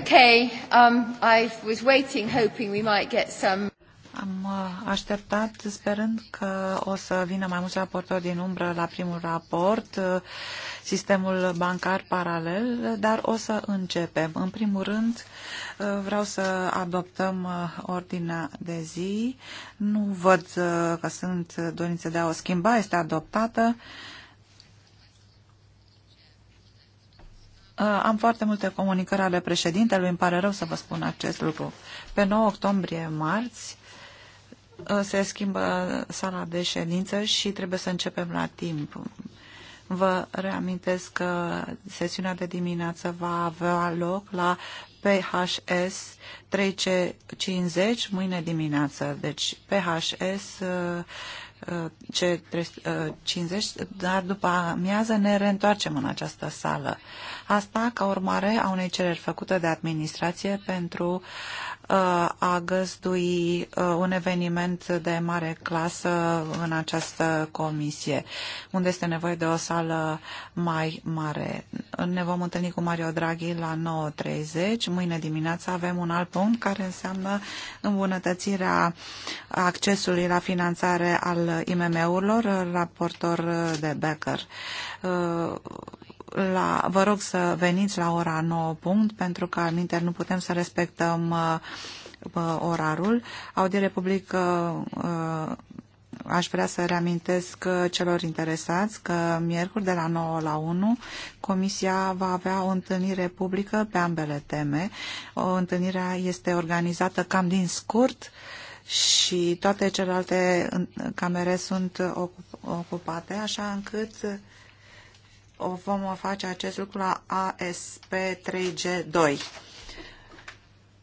Okay, um, I was waiting, hoping we might get some... Am uh, așteptat sperând că o să vină mai mulți raportori din umbră la primul raport, uh, sistemul bancar paralel, dar o să începem. În primul rând, uh, vreau să adoptăm ordinea de zi. Nu văd că sunt dorințe de a o schimba, este adoptată. Uh, am foarte multe comunicări ale președintelui, îmi pare rău să vă spun acest lucru. Pe 9 octombrie, marți, uh, se schimbă sala de ședință și trebuie să începem la timp. Vă reamintesc că sesiunea de dimineață va avea loc la PHS 3C50 mâine dimineață. Deci PHS uh, Uh, C50, uh, dar după amiază ne reîntoarcem în această sală. Asta ca urmare a unei cereri făcute de administrație pentru uh, Uh, a găzdui uh, un eveniment de mare clasă în această comisie, unde este nevoie de o sală mai mare. Ne vom întâlni cu Mario Draghi la 9.30. Mâine dimineață avem un alt punct care înseamnă îmbunătățirea accesului la finanțare al IMM-urilor, raportor uh, de Becker la, vă rog să veniți la ora 9 punct, pentru că aminte nu putem să respectăm uh, uh, orarul. Audiere publică uh, aș vrea să reamintesc uh, celor interesați că miercuri de la 9 la 1 Comisia va avea o întâlnire publică pe ambele teme. O întâlnirea este organizată cam din scurt și toate celelalte camere sunt ocupate, așa încât vom face acest lucru la ASP3G2.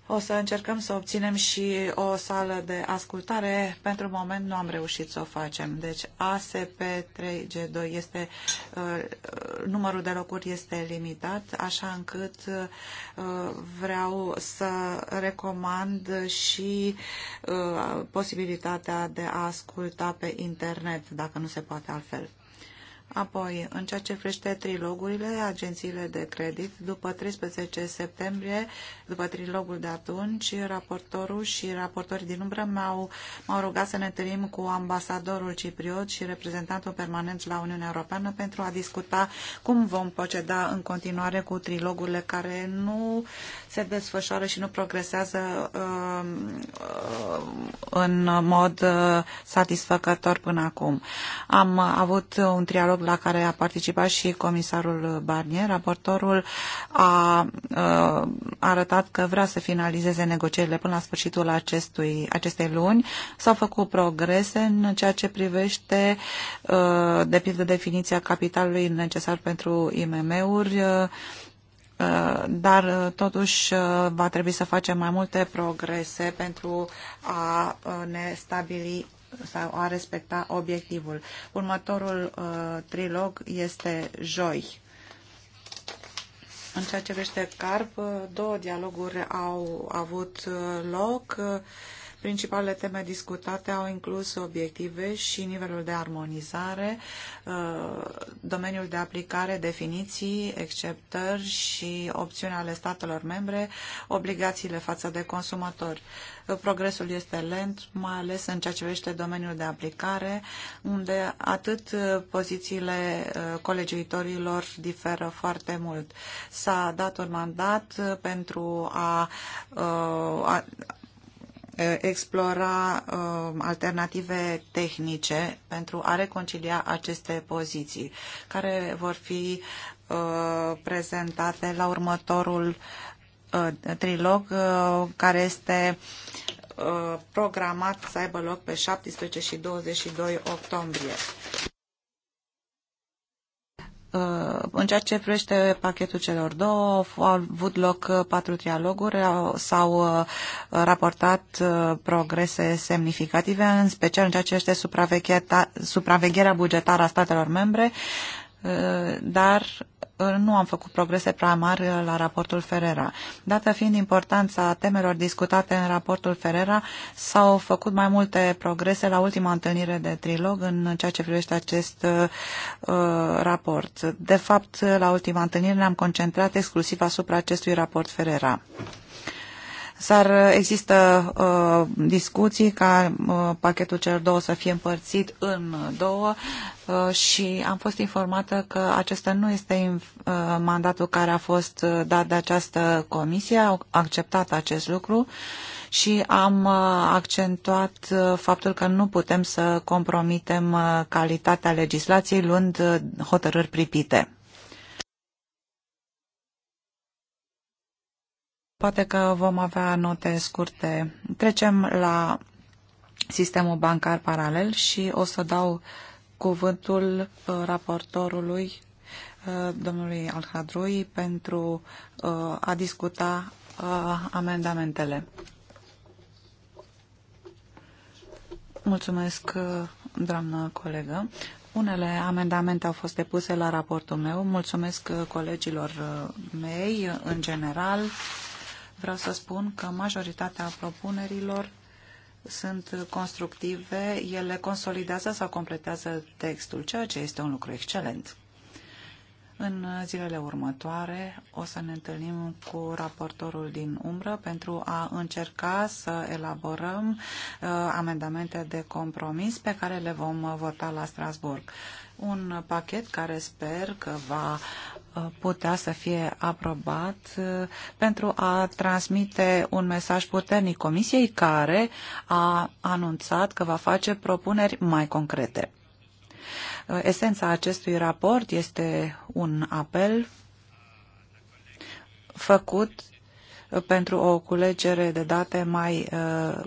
O să încercăm să obținem și o sală de ascultare. Pentru moment nu am reușit să o facem. Deci ASP3G2 este, uh, numărul de locuri este limitat, așa încât uh, vreau să recomand și uh, posibilitatea de a asculta pe internet, dacă nu se poate altfel. Apoi, în ceea ce privește trilogurile, agențiile de credit, după 13 septembrie, după trilogul de atunci, raportorul și raportorii din umbră m-au, m-au rugat să ne întâlnim cu ambasadorul cipriot și reprezentantul permanent la Uniunea Europeană pentru a discuta cum vom proceda în continuare cu trilogurile care nu se desfășoară și nu progresează um, um, în mod uh, satisfăcător până acum. Am avut un trialog la care a participat și comisarul Barnier. Raportorul uh, a arătat că vrea să finalizeze negocierile până la sfârșitul acestui, acestei luni. S-au făcut progrese în ceea ce privește, uh, de pildă, definiția capitalului necesar pentru IMM-uri, Uh, dar uh, totuși uh, va trebui să facem mai multe progrese pentru a ne stabili sau a respecta obiectivul. Următorul uh, trilog este joi. În ceea ce vește CARP, două dialoguri au avut loc. Uh, Principalele teme discutate au inclus obiective și nivelul de armonizare, uh, domeniul de aplicare, definiții, exceptări și opțiuni ale statelor membre, obligațiile față de consumatori. Uh, progresul este lent, mai ales în ceea ce vește domeniul de aplicare, unde atât uh, pozițiile colegiuitorilor diferă foarte mult. S-a dat un mandat pentru a, a Uh, explora uh, alternative tehnice pentru a reconcilia aceste poziții, care vor fi uh, prezentate la următorul trilog, care este programat să aibă loc pe 17 și 22 octombrie. Uh, în ceea ce privește pachetul celor două, au avut loc uh, patru trialoguri, s-au uh, raportat progrese semnificative, în special în ceea ce este supravegherea bugetară a statelor membre, dar nu am făcut progrese prea mari uh, la raportul Ferrera. Dată fiind importanța temelor discutate în raportul Ferrera, s-au făcut mai multe progrese la ultima întâlnire de trilog în ceea ce privește acest uh, uh raport. De fapt, la ultima întâlnire ne-am concentrat exclusiv asupra acestui raport Ferrera. S-ar uh, există uh, discuții ca uh, pachetul celor două să fie împărțit în două uh, și am fost informată că acesta nu este uh, mandatul care a fost uh, dat de această comisie, au acceptat acest lucru și am uh, accentuat faptul că nu putem să compromitem calitatea legislației luând hotărâri pripite. Poate că vom avea note scurte. Trecem la sistemul bancar paralel și o să dau cuvântul uh, raportorului uh, domnului Alhadrui pentru uh, a discuta amendamentele. Mulțumesc, doamnă colegă. Unele amendamente au fost depuse la raportul meu. Mulțumesc colegilor mei în general Vreau să spun că majoritatea propunerilor sunt constructive, ele consolidează sau completează textul, ceea ce este un lucru excelent. În zilele următoare o să ne întâlnim cu raportorul din umbră pentru a încerca să elaborăm uh, amendamente de compromis pe care le vom uh, vota la Strasburg. Un pachet care sper că va uh, putea să fie aprobat uh, pentru a transmite un mesaj puternic Comisiei care a anunțat că va face propuneri mai concrete. Uh, esența acestui raport este un apel făcut uh, pentru o culegere de date mai uh,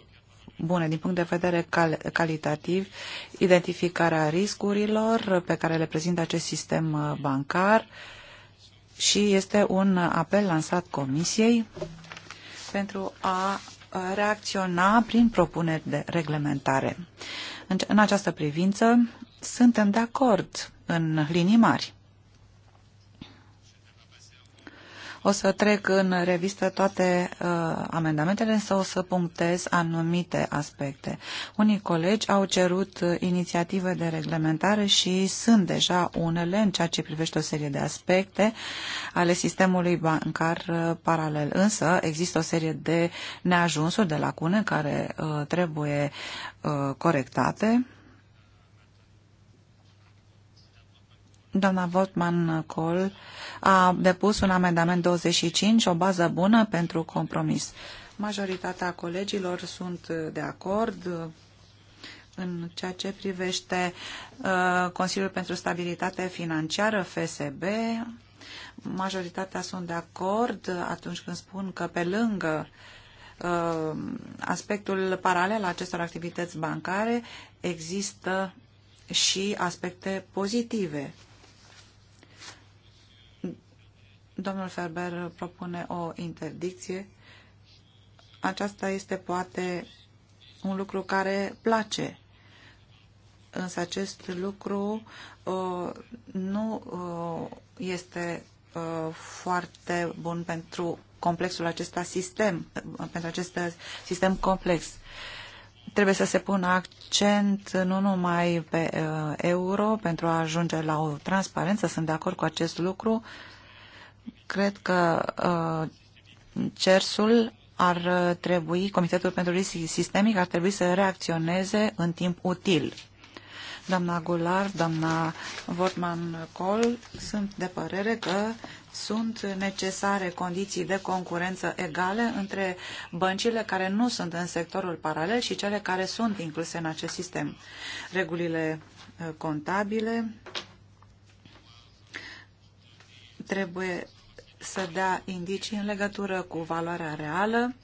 bune din punct de vedere cal calitativ, identificarea riscurilor pe care le prezintă acest sistem bancar și este un apel lansat Comisiei pentru a reacționa prin propuneri de reglementare. În această privință, suntem de acord în linii mari. O să trec în revistă toate uh, amendamentele, însă o să punctez anumite aspecte. Unii colegi au cerut inițiative de reglementare și sunt deja unele în ceea ce privește o serie de aspecte ale sistemului bancar uh, paralel. Însă există o serie de neajunsuri, de lacune care uh, trebuie uh, corectate Doamna Voltman Col a depus un amendament 25, o bază bună pentru compromis. Majoritatea colegilor sunt de acord în ceea ce privește uh, Consiliul pentru Stabilitate Financiară, FSB. Majoritatea sunt de acord atunci când spun că pe lângă uh, aspectul paralel acestor activități bancare există și aspecte pozitive Domnul Ferber propune o interdicție. Aceasta este poate un lucru care place, însă acest lucru uh, nu uh, este uh, foarte bun pentru complexul acesta sistem, pentru acest sistem complex. Trebuie să se pună accent nu numai pe uh, euro pentru a ajunge la o transparență, sunt de acord cu acest lucru, uh, Cred că uh, CERSul ar trebui, Comitetul pentru Risc Sistemic ar trebui să reacționeze în timp util. Doamna Gular, doamna Vortman Col sunt de părere că sunt necesare condiții de concurență egale între băncile care nu sunt în sectorul paralel și cele care sunt incluse în acest sistem. Regulile uh, contabile trebuie să dea indicii în legătură cu valoarea reală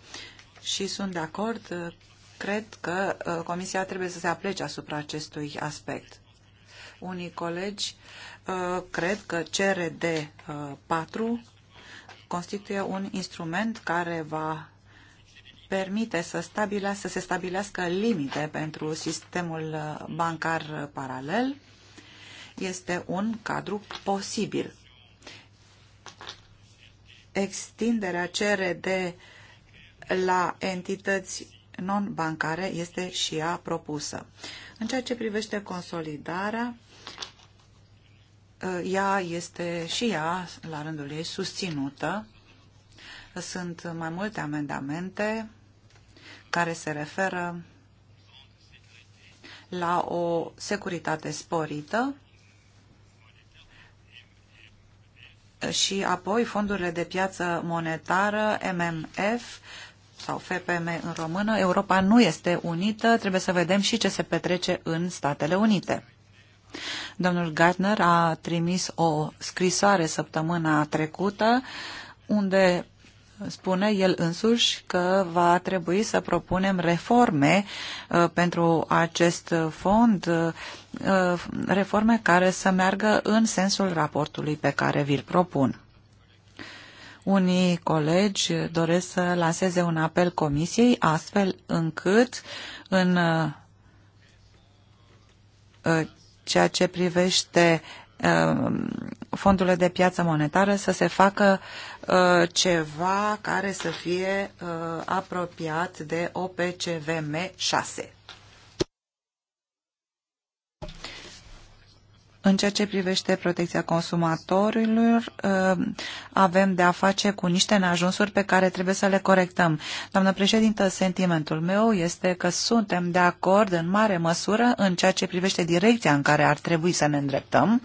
și sunt de acord, uh, cred că uh, Comisia trebuie să se aplece asupra acestui aspect. Unii colegi uh, cred că CRD 4 constituie un instrument care va permite să, stabile, să se stabilească limite pentru sistemul bancar paralel. Este un cadru posibil extinderea CRD la entități non-bancare este și ea propusă. În ceea ce privește consolidarea, ă, ea este și ea, la rândul ei, susținută. Sunt mai multe amendamente care se referă la o securitate sporită și apoi fondurile de piață monetară, MMF sau FPM în română, Europa nu este unită, trebuie să vedem și ce se petrece în Statele Unite. Domnul Gartner a trimis o scrisoare săptămâna trecută unde spune el însuși că va trebui să propunem reforme uh, pentru acest fond, uh, uh, reforme care să meargă în sensul raportului pe care vi-l propun. Unii colegi doresc să lanseze un apel comisiei astfel încât în ceea ce privește fondurile de piață monetară să se facă uh, ceva care să fie uh, apropiat de OPCVM 6. În ceea ce privește protecția consumatorilor, uh, avem de a face cu niște neajunsuri pe care trebuie să le corectăm. Doamnă președintă, sentimentul meu este că suntem de acord în mare măsură în ceea ce privește direcția în care ar trebui să ne îndreptăm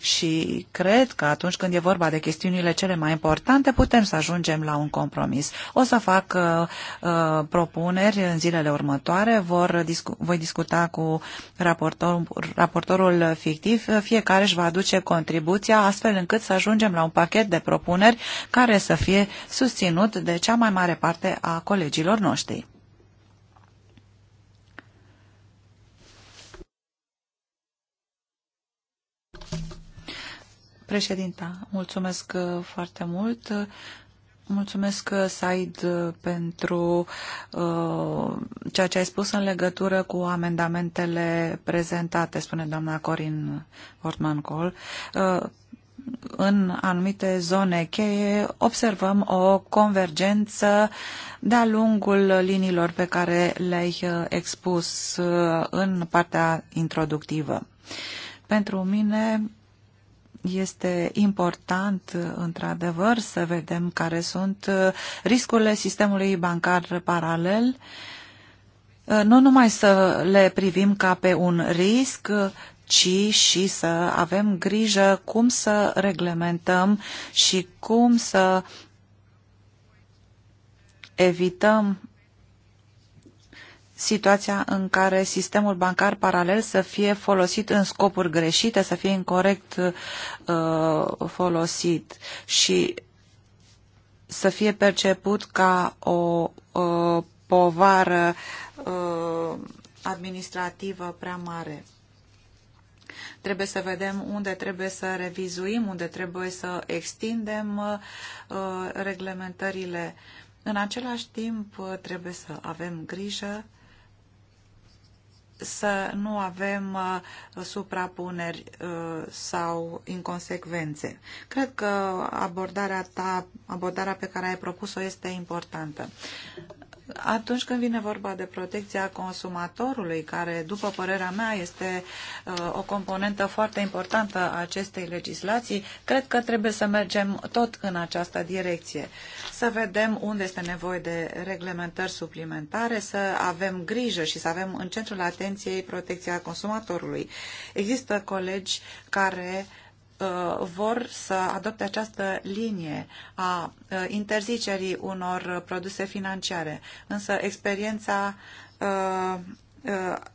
și cred că atunci când e vorba de chestiunile cele mai importante putem să ajungem la un compromis. O să fac uh, uh, propuneri în zilele următoare, vor discu voi discuta cu raportor, raportorul fictiv, fiecare își va aduce contribuția astfel încât să ajungem la un pachet de propuneri care să fie susținut de cea mai mare parte a colegilor noștri. Președinta, mulțumesc uh, foarte mult. Mulțumesc, uh, Said, uh, pentru uh, ceea ce ai spus în legătură cu amendamentele prezentate, spune doamna Corin Ortman-Col. Uh, în anumite zone cheie observăm o convergență de-a lungul liniilor pe care le-ai expus în partea introductivă. Pentru mine, este important, într-adevăr, să vedem care sunt uh, riscurile sistemului bancar paralel, uh, nu numai să le privim ca pe un risc, uh, ci și să avem grijă cum să reglementăm și cum să evităm situația în care sistemul bancar paralel să fie folosit în scopuri greșite, să fie incorrect uh, folosit și să fie perceput ca o uh, povară uh, administrativă prea mare. Trebuie să vedem unde trebuie să revizuim, unde trebuie să extindem uh, reglementările. În același timp, uh, trebuie să avem grijă uh, să nu avem uh, suprapuneri uh, sau inconsecvențe. Cred că abordarea ta, abordarea pe care ai propus-o este importantă atunci când vine vorba de protecția consumatorului, care, după părerea mea, este uh, o componentă foarte importantă a acestei legislații, cred că trebuie să mergem tot în această direcție. Să vedem unde este nevoie de reglementări suplimentare, să avem grijă și să avem în centrul atenției protecția consumatorului. Există colegi care Uh, vor să adopte această linie a uh, interzicerii unor produse financiare. Însă experiența uh,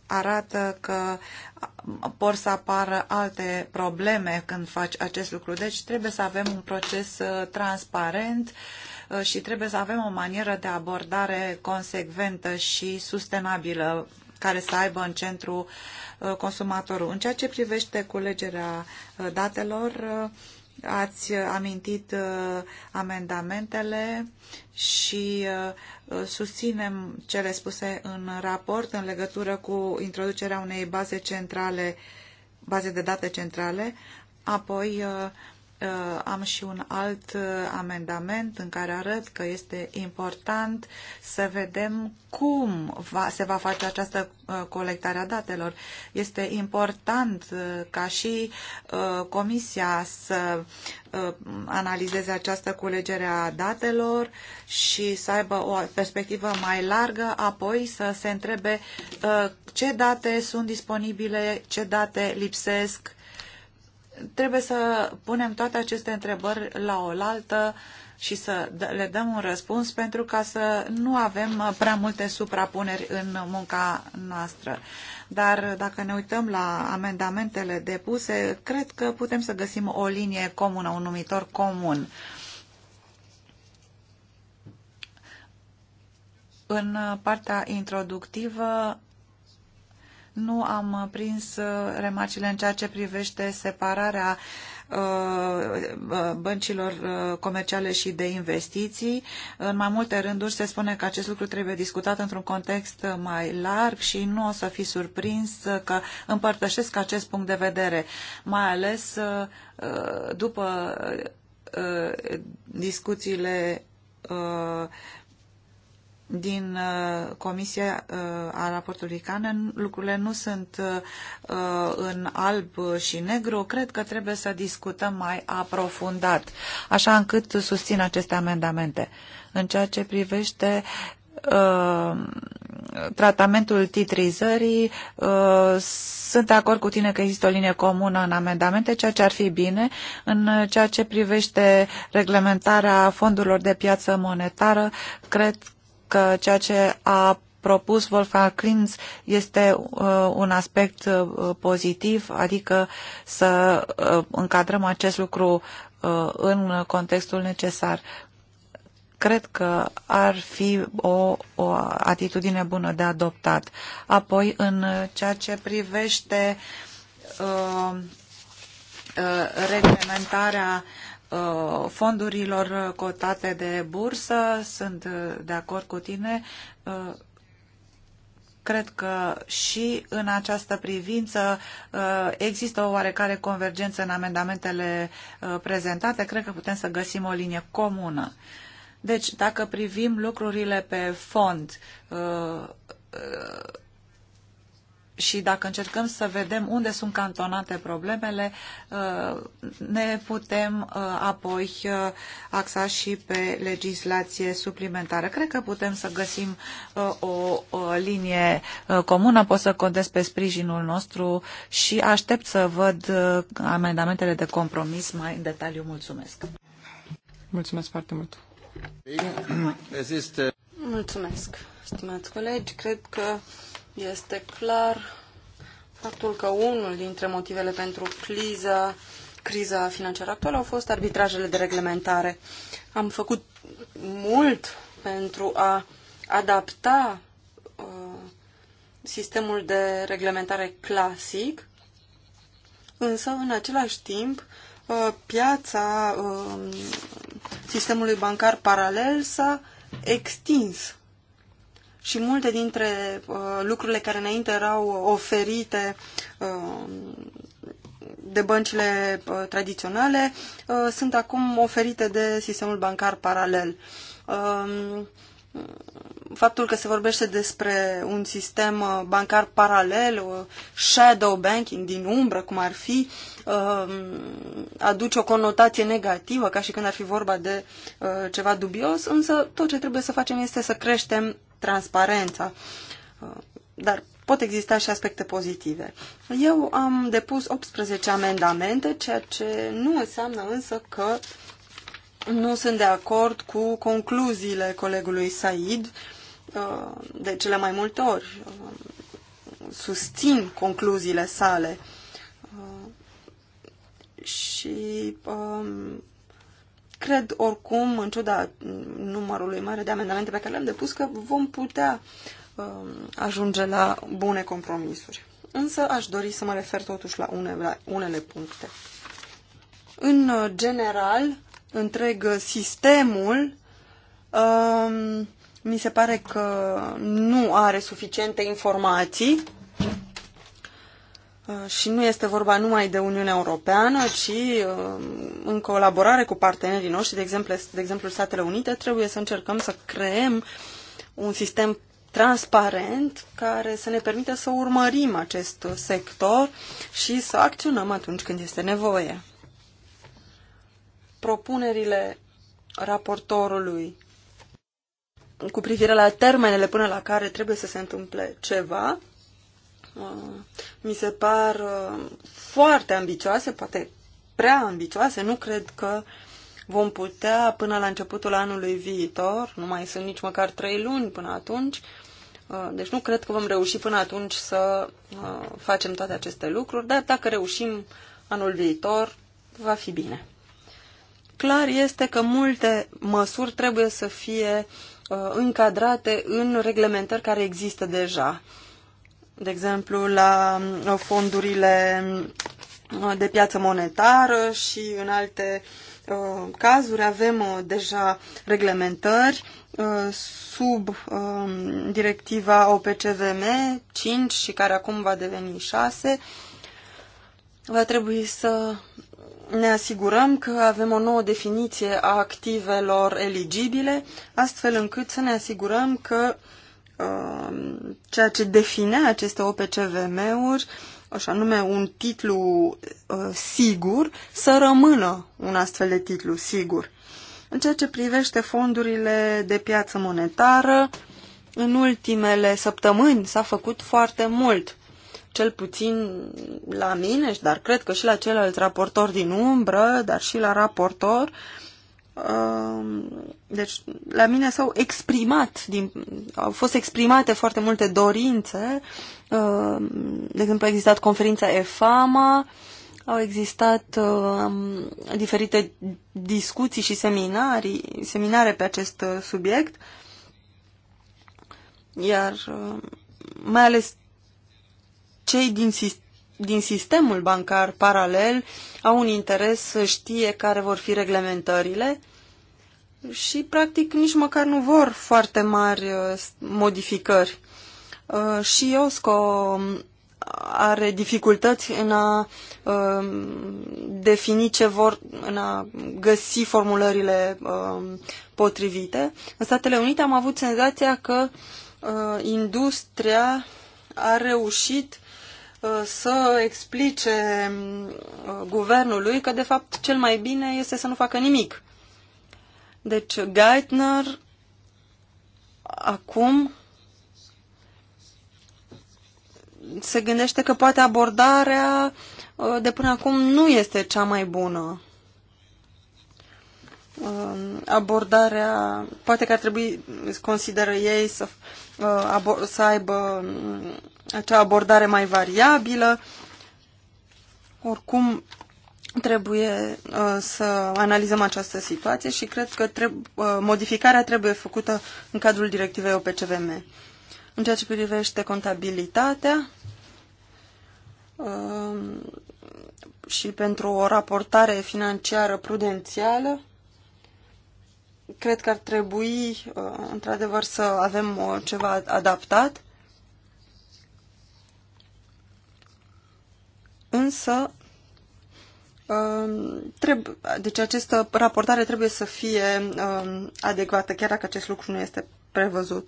arată că vor să apară alte probleme când faci acest lucru. Deci trebuie să avem un proces transparent și trebuie să avem o manieră de abordare consecventă și sustenabilă care să aibă în centru uh, consumatorul. În ceea ce privește culegerea uh, datelor, uh, ați amintit amendamentele și susținem cele spuse în raport în legătură cu introducerea unei baze centrale, baze de date centrale, apoi Uh, am și un alt uh, amendament în care arăt că este important să vedem cum va, se va face această uh, colectare a datelor. Este important ca și Comisia să analizeze această culegere a datelor și să aibă o perspectivă mai largă, apoi să se întrebe ce date sunt disponibile, ce date lipsesc, Trebuie să punem toate aceste întrebări la oaltă și să le dăm un răspuns pentru ca să nu avem uh, prea multe suprapuneri în munca noastră. Dar dacă ne uităm la amendamentele depuse, cred că putem să găsim o linie comună, un numitor comun. În uh, partea introductivă nu am uh, prins uh, remarcile în ceea ce privește separarea uh, băncilor comerciale și de investiții. În mai multe rânduri se spune că acest lucru trebuie discutat într-un context mai larg și nu o să fi surprins că împărtășesc acest punct de vedere, mai ales după discuțiile din uh, Comisia uh, a raportului Canen, lucrurile nu sunt uh, în alb și negru. Cred că trebuie să discutăm mai aprofundat, așa încât susțin aceste amendamente. În ceea ce privește tratamentul titrizării, sunt de acord cu tine că există o linie comună în amendamente, ceea ce ar fi bine. În ceea ce privește reglementarea fondurilor de piață monetară, cred că ceea ce a propus Wolfgang Klintz este uh, un aspect uh, pozitiv, adică să uh, încadrăm acest lucru uh, în contextul necesar. Cred că ar fi o, o atitudine bună de adoptat. Apoi, în ceea ce privește uh, uh, reglementarea uh, Uh, fondurilor cotate de bursă. Sunt uh, de acord cu tine. Uh, cred că și în această privință există o oarecare convergență în amendamentele prezentate. Cred că putem să găsim o linie comună. Deci, dacă privim lucrurile pe fond, și dacă încercăm să vedem unde sunt cantonate problemele, uh, ne putem uh, apoi uh, axa și pe legislație suplimentară. Cred că putem să găsim o linie comună, pot să contez pe sprijinul nostru și aștept să văd amendamentele de compromis mai în detaliu. Mulțumesc! Mulțumesc foarte mult! Mulțumesc! stimați colegi. Cred că este clar faptul că unul dintre motivele pentru criza, criza financiară actuală au fost arbitrajele de reglementare. Am făcut mult pentru a adapta uh, sistemul de reglementare clasic, însă în același timp uh, piața uh, sistemului bancar paralel s-a extins și multe dintre uh, lucrurile care înainte erau oferite uh, de băncile uh, tradiționale uh, sunt acum oferite de sistemul bancar paralel. Uh, faptul că se vorbește despre un sistem uh, bancar paralel, uh, shadow banking din umbră, cum ar fi, um, aduce o conotație negativă, ca și când ar fi vorba de uh, ceva dubios, însă tot ce trebuie să facem este să creștem transparența. Uh, dar pot exista și aspecte pozitive. Eu am depus 18 amendamente, ceea ce nu înseamnă însă că nu sunt de acord cu concluziile colegului Said uh, de cele mai multe ori. Uh, susțin concluziile sale și um, Cred oricum, în ciuda numărului mare de amendamente pe care le-am depus, că vom putea uh, ajunge la bune compromisuri. Însă aș dori să mă refer totuși la unele, la unele puncte. În general, întreg sistemul uh, mi se pare că nu are suficiente informații Uh, și nu este vorba numai de Uniunea Europeană, ci uh, în colaborare cu partenerii noștri, de exemplu, de exemplu Statele Unite, trebuie să încercăm să creăm un sistem transparent care să ne permită să urmărim acest sector și să acționăm atunci când este nevoie. Propunerile raportorului cu privire la termenele până la care trebuie să se întâmple ceva mi se par uh, foarte ambicioase, poate prea ambicioase. Nu cred că vom putea până la începutul anului viitor, nu mai sunt nici măcar trei luni până atunci, uh, deci nu cred că vom reuși până atunci să uh, facem toate aceste lucruri, dar dacă reușim anul viitor, va fi bine. Clar este că multe măsuri trebuie să fie încadrate în reglementări care există deja de exemplu, la uh, fondurile uh, de piață monetară și în alte uh, cazuri avem deja reglementări sub um, directiva OPCVM 5 și care acum va deveni 6. Va trebui să ne asigurăm că avem o nouă definiție a activelor eligibile, astfel încât să ne asigurăm că uh, Um, ceea ce definea aceste OPCVM-uri, așa nume un titlu uh, sigur, să rămână un astfel de titlu sigur. În ceea ce privește fondurile de piață monetară, în ultimele săptămâni s-a făcut foarte mult. Cel puțin la mine, dar cred că și la celălalt raportor din umbră, dar și la raportor, uh, Um, deci la mine s-au exprimat, din, au fost exprimate foarte multe dorințe. Um, de exemplu, a existat conferința EFAMA, au existat um, diferite discuții și seminarii, seminare pe acest uh, subiect, iar mai ales cei din, sistem din sistemul bancar paralel au un interes să știe care vor fi reglementările și, practic, nici măcar nu vor foarte mari uh, modificări. Uh, și IOSCO um, are dificultăți în a um, defini ce vor, în a găsi formulările um, potrivite. În Statele Unite am avut senzația că uh, industria a reușit Uh, să explice uh, guvernului că, de fapt, cel mai bine este să nu facă nimic. Deci, Geithner acum se gândește că poate abordarea uh, de până acum nu este cea mai bună. Abordarea, poate că ar trebui, consideră ei, să, să aibă um, acea abordare mai variabilă. Oricum, trebuie uh, să analizăm această situație și cred că treb- uh, modificarea trebuie făcută în cadrul directivei OPCVM. În ceea ce privește contabilitatea uh, și pentru o raportare financiară prudențială, cred că ar trebui, uh, într-adevăr, să avem uh, ceva adaptat însă um, trebuie, deci această raportare trebuie să fie um, adecvată, chiar dacă acest lucru nu este prevăzut.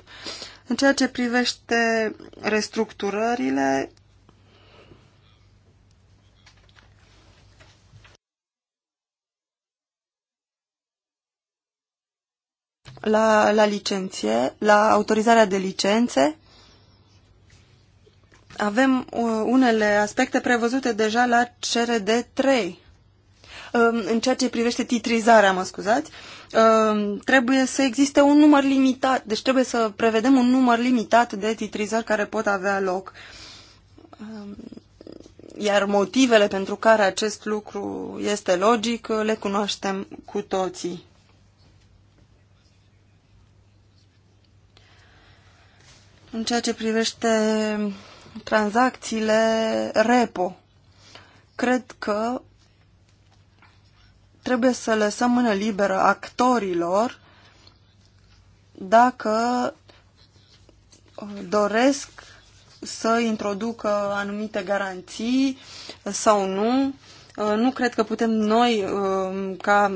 În ceea ce privește restructurările, la, la licenție, la autorizarea de licențe, avem uh, unele aspecte prevăzute deja la CRD 3. Um, în ceea ce privește titrizarea, mă scuzați, um, trebuie să existe un număr limitat, deci trebuie să prevedem un număr limitat de titrizări care pot avea loc. Um, iar motivele pentru care acest lucru este logic le cunoaștem cu toții. În ceea ce privește tranzacțiile repo. Cred că trebuie să lăsăm mână liberă actorilor dacă uh, doresc să introducă anumite garanții sau nu. Uh, nu cred că putem noi, uh, ca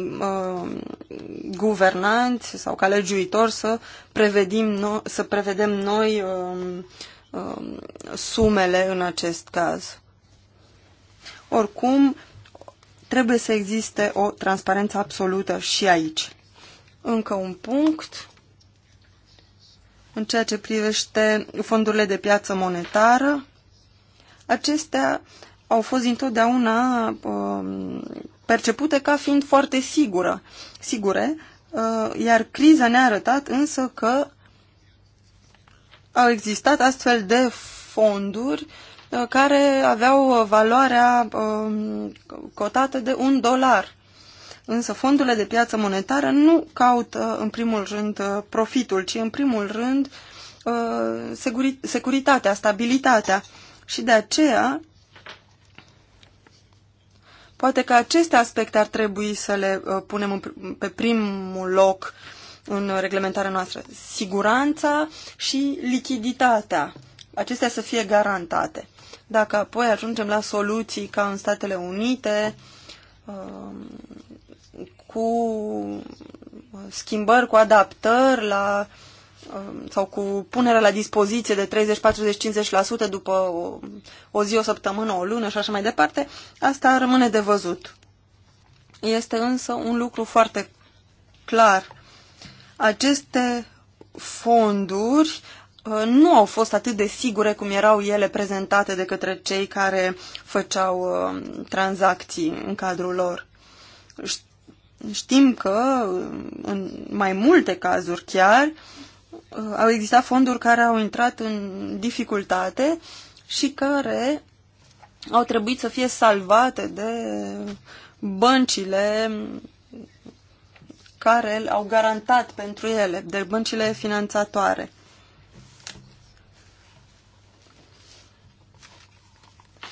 guvernanți sau ca legiuitori, să, prevedim, să prevedem noi Um, sumele în acest caz. Oricum, trebuie să existe o transparență absolută și aici. Încă un punct în ceea ce privește fondurile de piață monetară. Acestea au fost întotdeauna um, percepute ca fiind foarte sigură, sigure, uh, iar criza ne-a arătat însă că au existat astfel de fonduri uh, care aveau uh, valoarea um, cotată de un dolar. Însă fondurile de piață monetară nu caută în primul rând uh, profitul, ci în primul rând securitatea, stabilitatea. Și de aceea, poate că aceste aspecte ar trebui să le punem pe primul loc în reglementarea noastră. Siguranța și lichiditatea. Acestea să fie garantate. Dacă apoi ajungem la soluții ca în Statele Unite, um, cu schimbări, cu adaptări la um, sau cu punerea la dispoziție de 30, 40, 50% după o, o zi, o săptămână, o lună și așa mai departe, asta rămâne de văzut. Este însă un lucru foarte clar aceste fonduri uh, nu au fost atât de sigure cum erau ele prezentate de către cei care făceau uh, tranzacții în cadrul lor. Știm că uh, în mai multe cazuri chiar au existat fonduri care au intrat în dificultate și care au trebuit să fie salvate de băncile care au garantat pentru ele, de băncile finanțatoare.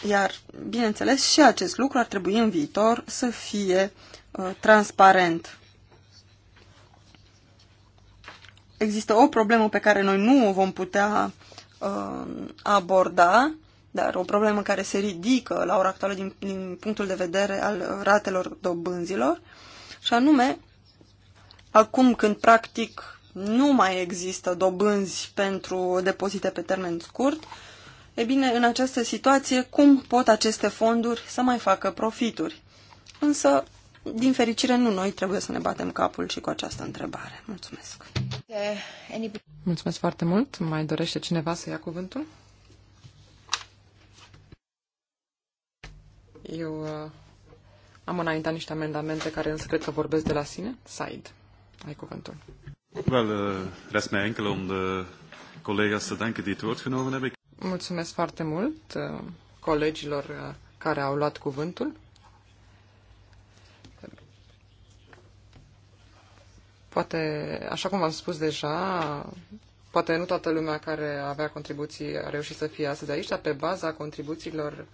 Iar, bineînțeles, și acest lucru ar trebui în viitor să fie uh, transparent. Există o problemă pe care noi nu o vom putea uh, aborda, dar o problemă care se ridică la ora actuală din, din punctul de vedere al ratelor dobânzilor, și anume acum când practic nu mai există dobânzi pentru depozite pe termen scurt, e bine, în această situație, cum pot aceste fonduri să mai facă profituri? Însă, din fericire, nu noi trebuie să ne batem capul și cu această întrebare. Mulțumesc! Mulțumesc foarte mult! Mai dorește cineva să ia cuvântul? Eu uh, am înaintat niște amendamente care însă cred că vorbesc de la sine. Said. Ai cuvântul. Wel, eh, rest mij enkel om de collega's te danken die het woord genomen hebben. Mulțumesc foarte mult eh, colegilor eh, care au luat cuvântul. Poate, așa cum v-am spus deja, poate nu toată lumea care avea contribuții a reușit să fie astăzi aici, dar pe baza contribuțiilor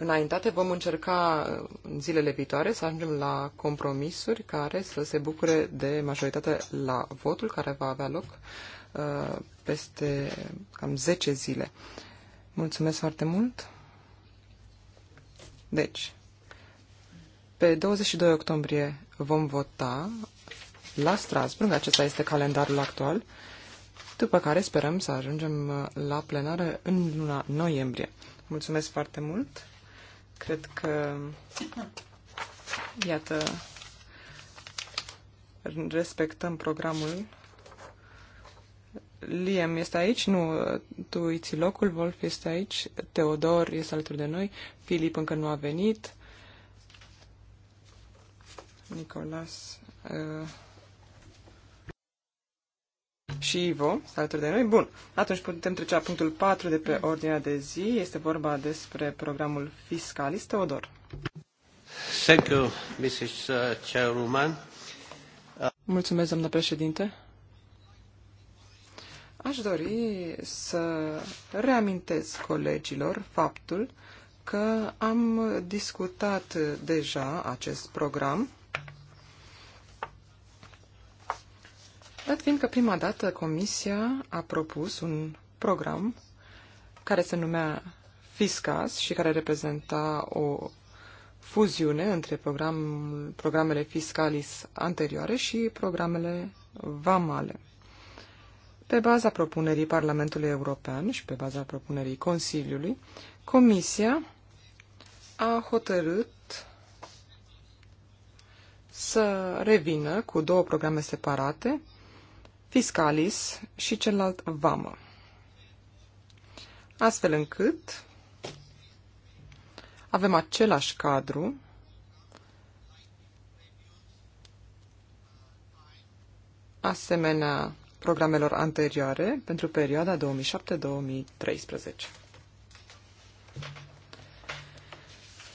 înaintate. Vom încerca în zilele viitoare să ajungem la compromisuri care să se bucure de majoritate la votul care va avea loc uh, peste cam 10 zile. Mulțumesc foarte mult! Deci, pe 22 octombrie vom vota la Strasburg, acesta este calendarul actual, după care sperăm să ajungem la plenară în luna noiembrie. Mulțumesc foarte mult! Cred că, iată, respectăm programul. Liam este aici, nu, tu îi ții locul, Wolf este aici, Teodor este alături de noi, Filip încă nu a venit, Nicolas... Uh, și Ivo, alături de noi. Bun, atunci putem trece la punctul 4 de pe ordinea de zi. Este vorba despre programul fiscalist Teodor. Thank you, Mrs. Chairwoman. Mulțumesc, doamnă președinte. Aș dori să reamintesc colegilor faptul că am discutat deja acest program Dat fiind că prima dată Comisia a propus un program care se numea Fiscas și care reprezenta o fuziune între program, programele Fiscalis anterioare și programele Vamale. Pe baza propunerii Parlamentului European și pe baza propunerii Consiliului, Comisia a hotărât să revină cu două programe separate fiscalis și celălalt vamă. Astfel încât avem același cadru asemenea programelor anterioare pentru perioada 2007-2013.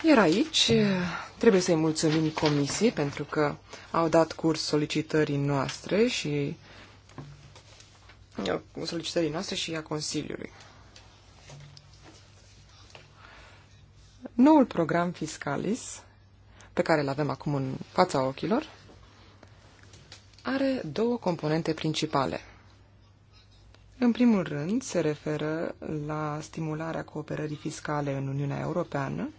Iar aici trebuie să-i mulțumim comisiei pentru că au dat curs solicitării noastre și solicitării noastre și a Consiliului. Noul program Fiscalis, pe care îl avem acum în fața ochilor, are două componente principale. În primul rând, se referă la stimularea cooperării fiscale în Uniunea Europeană,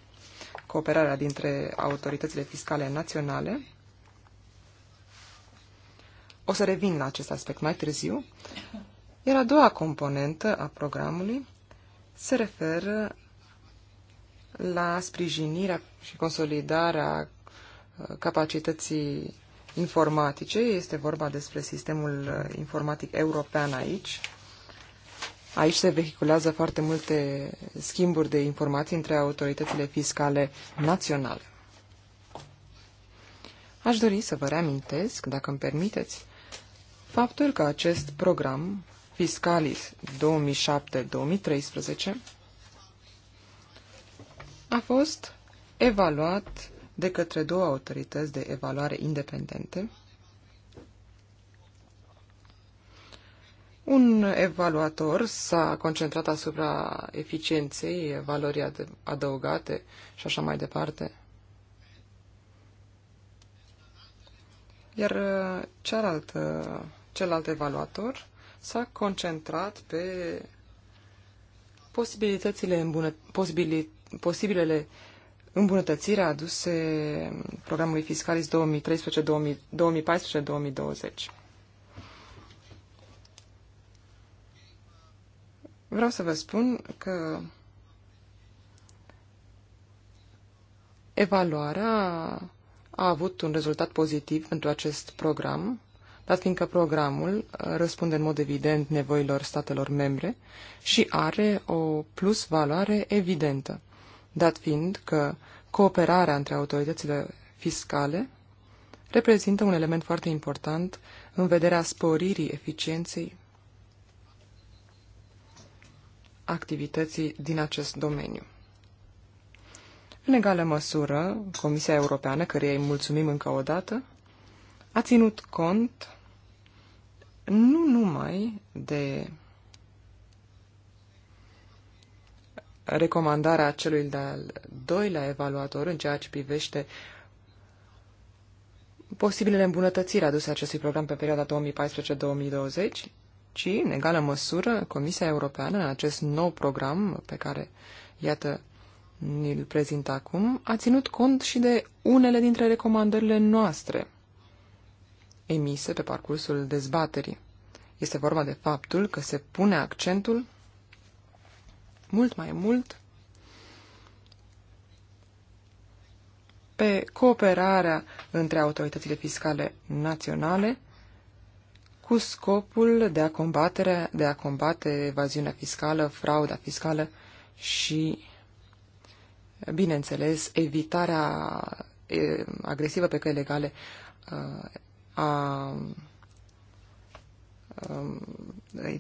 cooperarea dintre autoritățile fiscale naționale o să revin la acest aspect mai târziu. Iar a doua componentă a programului se referă la sprijinirea și consolidarea uh, capacității informatice. Este vorba despre sistemul uh, informatic european aici. Aici se vehiculează foarte multe schimburi de informații între autoritățile fiscale naționale. Aș dori să vă reamintesc, dacă îmi permiteți, faptul că acest program, Fiscalis 2007-2013, a fost evaluat de către două autorități de evaluare independente, Un evaluator s-a concentrat asupra eficienței, valorii adăugate și așa mai departe. Iar uh, cealaltă celălalt evaluator, s-a concentrat pe posibilitățile îmbunăt posibili posibilele îmbunătățiri aduse programului Fiscalis 2013-2014-2020. Vreau să vă spun că evaluarea a avut un rezultat pozitiv pentru acest program dat fiindcă programul uh, răspunde în mod evident nevoilor statelor membre și are o plus valoare evidentă, dat fiind că cooperarea între autoritățile fiscale reprezintă un element foarte important în vederea sporirii eficienței activității din acest domeniu. În egală măsură, Comisia Europeană, căreia îi mulțumim încă o dată, a ținut cont nu numai de recomandarea celui de-al doilea evaluator în ceea ce privește posibilele îmbunătățiri aduse acestui program pe perioada 2014-2020, ci, în egală măsură, Comisia Europeană, în acest nou program pe care, iată, ni-l prezint acum, a ținut cont și de unele dintre recomandările noastre – emise pe parcursul dezbaterii. Este vorba de faptul că se pune accentul mult mai mult pe cooperarea între autoritățile fiscale naționale cu scopul de a, combatere, de a combate evaziunea fiscală, frauda fiscală și, bineînțeles, evitarea agresivă pe căi legale uh, a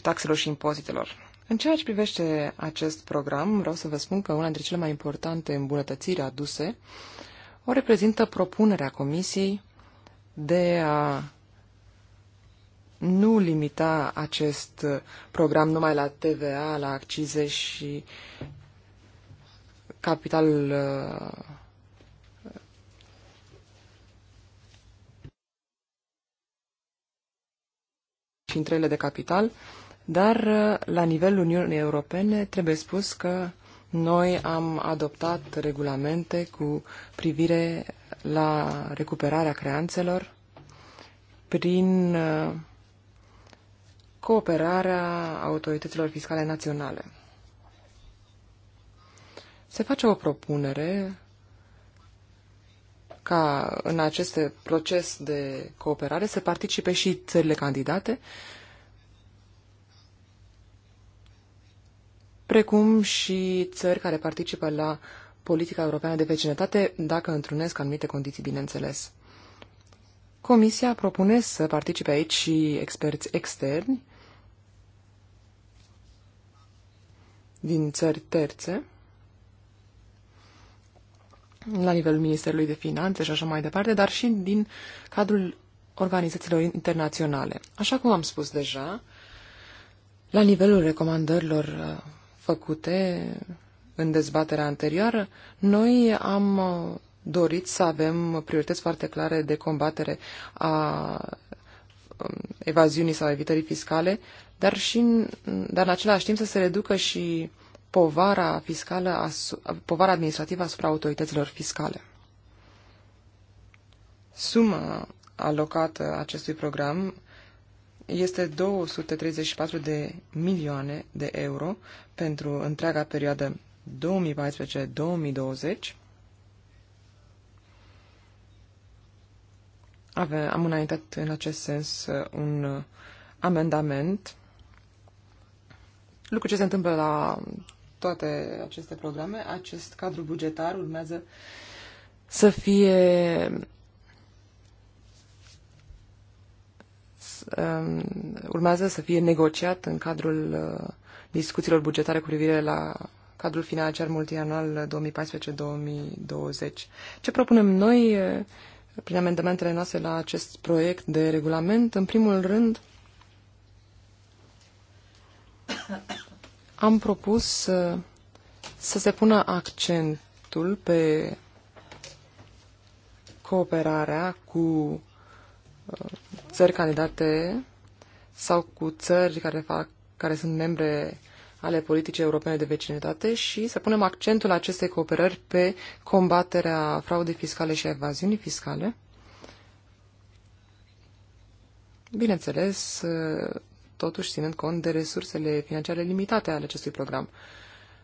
taxelor și impozitelor. În ceea ce privește acest program, vreau să vă spun că una dintre cele mai importante îmbunătățiri aduse o reprezintă propunerea Comisiei de a nu limita acest program numai la TVA, la accize și capital uh, între ele de capital, dar uh, la nivelul Uniunii Europene trebuie spus că noi am adoptat regulamente cu privire la recuperarea creanțelor prin uh, cooperarea autorităților fiscale naționale. Se face o propunere ca în acest proces de cooperare să participe și țările candidate, precum și țări care participă la politica europeană de vecinătate, dacă întrunesc anumite condiții, bineînțeles. Comisia propune să participe aici și experți externi din țări terțe, la nivelul Ministerului de Finanțe și așa mai departe, dar și din cadrul organizațiilor internaționale. Așa cum am spus deja, la nivelul recomandărilor uh, făcute în dezbaterea anterioară, noi am uh, dorit să avem priorități foarte clare de combatere a um, evaziunii sau evitării fiscale, dar, și, dar în același timp să se reducă și povara fiscală, povara administrativă asupra autorităților fiscale. Suma alocată acestui program este 234 de milioane de euro pentru întreaga perioadă 2014-2020. Ave, am înaintat în acest sens uh, un uh, amendament, lucru ce se întâmplă la toate aceste programe, acest cadru bugetar urmează să fie um, urmează să fie negociat în cadrul uh, discuțiilor bugetare cu privire la cadrul financiar multianual 2014-2020. Ce propunem noi uh, prin amendamentele noastre la acest proiect de regulament? În primul rând, am propus să, să se pună accentul pe cooperarea cu uh, țări candidate sau cu țări care, fac, care sunt membre ale politicii europene de vecinătate și să punem accentul acestei cooperări pe combaterea fraudei fiscale și a evaziunii fiscale. Bineînțeles, uh, totuși ținând cont de resursele financiare limitate ale acestui program.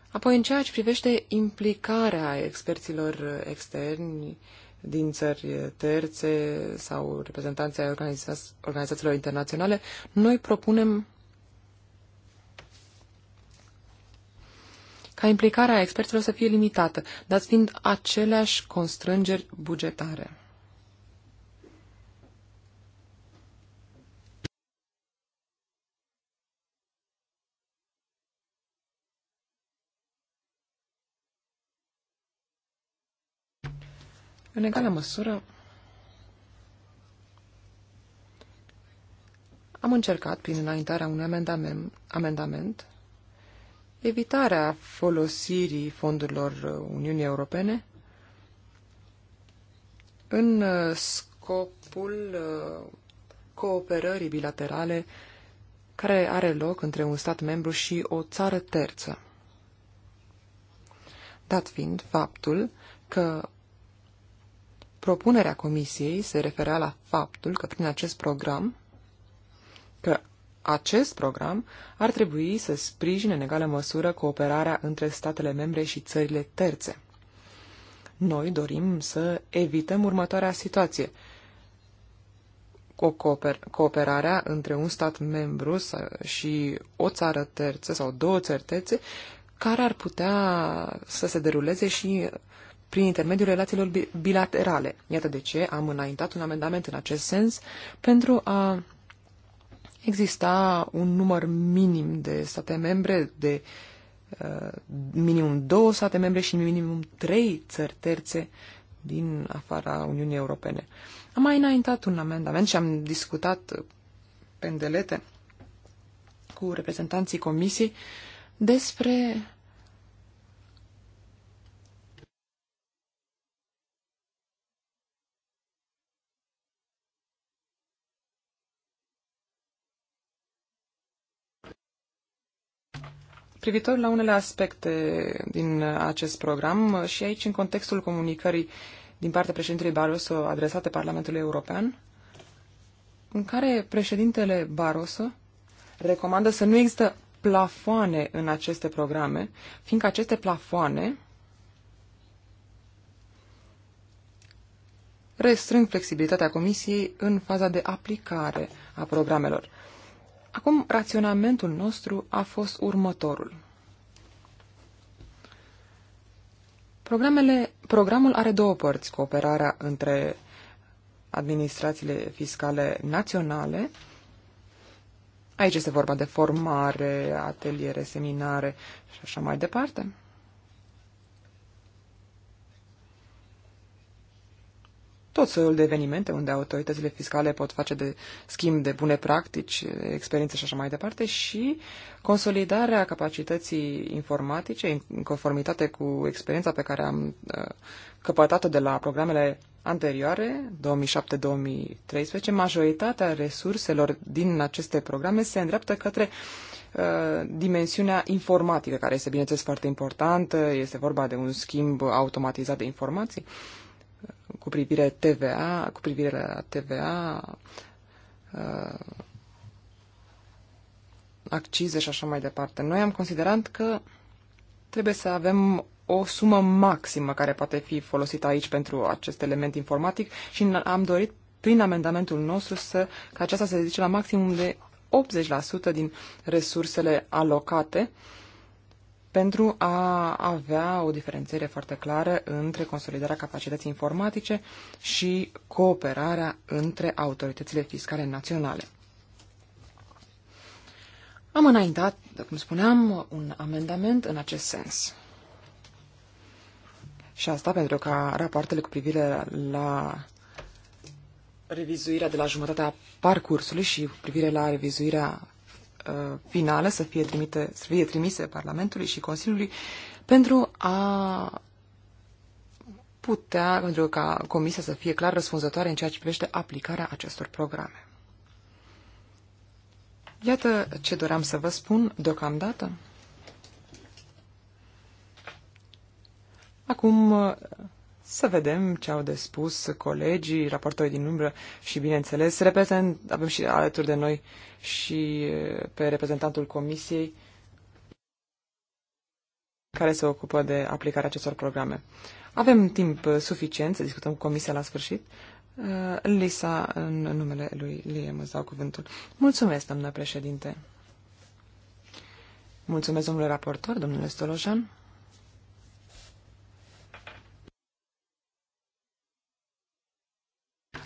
Apoi, în ceea ce privește implicarea experților externi din țări terțe sau reprezentanții organizațiilor internaționale, noi propunem ca implicarea experților să fie limitată, dat fiind aceleași constrângeri bugetare. În egală măsură, am încercat, prin înaintarea unui amendament, amendament evitarea folosirii fondurilor Uniunii Europene în uh, scopul uh, cooperării bilaterale care are loc între un stat membru și o țară terță. Dat fiind faptul că Propunerea comisiei se referea la faptul că prin acest program, că acest program ar trebui să sprijine în egală măsură cooperarea între statele membre și țările terțe. Noi dorim să evităm următoarea situație. O cooper cooperarea între un stat membru și o țară terță sau două țări terțe care ar putea să se deruleze și prin intermediul relațiilor bilaterale. Iată de ce am înaintat un amendament în acest sens pentru a exista un număr minim de state membre, de uh, minimum două state membre și minimum trei țări terțe din afara Uniunii Europene. Am mai înaintat un amendament și am discutat pendelete cu reprezentanții Comisiei despre Privitor la unele aspecte din acest program și aici în contextul comunicării din partea președintelui Barroso adresate Parlamentului European, în care președintele Barroso recomandă să nu există plafoane în aceste programe, fiindcă aceste plafoane restrâng flexibilitatea Comisiei în faza de aplicare a programelor. Acum, raționamentul nostru a fost următorul. Programele, programul are două părți, cooperarea între administrațiile fiscale naționale. Aici este vorba de formare, ateliere, seminare și așa mai departe. tot soiul de evenimente unde autoritățile fiscale pot face de schimb de bune practici, experiențe și așa mai departe și consolidarea capacității informatice în conformitate cu experiența pe care am uh, căpătat-o de la programele anterioare, 2007-2013, majoritatea resurselor din aceste programe se îndreaptă către uh, dimensiunea informatică, care este, bineînțeles, foarte importantă. Este vorba de un schimb automatizat de informații cu privire TVA, cu privire la TVA, uh, accize și așa mai departe. Noi am considerat că trebuie să avem o sumă maximă care poate fi folosită aici pentru acest element informatic și am dorit prin amendamentul nostru să, ca aceasta să se ridice la maximum de 80% din resursele alocate uh, pentru a avea o diferențiere foarte clară între consolidarea capacității informatice și cooperarea între autoritățile fiscale naționale. Am înaintat, cum spuneam, un amendament în acest sens. Și asta pentru ca rapoartele cu privire la revizuirea de la jumătatea parcursului și cu privire la revizuirea Uh, finală finale să fie, trimite, să fie trimise Parlamentului și Consiliului pentru a putea, pentru ca Comisia să fie clar răspunzătoare în ceea ce privește aplicarea acestor programe. Iată ce doream să vă spun deocamdată. Acum uh, să vedem ce au de spus colegii, raportorii din umbră și, bineînțeles, reprezent, avem și alături de noi și eh, pe reprezentantul comisiei care se ocupă de aplicarea acestor programe. Avem timp eh, suficient să discutăm cu comisia la sfârșit. Eh, Lisa, în numele lui Lie, îți dau cuvântul. Mulțumesc, doamnă președinte. Mulțumesc, domnule raportor, domnule Stolojan.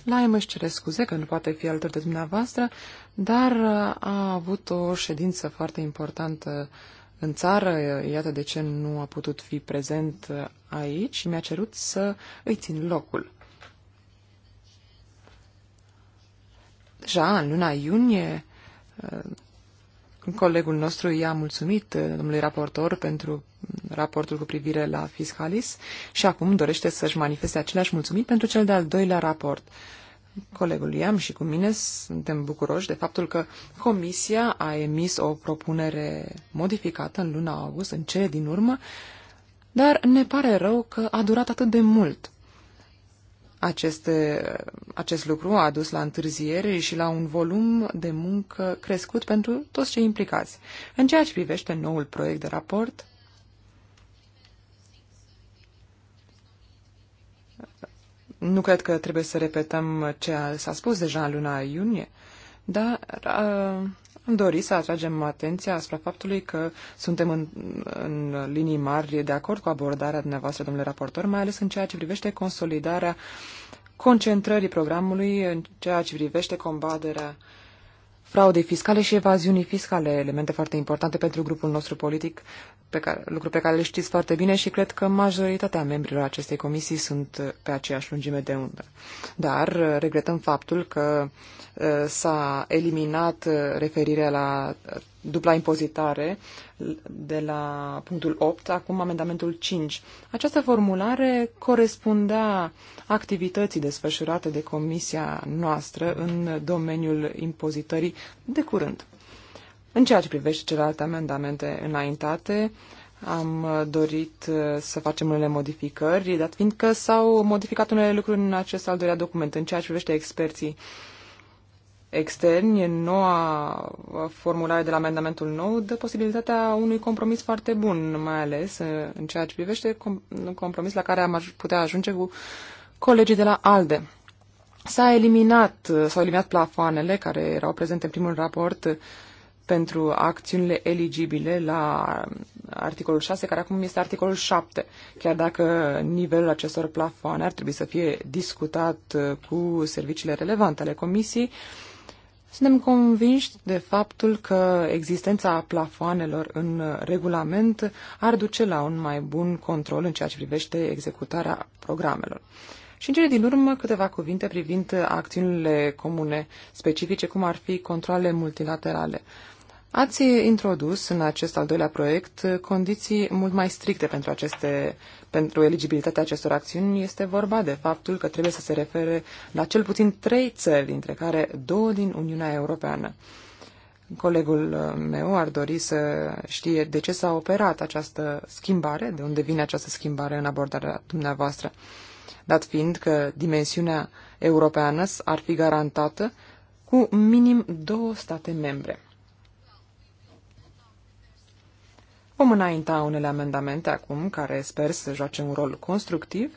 Lyon își cere scuze că nu poate fi alături de dumneavoastră, dar uh, a avut o ședință foarte importantă în țară, iată de ce nu a putut fi prezent uh, aici și mi-a cerut să îi țin locul. Deja în luna iunie uh, Colegul nostru i-a mulțumit uh, domnului raportor pentru raportul cu privire la Fiscalis și acum dorește să-și manifeste același mulțumit pentru cel de-al doilea raport. Colegul Iam și cu mine suntem bucuroși de faptul că Comisia a emis o propunere modificată în luna august, în cele din urmă, dar ne pare rău că a durat atât de mult aceste, acest lucru a dus la întârziere și la un volum de muncă crescut pentru toți cei implicați. În ceea ce privește noul proiect de raport, nu cred că trebuie să repetăm ce s-a spus deja în luna iunie, dar am dori să atragem atenția asupra faptului că suntem în, în linii mari de acord cu abordarea dumneavoastră, domnule raportor, mai ales în ceea ce privește consolidarea concentrării programului, în ceea ce privește combaterea fraudei fiscale și evaziunii fiscale, elemente foarte importante pentru grupul nostru politic, pe care, lucru pe care le știți foarte bine și cred că majoritatea membrilor acestei comisii sunt uh, pe aceeași lungime de undă. Dar uh, regretăm faptul că uh, s-a eliminat referirea la dupla impozitare de la punctul 8, acum amendamentul 5. Această formulare corespundea activității desfășurate de comisia noastră în domeniul impozitării de curând. În ceea ce privește celelalte amendamente înaintate, am dorit uh, să facem unele modificări, dat fiindcă s-au modificat unele lucruri în acest al doilea document, în ceea ce privește experții uh, externi, în noua formulare de la amendamentul nou, dă posibilitatea unui compromis foarte bun, mai ales uh, în ceea ce privește un compromis la care am putea ajunge cu colegii de la ALDE. S-a eliminat, uh, s-au eliminat plafoanele care erau prezente în primul raport uh, pentru acțiunile eligibile la articolul 6, care acum este articolul 7. Chiar dacă nivelul acestor plafoane ar trebui să fie discutat cu serviciile relevante ale comisiei, uh, suntem convinși de faptul că existența plafoanelor în regulament ar duce la un mai bun control în ceea ce privește executarea programelor. Și în cele din urmă câteva cuvinte privind acțiunile comune specifice, cum ar fi controlele multilaterale. Ați introdus în acest al doilea proiect condiții mult mai stricte pentru, aceste, pentru eligibilitatea acestor acțiuni. Este vorba de faptul că trebuie să se refere la cel puțin trei țări, dintre care două din Uniunea Europeană. Colegul meu ar dori să știe de ce s-a operat această schimbare, de unde vine această schimbare în abordarea dumneavoastră, dat fiind că dimensiunea europeană ar fi garantată cu minim două state membre. Vom înainta unele amendamente acum, care sper să joace un rol constructiv,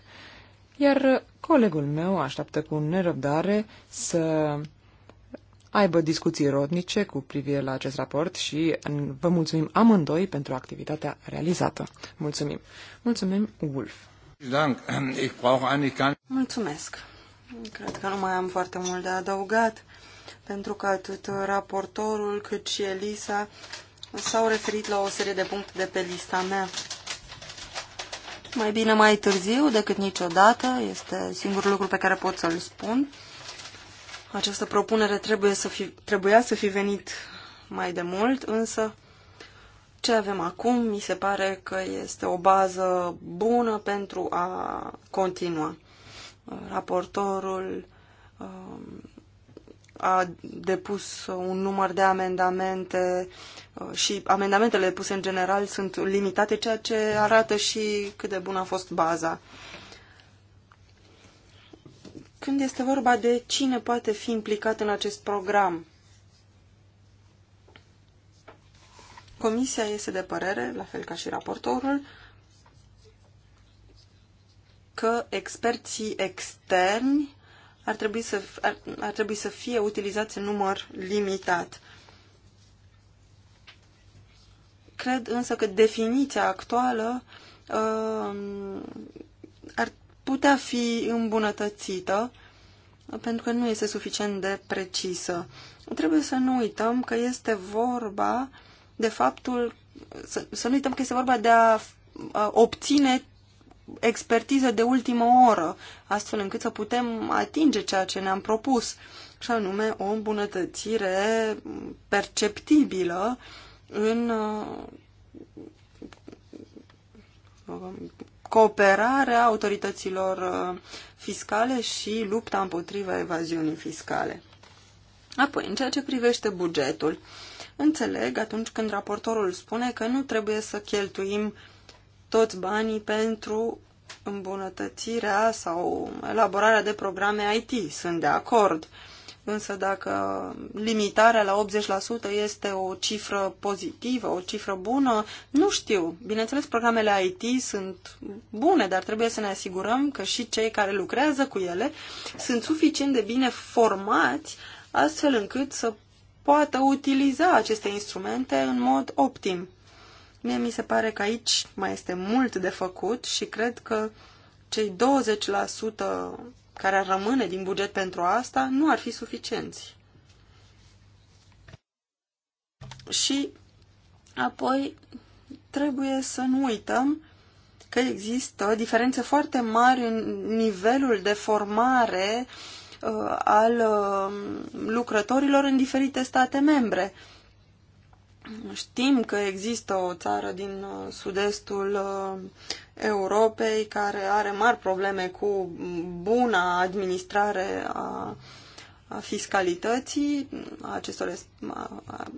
iar colegul meu așteaptă cu nerăbdare să aibă discuții rodnice cu privire la acest raport și vă mulțumim amândoi pentru activitatea realizată. Mulțumim. Mulțumim, Wolf. Mulțumesc. Cred că nu mai am foarte mult de adăugat, pentru că atât raportorul cât și Elisa s-au referit la o serie de puncte de pe lista mea. Mai bine mai târziu decât niciodată, este singurul lucru pe care pot să-l spun. Această propunere trebuie să fi, trebuia să fi venit mai de mult, însă ce avem acum mi se pare că este o bază bună pentru a continua. Raportorul um, a depus un număr de amendamente uh, și amendamentele depuse în general sunt limitate, ceea ce arată și cât de bună a fost baza. Când este vorba de cine poate fi implicat în acest program, Comisia este de părere, la fel ca și raportorul, că experții externi ar trebui să, ar, ar trebui să fie utilizați în număr limitat. Cred însă că definiția actuală uh, ar putea fi îmbunătățită pentru că nu este suficient de precisă. Trebuie să nu uităm că este vorba de faptul, să, să nu uităm că este vorba de a obține expertiză de ultimă oră, astfel încât să putem atinge ceea ce ne-am propus, și anume o îmbunătățire perceptibilă în uh, cooperarea autorităților uh, fiscale și lupta împotriva evaziunii fiscale. Apoi, în ceea ce privește bugetul, înțeleg atunci când raportorul spune că nu trebuie să cheltuim toți banii pentru îmbunătățirea sau elaborarea de programe IT. Sunt de acord. Însă dacă limitarea la 80% este o cifră pozitivă, o cifră bună, nu știu. Bineînțeles, programele IT sunt bune, dar trebuie să ne asigurăm că și cei care lucrează cu ele sunt suficient de bine formați astfel încât să poată utiliza aceste instrumente în mod optim. Mie mi se pare că aici mai este mult de făcut și cred că cei 20% care ar rămâne din buget pentru asta nu ar fi suficienți. Și apoi trebuie să nu uităm că există diferențe foarte mari în nivelul de formare uh, al uh, lucrătorilor în diferite state membre. Uh, Știm că există o țară din uh, sud-estul uh, Europei care are mari probleme cu buna administrare a, a fiscalității, a acestor a, a,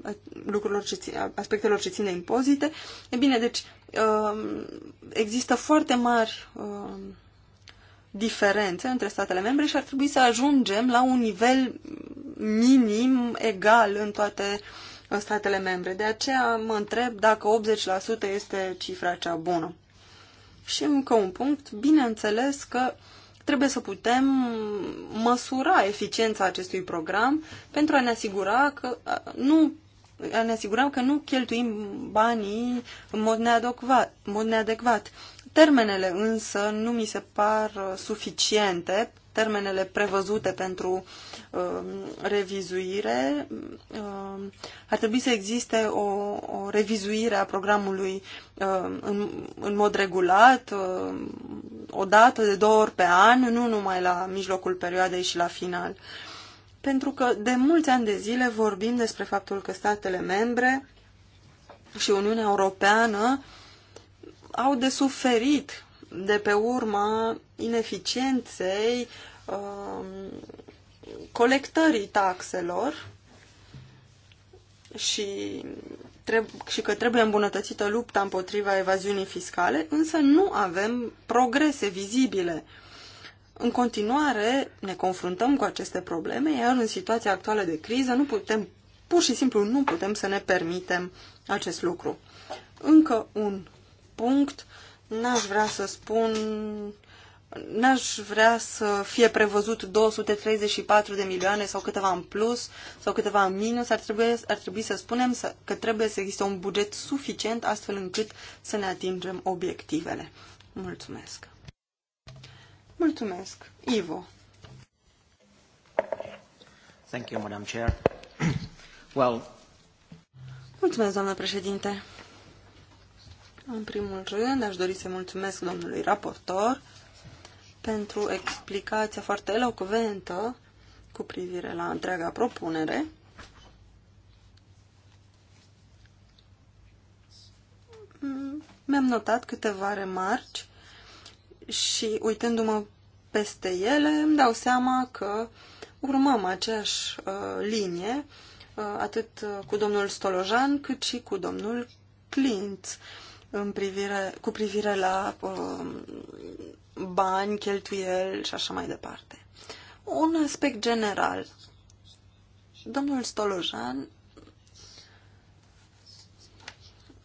lucrurilor ce, a, aspectelor ce țin de impozite. E bine, deci uh, există foarte mari diferențe între statele membre și ar trebui să ajungem la un nivel minim egal în toate uh, statele membre. De aceea mă întreb dacă 80% este cifra cea bună. Și încă un punct, bineînțeles că trebuie să putem măsura eficiența acestui program pentru a ne asigura că nu a ne asigurăm că nu cheltuim banii în mod Mod neadecvat. Termenele însă nu mi se par suficiente termenele prevăzute pentru uh, revizuire. Uh, ar trebui să existe o, o revizuire a programului uh, în, în mod regulat, o dată de două ori pe an, nu numai la mijlocul perioadei și la final. Pentru că de mulți ani de zile vorbim despre faptul că statele membre și Uniunea Europeană au de suferit de pe urma ineficienței um, colectării taxelor și, și că trebuie îmbunătățită lupta împotriva evaziunii fiscale, însă nu avem progrese vizibile. În continuare ne confruntăm cu aceste probleme, iar în situația actuală de criză nu putem, pur și simplu nu putem să ne permitem acest lucru. Încă un punct N-aș vrea să spun n-aș vrea să fie prevăzut 234 de milioane sau câteva în plus sau câteva în minus, ar trebui, ar trebui să spunem să, că trebuie să existe un buget suficient astfel încât să ne atingem obiectivele. Mulțumesc! Mulțumesc! Ivo! Thank you, Madam Chair. well... Mulțumesc, doamnă președinte! În primul rând, aș dori să mulțumesc domnului raportor pentru explicația foarte elocventă cu privire la întreaga propunere. Mi-am notat câteva remarci și uitându-mă peste ele îmi dau seama că urmăm aceeași uh, linie uh, atât cu domnul Stolojan cât și cu domnul Clint. Uh, în privire, cu privire la uh, bani, cheltuieli și așa mai departe. Un aspect general. Domnul Stolojan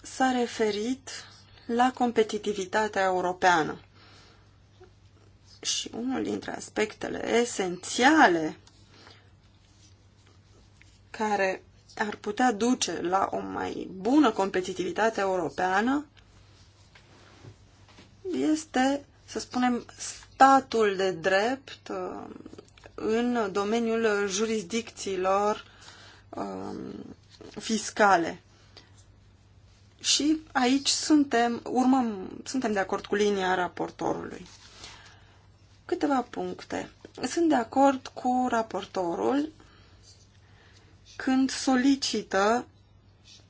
s-a referit la competitivitatea europeană. Și unul dintre aspectele esențiale care ar putea duce la o mai bună competitivitate europeană este, să spunem, statul de drept uh, în domeniul jurisdicțiilor um, fiscale. Și aici suntem, urmăm, suntem de acord cu linia raportorului. Câteva puncte. Sunt de acord cu raportorul când solicită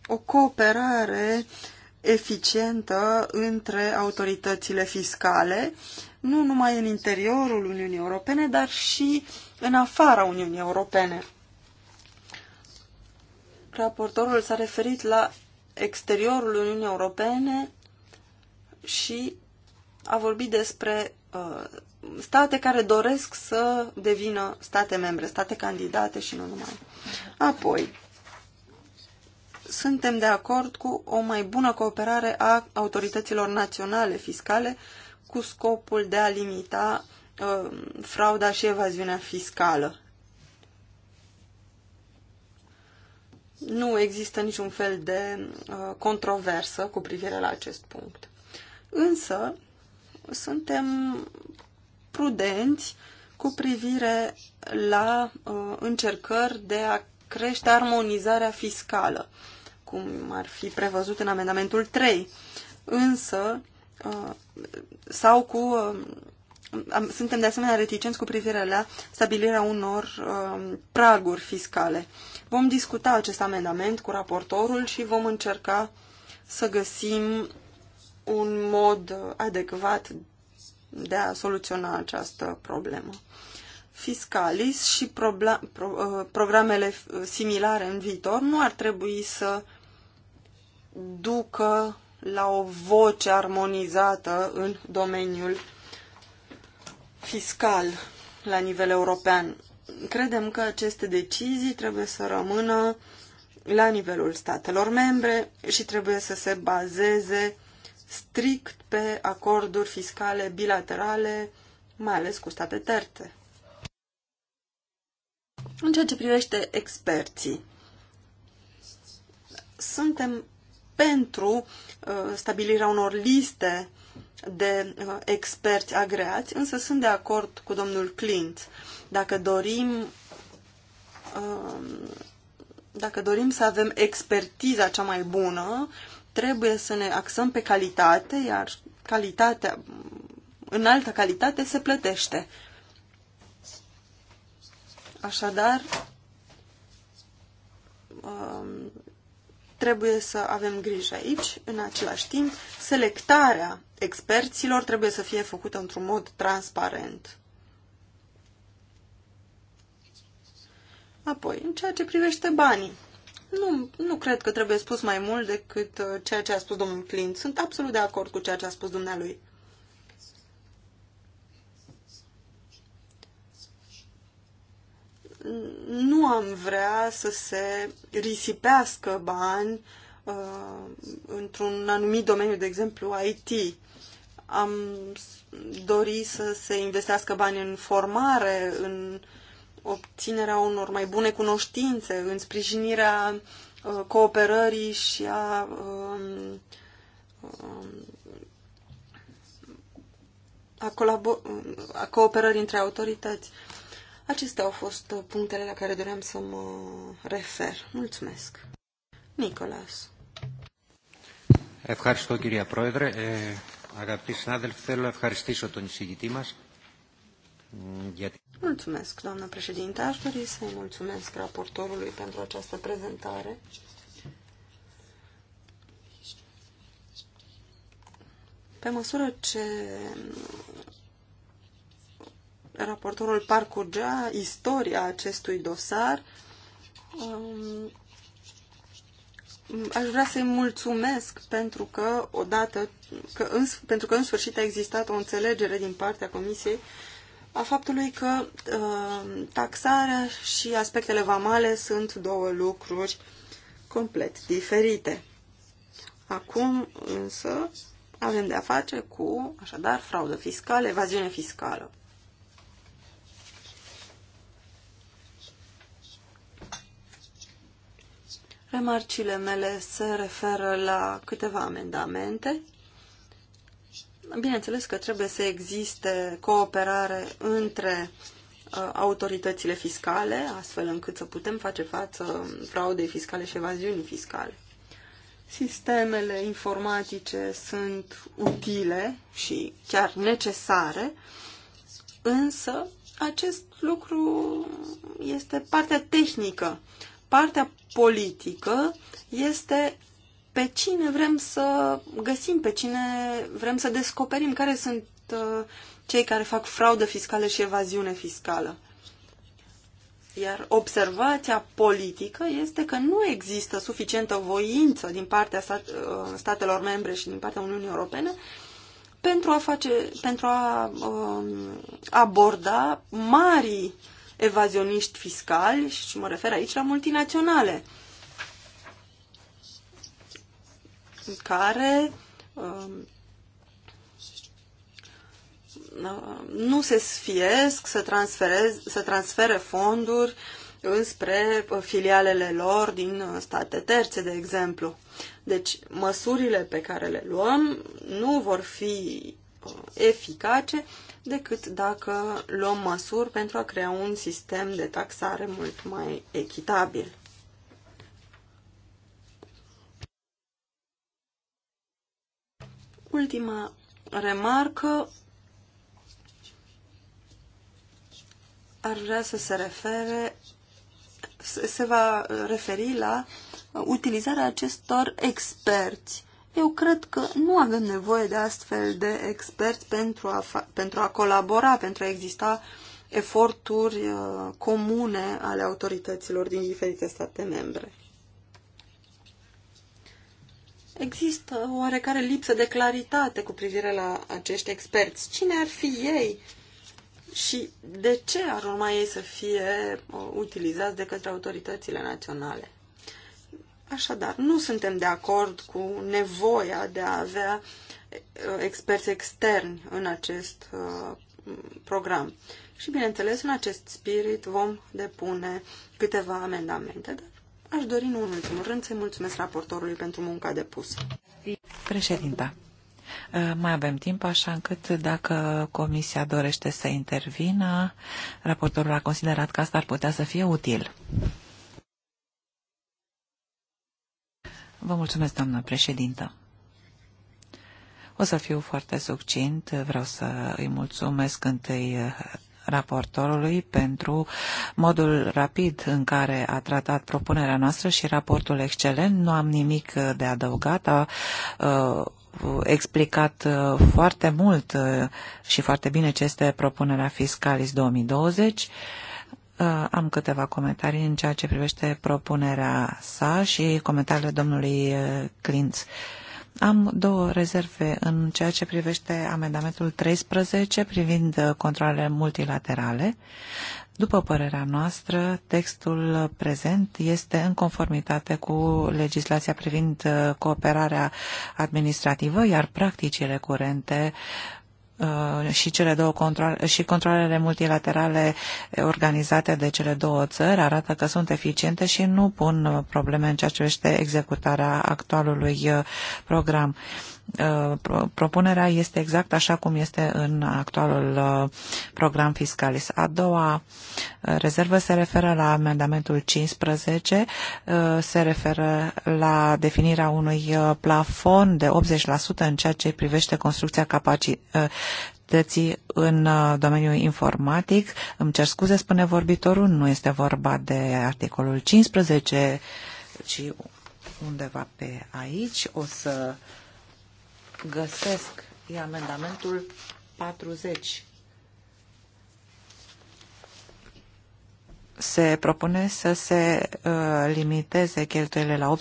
o cooperare uh, eficientă între autoritățile fiscale, nu numai în interiorul Uniunii Europene, dar și în afara Uniunii Europene. Raportorul s-a referit la exteriorul Uniunii Europene și a vorbit despre uh, state care doresc să devină state membre, state candidate și nu numai. Apoi, suntem de acord cu o mai bună cooperare a autorităților naționale fiscale cu scopul de a limita uh, frauda și evaziunea fiscală. Nu există niciun fel de uh, controversă cu privire la acest punct. Însă, suntem prudenți cu privire la uh, încercări de a crește armonizarea fiscală cum ar fi prevăzut în amendamentul 3, însă uh, sau cu uh, suntem de asemenea reticenți cu privire la stabilirea unor uh, praguri fiscale. Vom discuta acest amendament cu raportorul și vom încerca să găsim un mod adecvat de a soluționa această problemă. Fiscalis și pro, programele similare în viitor nu ar trebui să ducă la o voce armonizată în domeniul fiscal la nivel european. Credem că aceste decizii trebuie să rămână la nivelul statelor membre și trebuie să se bazeze strict pe acorduri fiscale bilaterale, mai ales cu state terțe. În ceea ce privește experții, suntem pentru uh, stabilirea unor liste de uh, experți agreați, însă sunt de acord cu domnul Clint. Dacă dorim um, dacă dorim să avem expertiza cea mai bună, trebuie să ne axăm pe calitate, iar calitatea, în altă calitate, se plătește. Așadar, um, trebuie să avem grijă aici. În același timp, selectarea experților trebuie să fie făcută într-un mod transparent. Apoi, în ceea ce privește banii, nu, nu cred că trebuie spus mai mult decât uh, ceea ce a spus domnul Clint. Sunt absolut de acord cu ceea ce a spus dumnealui. nu am vrea să se risipească bani uh, într-un anumit domeniu, de exemplu IT. Am dori să se investească bani în formare, în obținerea unor mai bune cunoștințe, în sprijinirea uh, cooperării și a uh, a, colabor- a cooperării între autorități. Acestea au fost punctele la care doream să mă refer. Mulțumesc. Nicolas. Ευχαριστώ κυρία Πρόεδρε. Ε, αγαπητοί συνάδελφοι, θέλω να ευχαριστήσω τον εισηγητή μας γιατί... Mulțumesc, doamna președinte. Aș dori să-i mulțumesc raportorului pentru această prezentare. Pe măsură ce raportorul parcurgea istoria acestui dosar. Um, aș vrea să-i mulțumesc pentru că, odată, că în, pentru că în sfârșit a existat o înțelegere din partea Comisiei a faptului că um, taxarea și aspectele vamale sunt două lucruri complet diferite. Acum însă avem de-a face cu, așadar, fraudă fiscală, evaziune fiscală. Remarcile mele se referă la câteva amendamente. Bineînțeles că trebuie să existe cooperare între uh, autoritățile fiscale, astfel încât să putem face față fraudei fiscale și evaziunii fiscale. Sistemele informatice sunt utile și chiar necesare, însă acest lucru este partea tehnică Partea politică este pe cine vrem să găsim, pe cine vrem să descoperim, care sunt uh, cei care fac fraudă fiscală și evaziune fiscală. Iar observația politică este că nu există suficientă voință din partea uh, statelor membre și din partea Uniunii Europene pentru a, face, pentru a um, aborda mari evazioniști fiscali și mă refer aici la multinaționale care um, uh, nu se sfiesc să, să transfere fonduri înspre uh, filialele lor din uh, state terțe, de exemplu. Deci, măsurile pe care le luăm nu vor fi eficace decât dacă luăm măsuri pentru a crea un sistem de taxare mult mai echitabil. Ultima remarcă ar vrea să se refere se va referi la utilizarea acestor experți eu cred că nu avem nevoie de astfel de experți pentru a, pentru a colabora, pentru a exista eforturi uh, comune ale autorităților din diferite state membre. Există oarecare lipsă de claritate cu privire la acești experți. Cine ar fi ei? Și de ce ar urma ei să fie uh, utilizați de către autoritățile naționale? Așadar, nu suntem de acord cu nevoia de a avea uh, experți externi în acest uh, program. Și, bineînțeles, în acest spirit vom depune câteva amendamente, dar Aș dori, nu în ultimul rând, să-i mulțumesc raportorului pentru munca depusă. Președinta, uh, mai avem timp, așa încât dacă comisia dorește să intervină, raportorul a considerat că asta ar putea să fie util. Vă mulțumesc, doamnă președintă. O să fiu foarte succint. Vreau să îi mulțumesc întâi eh, raportorului pentru modul rapid în care a tratat propunerea noastră și raportul excelent. Nu am nimic eh, de adăugat. A, a eh, explicat foarte mult și foarte bine ce este propunerea Fiscalis 2020. Uh, am câteva comentarii în ceea ce privește propunerea sa și comentariile domnului uh, Clinț. Am două rezerve în ceea ce privește amendamentul 13 privind uh, controlele multilaterale. După părerea noastră, textul prezent este în conformitate cu legislația privind cooperarea administrativă, iar practicile curente Uh, și cele două controle, și controlele multilaterale organizate de cele două țări arată că sunt eficiente și nu pun probleme în ceea ce privește executarea actualului uh, program. Uh, propunerea este exact așa cum este în actualul uh, program fiscalis. A doua uh, rezervă se referă la amendamentul 15, se referă la definirea unui plafon de 80% în ceea ce privește construcția capacității în domeniul informatic. Îmi cer scuze, spune vorbitorul, nu este vorba de articolul 15, ci undeva pe aici. O să găsesc e amendamentul 40. Se propune să se uh, limiteze cheltuielile la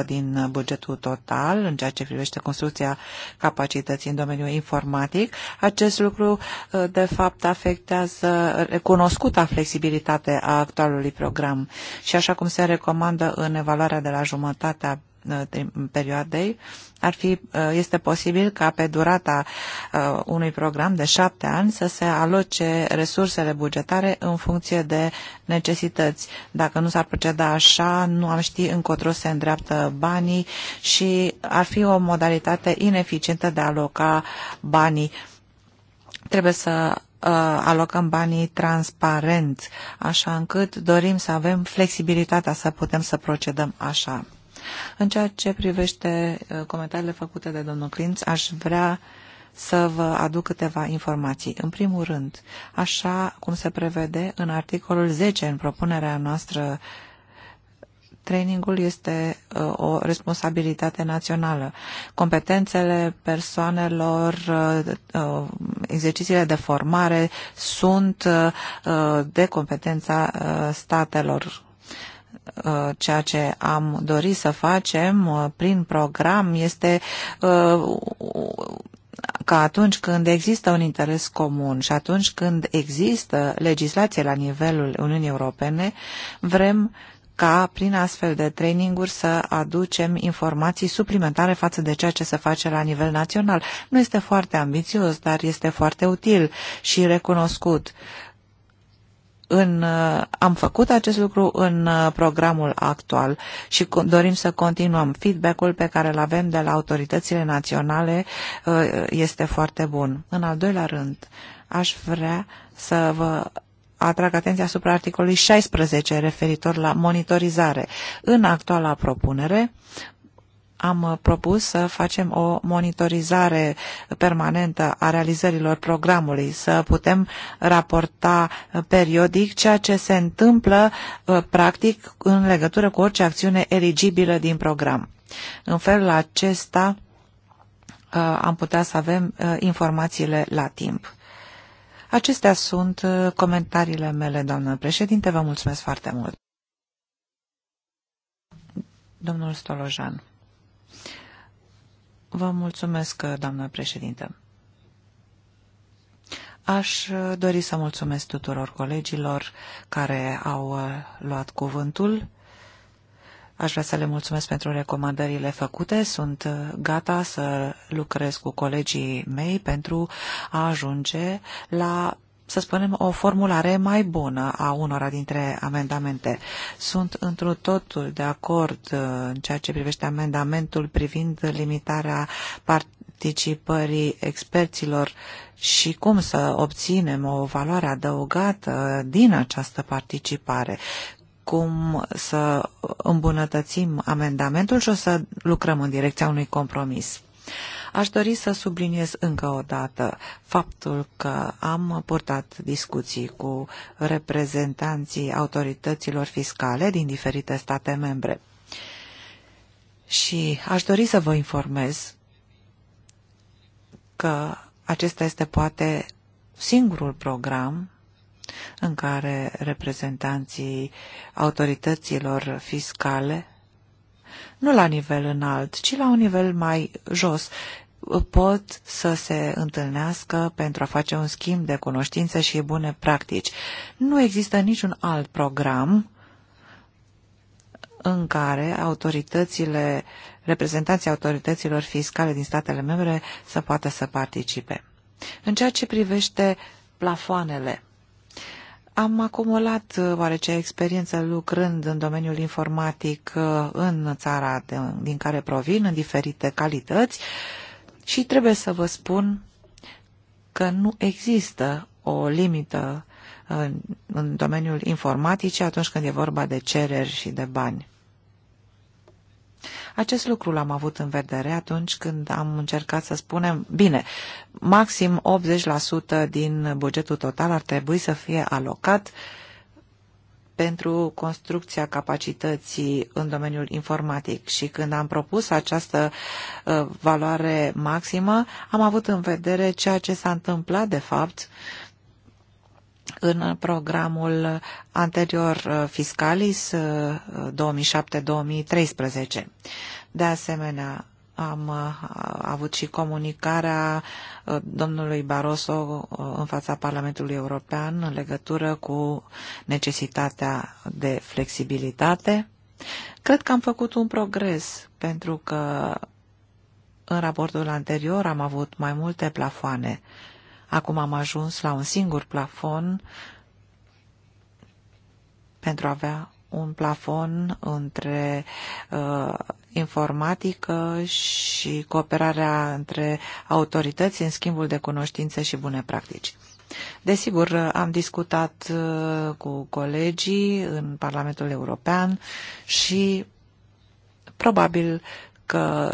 80% din bugetul total în ceea ce privește construcția capacității în domeniul informatic. Acest lucru, uh, de fapt, afectează recunoscuta flexibilitate a actualului program și așa cum se recomandă în evaluarea de la jumătatea uh, perioadei, uh, ar fi, uh, este posibil ca pe durata uh, unui program de șapte ani să se aloce resursele bugetare în funcție de necesități. Dacă nu s-ar proceda așa, nu am ști încotro se îndreaptă banii și ar fi o modalitate ineficientă de a aloca banii. Trebuie să uh, alocăm banii transparent, așa încât dorim să avem flexibilitatea să putem să procedăm așa. În ceea ce privește uh, comentariile făcute de domnul Clinț, aș vrea să vă aduc câteva informații. În primul rând, așa cum se prevede în articolul 10 în propunerea noastră trainingul este uh, o responsabilitate națională. Competențele persoanelor, uh, uh, exercițiile de formare sunt uh, de competența uh, statelor Uh, ceea ce am dorit să facem uh, prin program este uh, ca atunci când există un interes comun și atunci când există legislație la nivelul Uniunii Europene, vrem ca prin astfel de traininguri să aducem informații suplimentare față de ceea ce se face la nivel național. Nu este foarte ambițios, dar este foarte util și recunoscut. Uh, în, uh, am făcut acest lucru în uh, programul actual și dorim să continuăm. Feedback-ul pe care îl avem de la autoritățile naționale uh, este foarte bun. În al doilea rând, aș vrea să vă atrag atenția asupra articolului 16 referitor la monitorizare. În actuala propunere, am uh, propus să facem o monitorizare permanentă a realizărilor programului, să putem raporta uh, periodic ceea ce se întâmplă uh, practic în legătură cu orice acțiune eligibilă din program. În felul acesta am putea să avem informațiile la timp. Acestea sunt comentariile mele, doamnă președinte. Vă mulțumesc foarte mult. Domnul Stolojan. Vă mulțumesc, doamnă președintă. Aș dori să mulțumesc tuturor colegilor care au uh, luat cuvântul. Aș vrea să le mulțumesc pentru recomandările făcute. Sunt uh, gata să lucrez cu colegii mei pentru a ajunge la să spunem, o formulare mai bună a unora dintre amendamente. Sunt întru totul de acord uh, în ceea ce privește amendamentul privind limitarea participării experților și cum să obținem o valoare adăugată din această participare cum să îmbunătățim amendamentul și o să lucrăm în direcția unui compromis. Aș dori să subliniez încă o dată faptul că am purtat discuții cu reprezentanții autorităților fiscale din diferite state membre. Și aș dori să vă informez că acesta este poate singurul program în care reprezentanții autorităților fiscale, nu la nivel înalt, ci la un nivel mai jos, pot să se întâlnească pentru a face un schimb de cunoștințe și bune practici. Nu există niciun alt program în care autoritățile, reprezentanții autorităților fiscale din statele membre să poată să participe. În ceea ce privește plafoanele, am acumulat uh, oarece experiență lucrând în domeniul informatic uh, în țara de, din care provin, în diferite calități și trebuie să vă spun că nu există o limită în, în domeniul informaticii atunci când e vorba de cereri și de bani. Acest lucru l-am avut în vedere atunci când am încercat să spunem, bine, maxim 80% din bugetul total ar trebui să fie alocat uh, pentru construcția capacității în domeniul informatic și când am propus această uh, valoare maximă, am avut în vedere ceea ce s-a întâmplat de fapt în programul anterior uh, Fiscalis 2007-2013. Uh, de asemenea, am uh, avut și comunicarea uh, domnului Barroso uh, în fața Parlamentului European în legătură cu necesitatea de flexibilitate. Cred că am făcut un progres pentru că în raportul anterior am avut mai multe plafoane. Acum am ajuns la un singur plafon pentru a avea un plafon între uh, informatică și cooperarea între autorități în schimbul de cunoștințe și bune practici. Desigur, am discutat uh, cu colegii în Parlamentul European și probabil că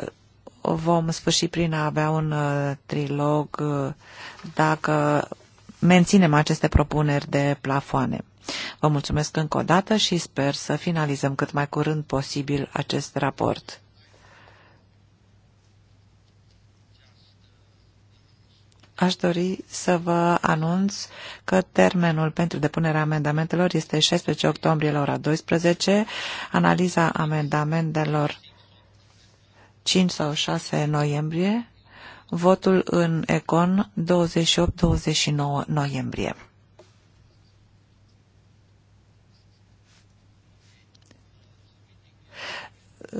vom sfârși prin a avea un uh, trilog uh, dacă menținem aceste propuneri de plafoane. Vă mulțumesc încă o dată și sper să finalizăm cât mai curând posibil acest raport. Aș dori să vă anunț că termenul pentru depunerea amendamentelor este 16 octombrie la ora 12, analiza amendamentelor 5 sau 6 noiembrie, votul în Econ 28-29 noiembrie.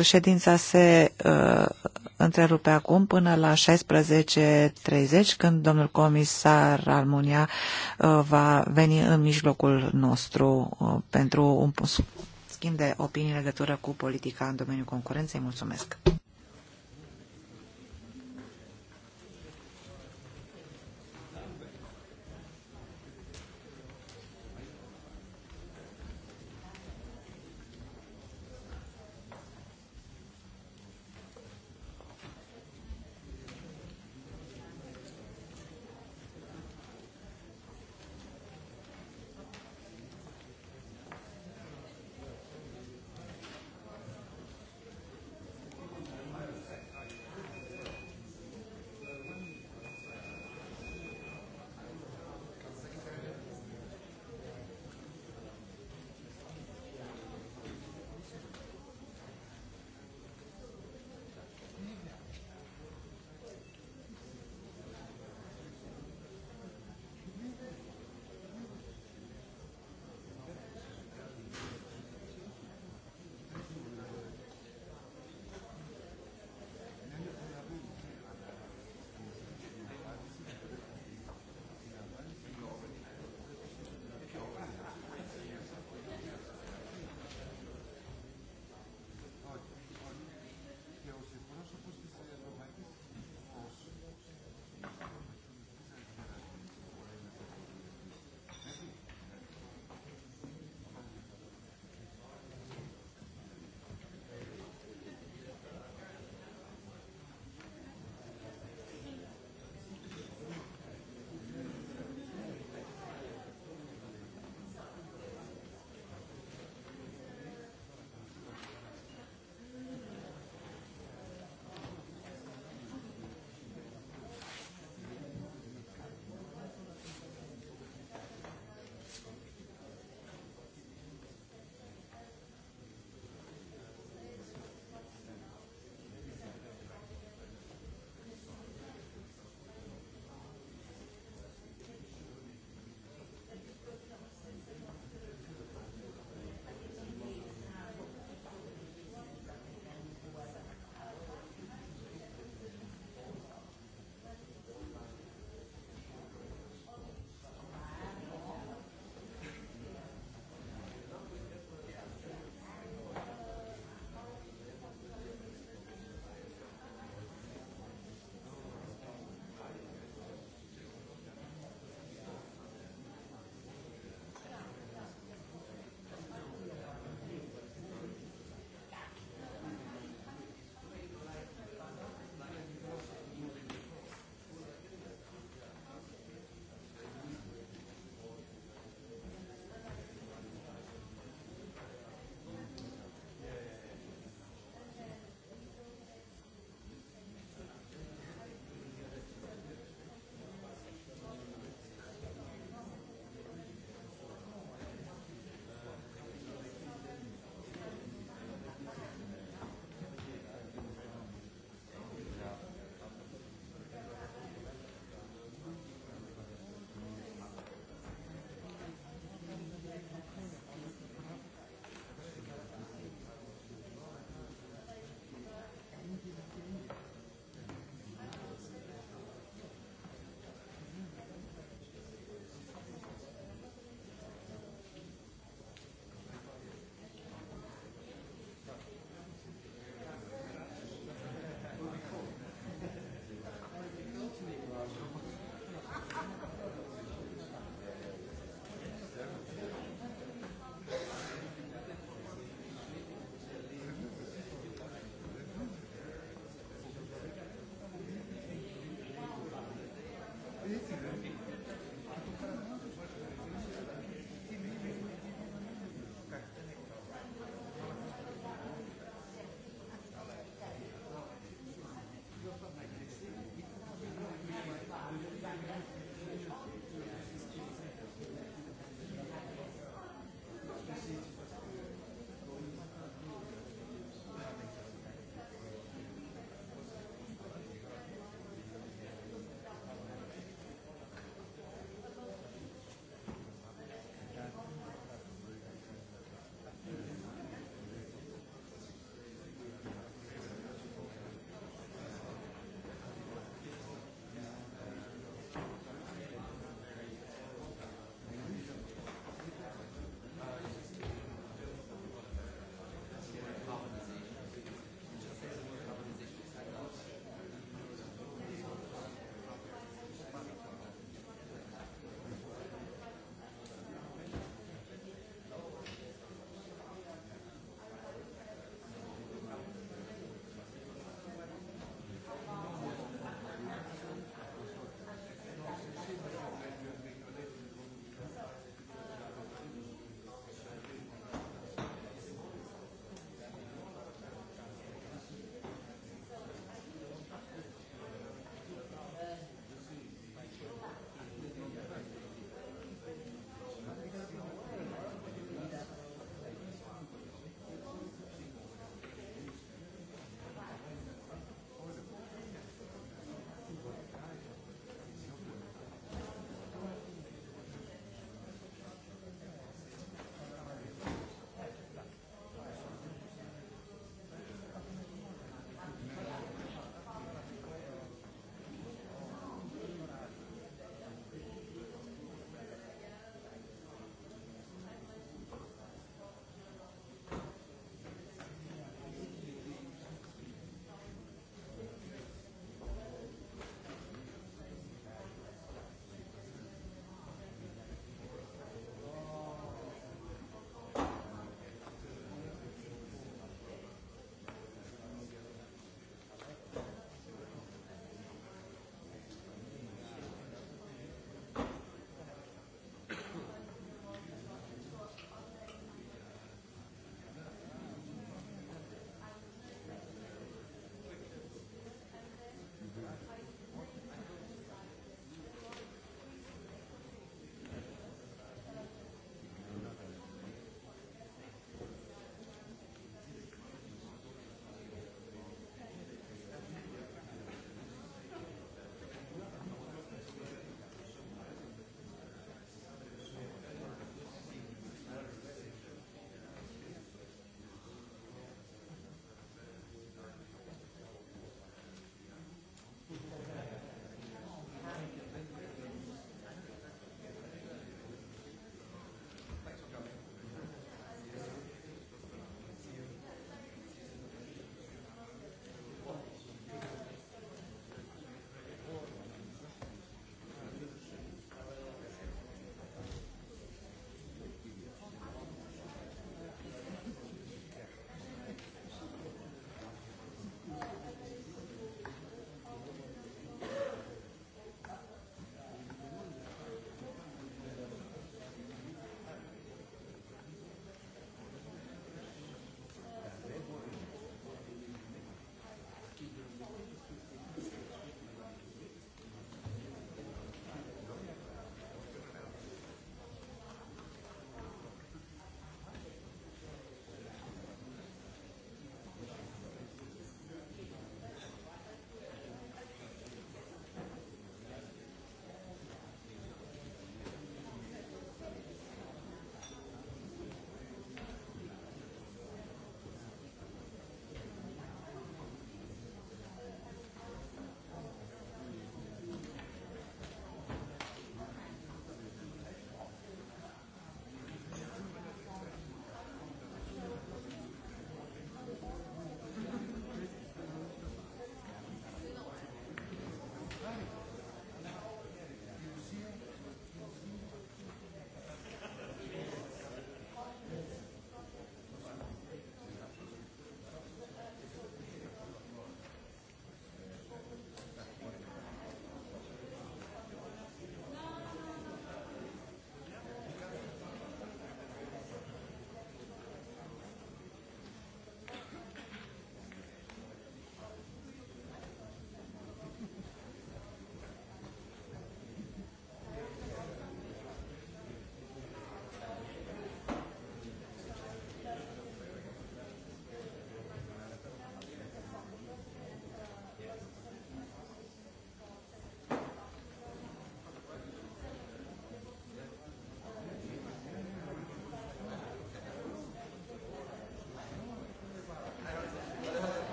Ședința se uh, întrerupe acum până la 16.30, când domnul comisar Almunia uh, va veni în mijlocul nostru uh, pentru un schimb de opinii în legătură cu politica în domeniul concurenței. Mulțumesc!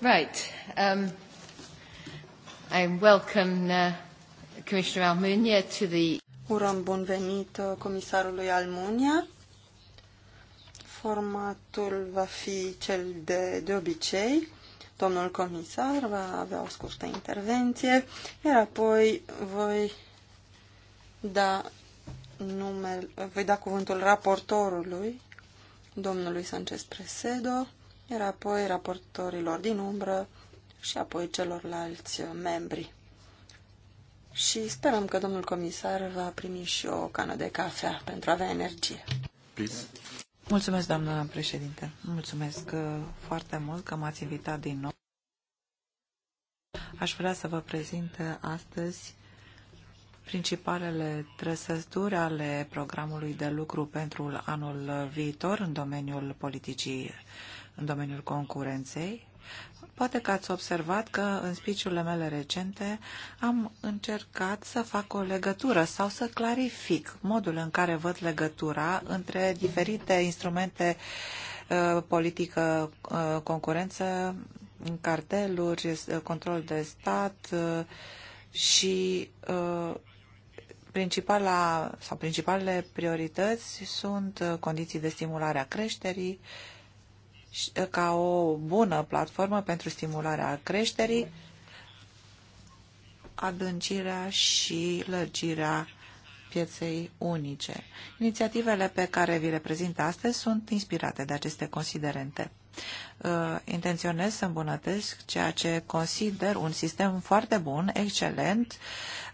Right. Um, I welcome uh, Commissioner Almunia to the... Uram bun venit uh, comisarului Almunia. Formatul va fi cel de, de obicei. Domnul comisar va avea o scurtă intervenție, iar apoi voi da, numel, voi da cuvântul raportorului, domnului Sanchez Presedo, iar apoi raportorilor din umbră și apoi celorlalți membri. Și sperăm că domnul comisar va primi și o cană de cafea pentru a avea energie. Please. Mulțumesc, doamnă președinte. Mulțumesc uh, foarte mult că m-ați invitat din nou. Aș vrea să vă prezint uh, astăzi principalele trăsături ale programului de lucru pentru anul viitor în domeniul politicii în domeniul concurenței. Poate că ați observat că în spiciurile mele recente am încercat să fac o legătură sau să clarific modul în care văd legătura între diferite instrumente uh, politică, uh, concurență, carteluri, uh, control de stat și principala sau principalele priorități sunt condiții de stimulare a creșterii, Eh, ca o bună platformă pentru stimularea creșterii, adâncirea și lărgirea pieței unice. Inițiativele pe care vi le prezint astăzi sunt inspirate de aceste considerente. Eh, intenționez să îmbunătesc ceea ce consider un sistem foarte bun, excelent,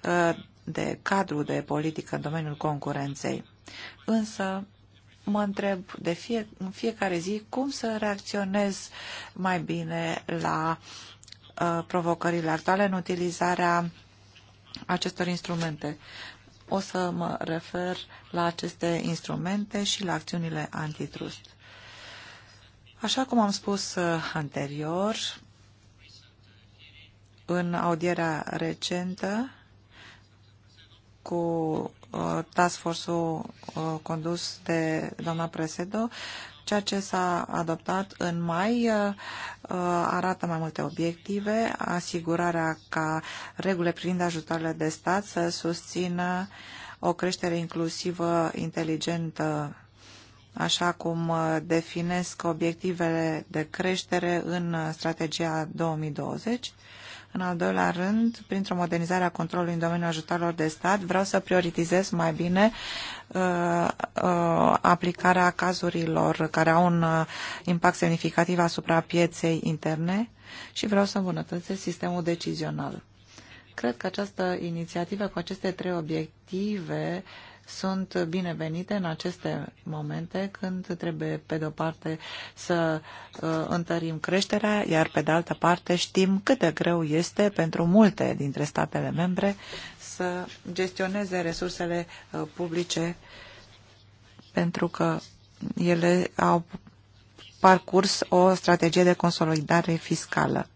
eh, de cadru de politică în domeniul concurenței. Însă, mă întreb de fie, în fiecare zi cum să reacționez mai bine la uh, provocările actuale în utilizarea acestor instrumente. O să mă refer la aceste instrumente și la acțiunile antitrust. Așa cum am spus uh, anterior, în audierea recentă cu Uh, task force-ul uh, condus de doamna Presedo, ceea ce s-a adoptat în mai uh, arată mai multe obiective, asigurarea ca regulile privind ajutoarele de stat să susțină o creștere inclusivă, inteligentă, așa cum definesc obiectivele de creștere în strategia 2020, în al doilea rând, printr-o modernizare a controlului în domeniul ajutorilor de stat, vreau să prioritizez mai bine uh, uh, aplicarea cazurilor care au un uh, impact semnificativ asupra pieței interne și vreau să îmbunătățesc sistemul decizional. Cred că această inițiativă cu aceste trei obiective uh, sunt binevenite în aceste momente când trebuie, pe de-o parte, să uh, întărim creșterea, iar pe de altă parte știm cât de greu este pentru multe dintre statele membre să gestioneze resursele uh, publice pentru că ele au parcurs o strategie de consolidare fiscală.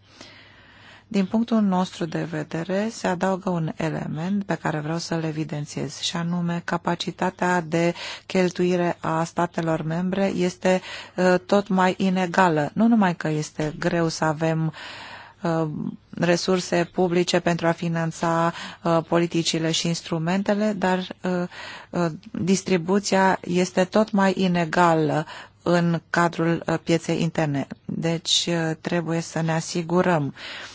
Din punctul nostru de vedere, se adaugă un element pe care vreau să-l evidențiez, și anume capacitatea de cheltuire a statelor membre este ă, tot mai inegală. Nu numai că este greu să avem ă, resurse publice pentru a finanța ă, politicile și instrumentele, dar distribuția este tot mai inegală în cadrul pieței interne. Deci trebuie să ne asigurăm uh,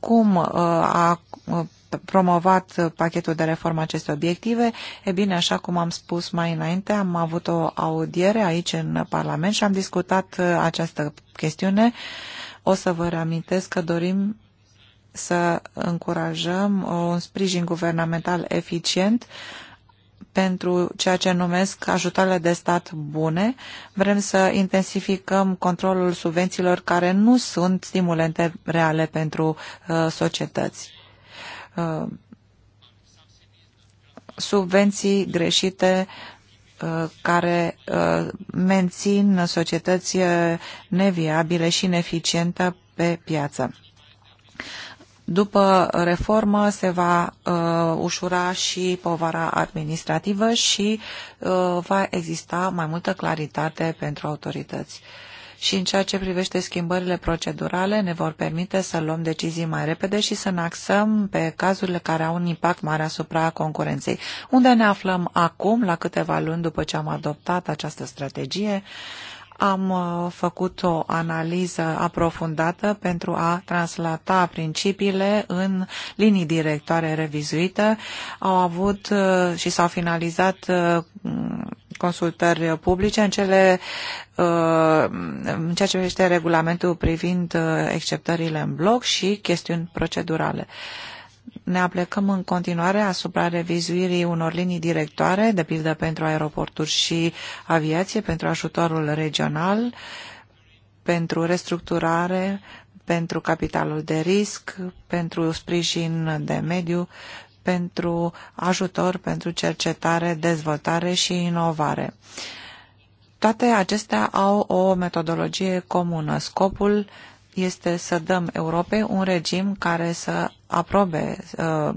cum uh, a uh, promovat pachetul de reformă aceste obiective. E bine, așa cum am spus mai înainte, am avut o audiere aici în Parlament și am discutat uh, această chestiune. O să vă reamintesc că dorim să încurajăm un sprijin guvernamental eficient uh, pentru ceea ce numesc ajutoarele de stat bune. Vrem să intensificăm controlul subvențiilor care nu sunt stimulente reale pentru uh, societăți. Uh, subvenții greșite uh, care uh, mențin societăți uh, neviabile și ineficiente pe piață. După reformă se va uh, ușura și povara administrativă și uh, va exista mai multă claritate pentru autorități. Și în ceea ce privește schimbările procedurale, ne vor permite să luăm decizii mai repede și să ne axăm pe cazurile care au un impact mare asupra concurenței. Unde ne aflăm acum, la câteva luni după ce am adoptat această strategie? Uh, am uh, făcut o analiză aprofundată pentru a translata principiile în linii directoare revizuite. Au avut uh, și s-au finalizat uh, consultări publice în cele în ceea ce privește regulamentul privind exceptările în bloc și chestiuni procedurale ne aplecăm în continuare asupra revizuirii unor linii directoare, de pildă pentru aeroporturi și aviație, pentru ajutorul regional, pentru restructurare, pentru capitalul de risc, pentru sprijin de mediu, pentru ajutor, pentru cercetare, dezvoltare și inovare. Toate acestea au o metodologie comună. Scopul este să dăm Europei un regim care să aprobe uh,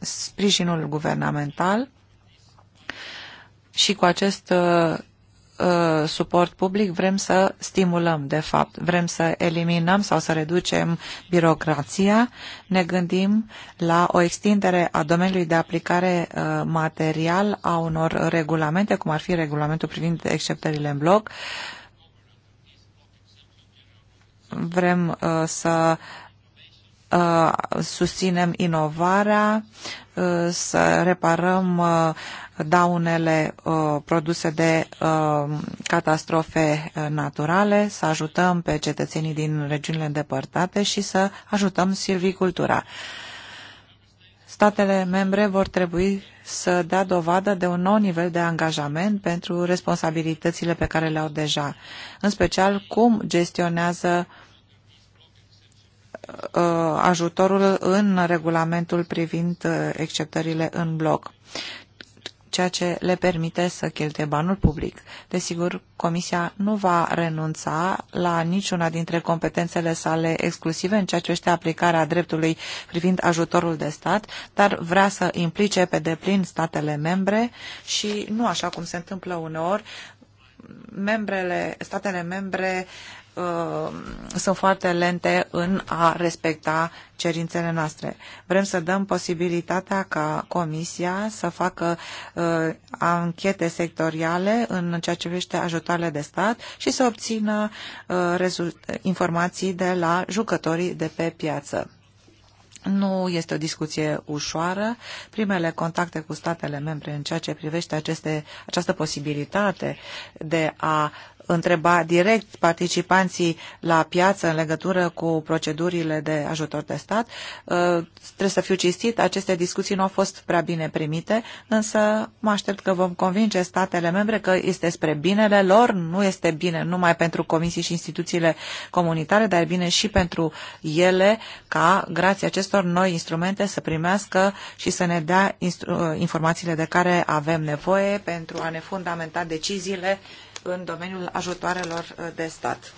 sprijinul guvernamental și cu acest uh, uh, suport public vrem să stimulăm, de fapt. Vrem să eliminăm sau să reducem birocrația. Ne gândim la o extindere a domeniului de aplicare uh, material a unor regulamente, cum ar fi regulamentul privind exceptările în bloc, Vrem uh, să uh, susținem inovarea, uh, să reparăm uh, daunele uh, produse de uh, catastrofe uh, naturale, să ajutăm pe cetățenii din regiunile îndepărtate și să ajutăm silvicultura. Uh, statele membre vor trebui să dea dovadă de un nou nivel de angajament pentru responsabilitățile pe care le au deja, în special cum gestionează uh, ajutorul în regulamentul privind uh, acceptările în bloc ceea ce le permite să cheltuie banul public. Desigur, Comisia nu va renunța la niciuna dintre competențele sale exclusive în ceea ce este aplicarea dreptului privind ajutorul de stat, dar vrea să implice pe deplin statele membre și nu așa cum se întâmplă uneori, membrele, statele membre Uh, sunt foarte lente în a respecta cerințele noastre. Vrem să dăm posibilitatea ca Comisia să facă uh, anchete sectoriale în ceea ce privește ajutoarele de stat și să obțină uh, informații de la jucătorii de pe piață. Nu este o discuție ușoară. Primele contacte cu statele membre în ceea ce privește aceste, această posibilitate de a întreba direct participanții la piață în legătură cu procedurile de ajutor de stat. Uh, trebuie să fiu cistit, aceste discuții nu au fost prea bine primite, însă mă aștept că vom convinge statele membre că este spre binele lor, nu este bine numai pentru comisii și instituțiile comunitare, dar bine și pentru ele ca, grație acestor noi instrumente, să primească și să ne dea uh, informațiile de care avem nevoie pentru a ne fundamenta deciziile în domeniul ajutoarelor uh, de stat.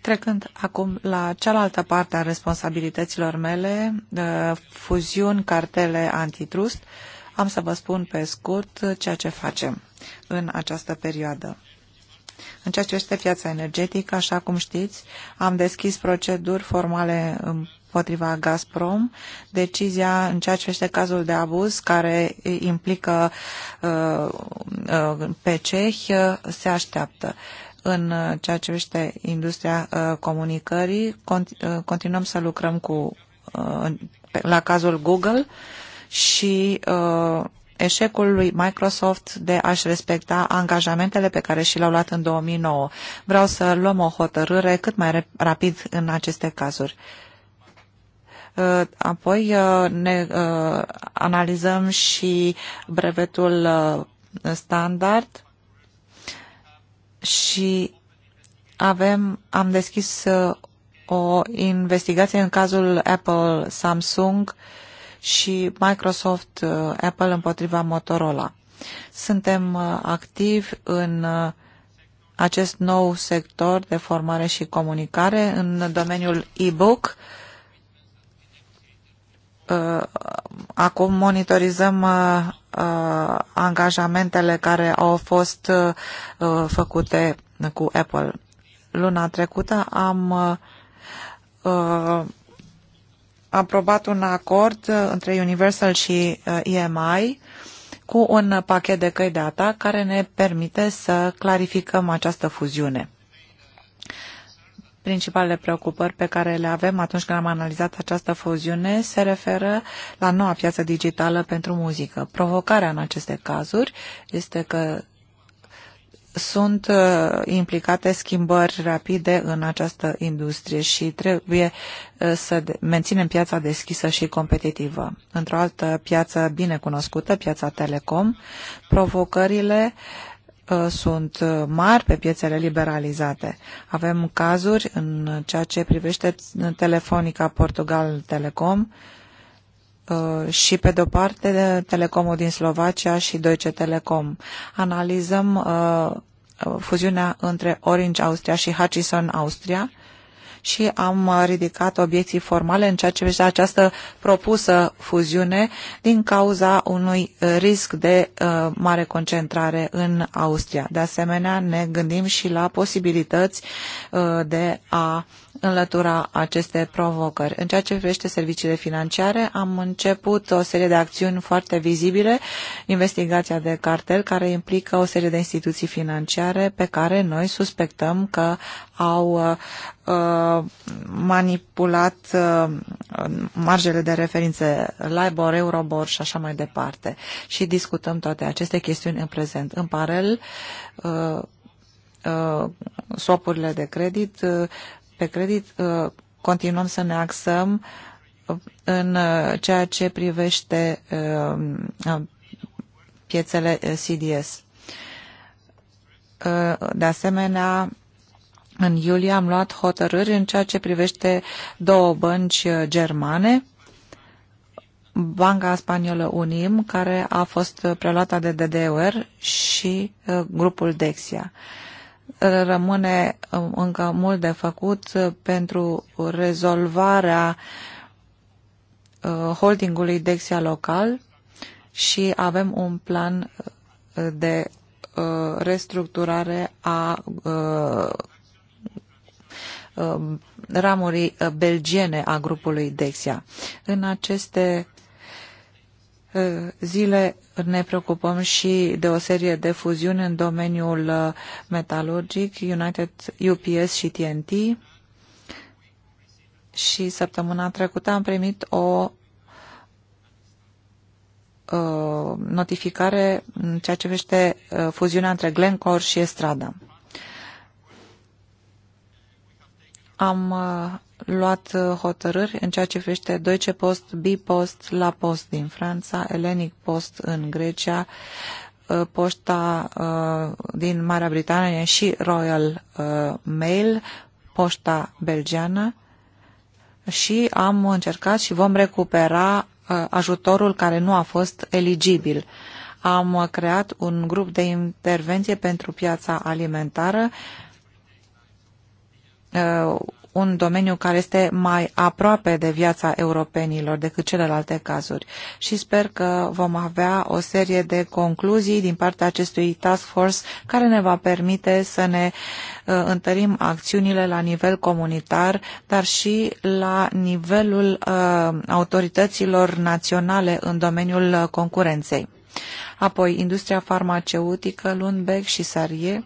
Trecând acum la cealaltă parte a responsabilităților mele, uh, fuziuni, cartele, antitrust, am să vă spun pe scurt uh, ceea ce facem în această perioadă. În ceea ce este piața energetică, așa cum știți, am deschis proceduri formale împotriva Gazprom, decizia în ceea ce este cazul de abuz care implică uh, uh, pe cehi uh, se așteaptă. În uh, ceea ce este industria uh, comunicării, continuăm să lucrăm cu la cazul Google și eșecul lui Microsoft de a-și respecta angajamentele pe care și le-au luat în 2009. Vreau să luăm o hotărâre cât mai rapid în aceste cazuri. Uh, apoi uh, ne uh, analizăm și brevetul standard și avem, am deschis o investigație în cazul Apple, Samsung și Microsoft Apple împotriva Motorola. Suntem activi în acest nou sector de formare și comunicare în domeniul e-book, Uh, acum monitorizăm uh, uh, angajamentele care au fost făcute cu Apple. Luna trecută am aprobat un acord între Universal și EMI cu un pachet de căi de atac care ne permite să clarificăm această fuziune. Principalele preocupări pe care le avem atunci când am analizat această fuziune se referă la noua piață digitală pentru muzică. Provocarea în aceste cazuri este că sunt uh, implicate schimbări rapide în această industrie și trebuie uh, să menținem piața deschisă și competitivă. Într-o altă piață bine cunoscută, piața Telecom, provocările uh, Uh, sunt uh, mari pe piețele liberalizate. Avem cazuri în ceea ce privește telefonica Portugal Telecom uh, și pe de-o parte Telecomul din Slovacia și Deutsche Telecom. Analizăm fuziunea între Orange Austria și Hutchison Austria și am ridicat obiecții formale în ceea ce privește această propusă fuziune din cauza unui risc de uh, mare concentrare în Austria. De asemenea, ne gândim și la posibilități uh, de a uh, în lătura aceste provocări. În ceea ce privește serviciile financiare, am început o serie de acțiuni foarte vizibile, investigația de cartel, care implică o serie de instituții financiare pe care noi suspectăm că au uh, manipulat uh, marjele de referințe LIBOR, Eurobor și așa mai departe. Și discutăm toate aceste chestiuni în prezent. În paralel, uh, uh swapurile de credit uh, pe credit uh, continuăm să ne axăm uh, în uh, ceea ce privește piețele CDS. De asemenea, în iulie am luat hotărâri în ceea ce privește două bănci germane, Banca Spaniolă Unim, care a fost preluată de DDR și grupul Dexia rămâne uh, încă mult de făcut uh, pentru rezolvarea uh, holdingului Dexia local și avem un plan de restructurare a ramurii belgiene a grupului Dexia. În aceste Ă, zile ne preocupăm și de o serie de fuziuni în domeniul ă, metalurgic, United UPS și TNT. Și săptămâna trecută am primit o ă, notificare în ceea ce vește fuziunea între Glencore și Estrada. Am luat uh, hotărâri în ceea ce privește Deutsche Post, Bipost, La Post din Franța, Elenic Post în Grecia, uh, poșta uh, din Marea Britanie și Royal Mail, poșta belgeană și am încercat și vom recupera ajutorul care nu a fost eligibil. Am creat un grup de intervenție pentru piața alimentară un domeniu care este mai aproape de viața europenilor decât celelalte cazuri și sper că vom avea o serie de concluzii din partea acestui task force care ne va permite să ne uh, întărim acțiunile la nivel comunitar, dar și la nivelul uh, autorităților naționale în domeniul uh, concurenței. Apoi, industria farmaceutică, Lundbeck și Sarie,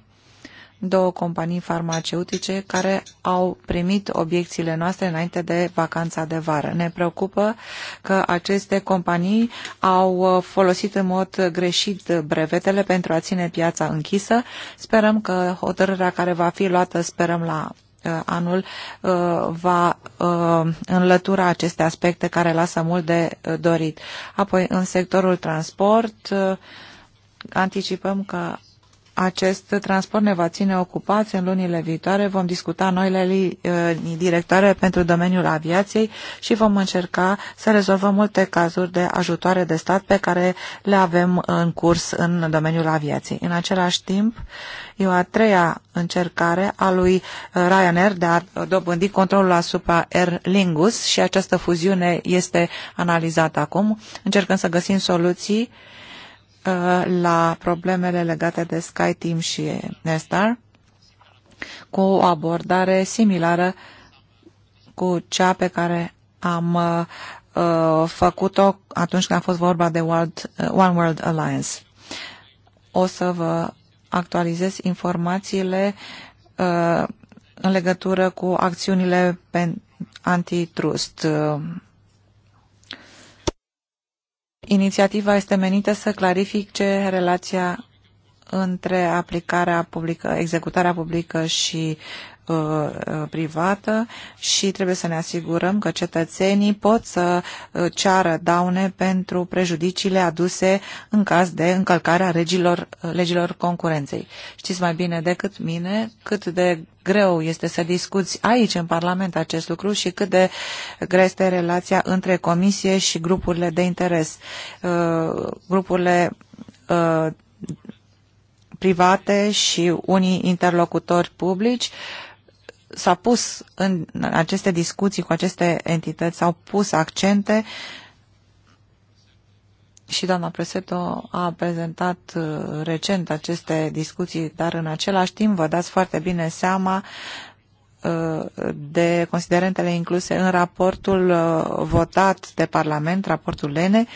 două companii farmaceutice care au primit obiecțiile noastre înainte de vacanța de vară. Ne preocupă că aceste companii au uh, folosit în mod greșit brevetele pentru a ține piața închisă. Sperăm că hotărârea care va fi luată, sperăm la uh, anul uh, va înlătura aceste aspecte care lasă mult de dorit. Apoi, în sectorul transport, anticipăm că acest transport ne va ține ocupați în lunile viitoare. Vom discuta noile uh, directoare pentru domeniul aviației și vom încerca să rezolvăm multe cazuri de ajutoare de stat pe care le avem în curs în domeniul aviației. În același timp, e o a treia încercare a lui Ryanair de a dobândi controlul asupra Air Lingus și această fuziune este analizată acum. Încercăm să găsim soluții Uh, la problemele legate de SkyTeam și Nestar cu o abordare similară cu cea pe care am uh, uh, făcut-o atunci când a fost vorba de World, uh, One World Alliance. O să vă actualizez informațiile uh, în legătură cu acțiunile antitrust. Uh, Inițiativa este menită să clarifice relația între aplicarea publică, executarea publică și Uh, uh, privată și trebuie să ne asigurăm că cetățenii pot să uh, ceară daune pentru prejudiciile aduse în caz de încălcarea regilor, legilor concurenței. Știți mai bine decât mine cât de greu este să discuți aici în Parlament acest lucru și cât de grea este relația între comisie și grupurile de interes. Grupurile private și unii interlocutori publici uh, s-a pus în aceste discuții cu aceste entități, s-au pus accente și doamna Preseto a prezentat uh, recent aceste discuții, dar în același timp vă dați foarte bine seama uh, de considerentele incluse în raportul uh, votat de Parlament, raportul Lene,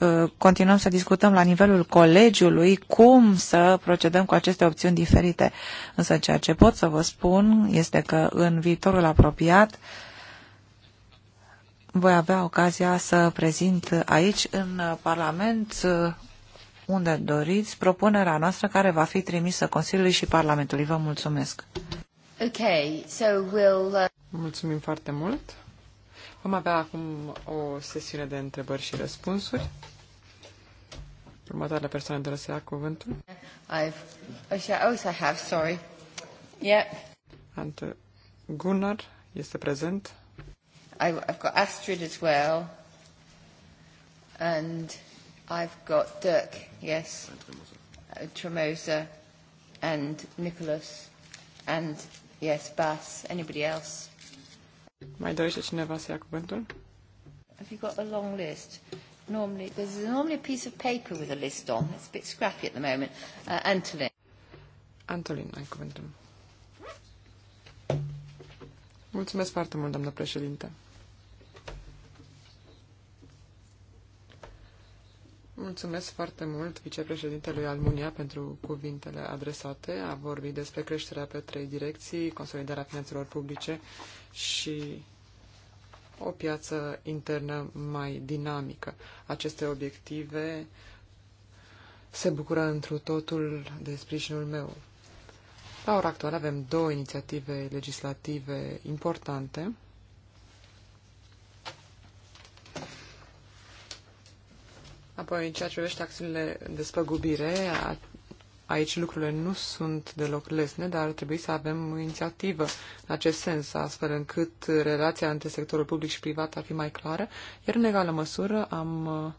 Uh, continuăm să discutăm la nivelul colegiului cum să procedăm cu aceste opțiuni diferite. Însă ceea ce pot să vă spun este că în viitorul apropiat voi avea ocazia să prezint aici în Parlament uh, unde doriți propunerea noastră care va fi trimisă Consiliului și Parlamentului. Vă mulțumesc! Okay, so we'll, uh... Mulțumim foarte mult! Vom avea acum o sesiune de întrebări și răspunsuri. Următoarea persoană de să ia cuvântul. I've, oh, oh I have, sorry. Yep. And Gunnar este prezent. I, I've got Astrid as well. And I've got Dirk, yes. And uh, Tremosa. And Nicholas. And, yes, Bass. Anybody else? Mai dorește cineva să ia cuvântul? Have you got a long list? Normally, there's normally a piece of paper with a list on. It's a bit scrappy at the moment. Uh, Antolin. Antolin, ai cuvântul. Mulțumesc foarte mult, doamnă președinte. Mulțumesc foarte mult vicepreședintelui Almunia pentru cuvintele adresate. A vorbit despre creșterea pe trei direcții, consolidarea finanțelor publice și o piață internă mai dinamică. Aceste obiective se bucură întru totul de sprijinul meu. La ora actuală avem două inițiative legislative importante. Apoi, în ceea ce privește acțiunile de spăgubire, Aici lucrurile nu sunt deloc lesne, dar ar trebui să avem o inițiativă în acest sens, astfel încât relația între sectorul public și privat ar fi mai clară, iar în egală măsură am uh,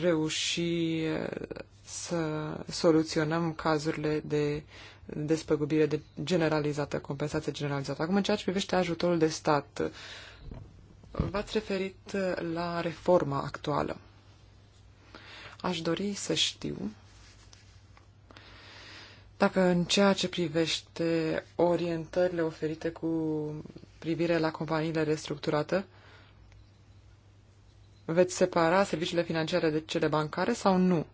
reușit uh, să soluționăm cazurile de despăgubire de generalizată, compensație generalizată. Acum, în ceea ce privește ajutorul de stat, v-ați referit la reforma actuală. Aș dori să știu dacă în ceea ce privește orientările oferite cu privire la companiile restructurate, veți separa serviciile financiare de cele bancare sau nu?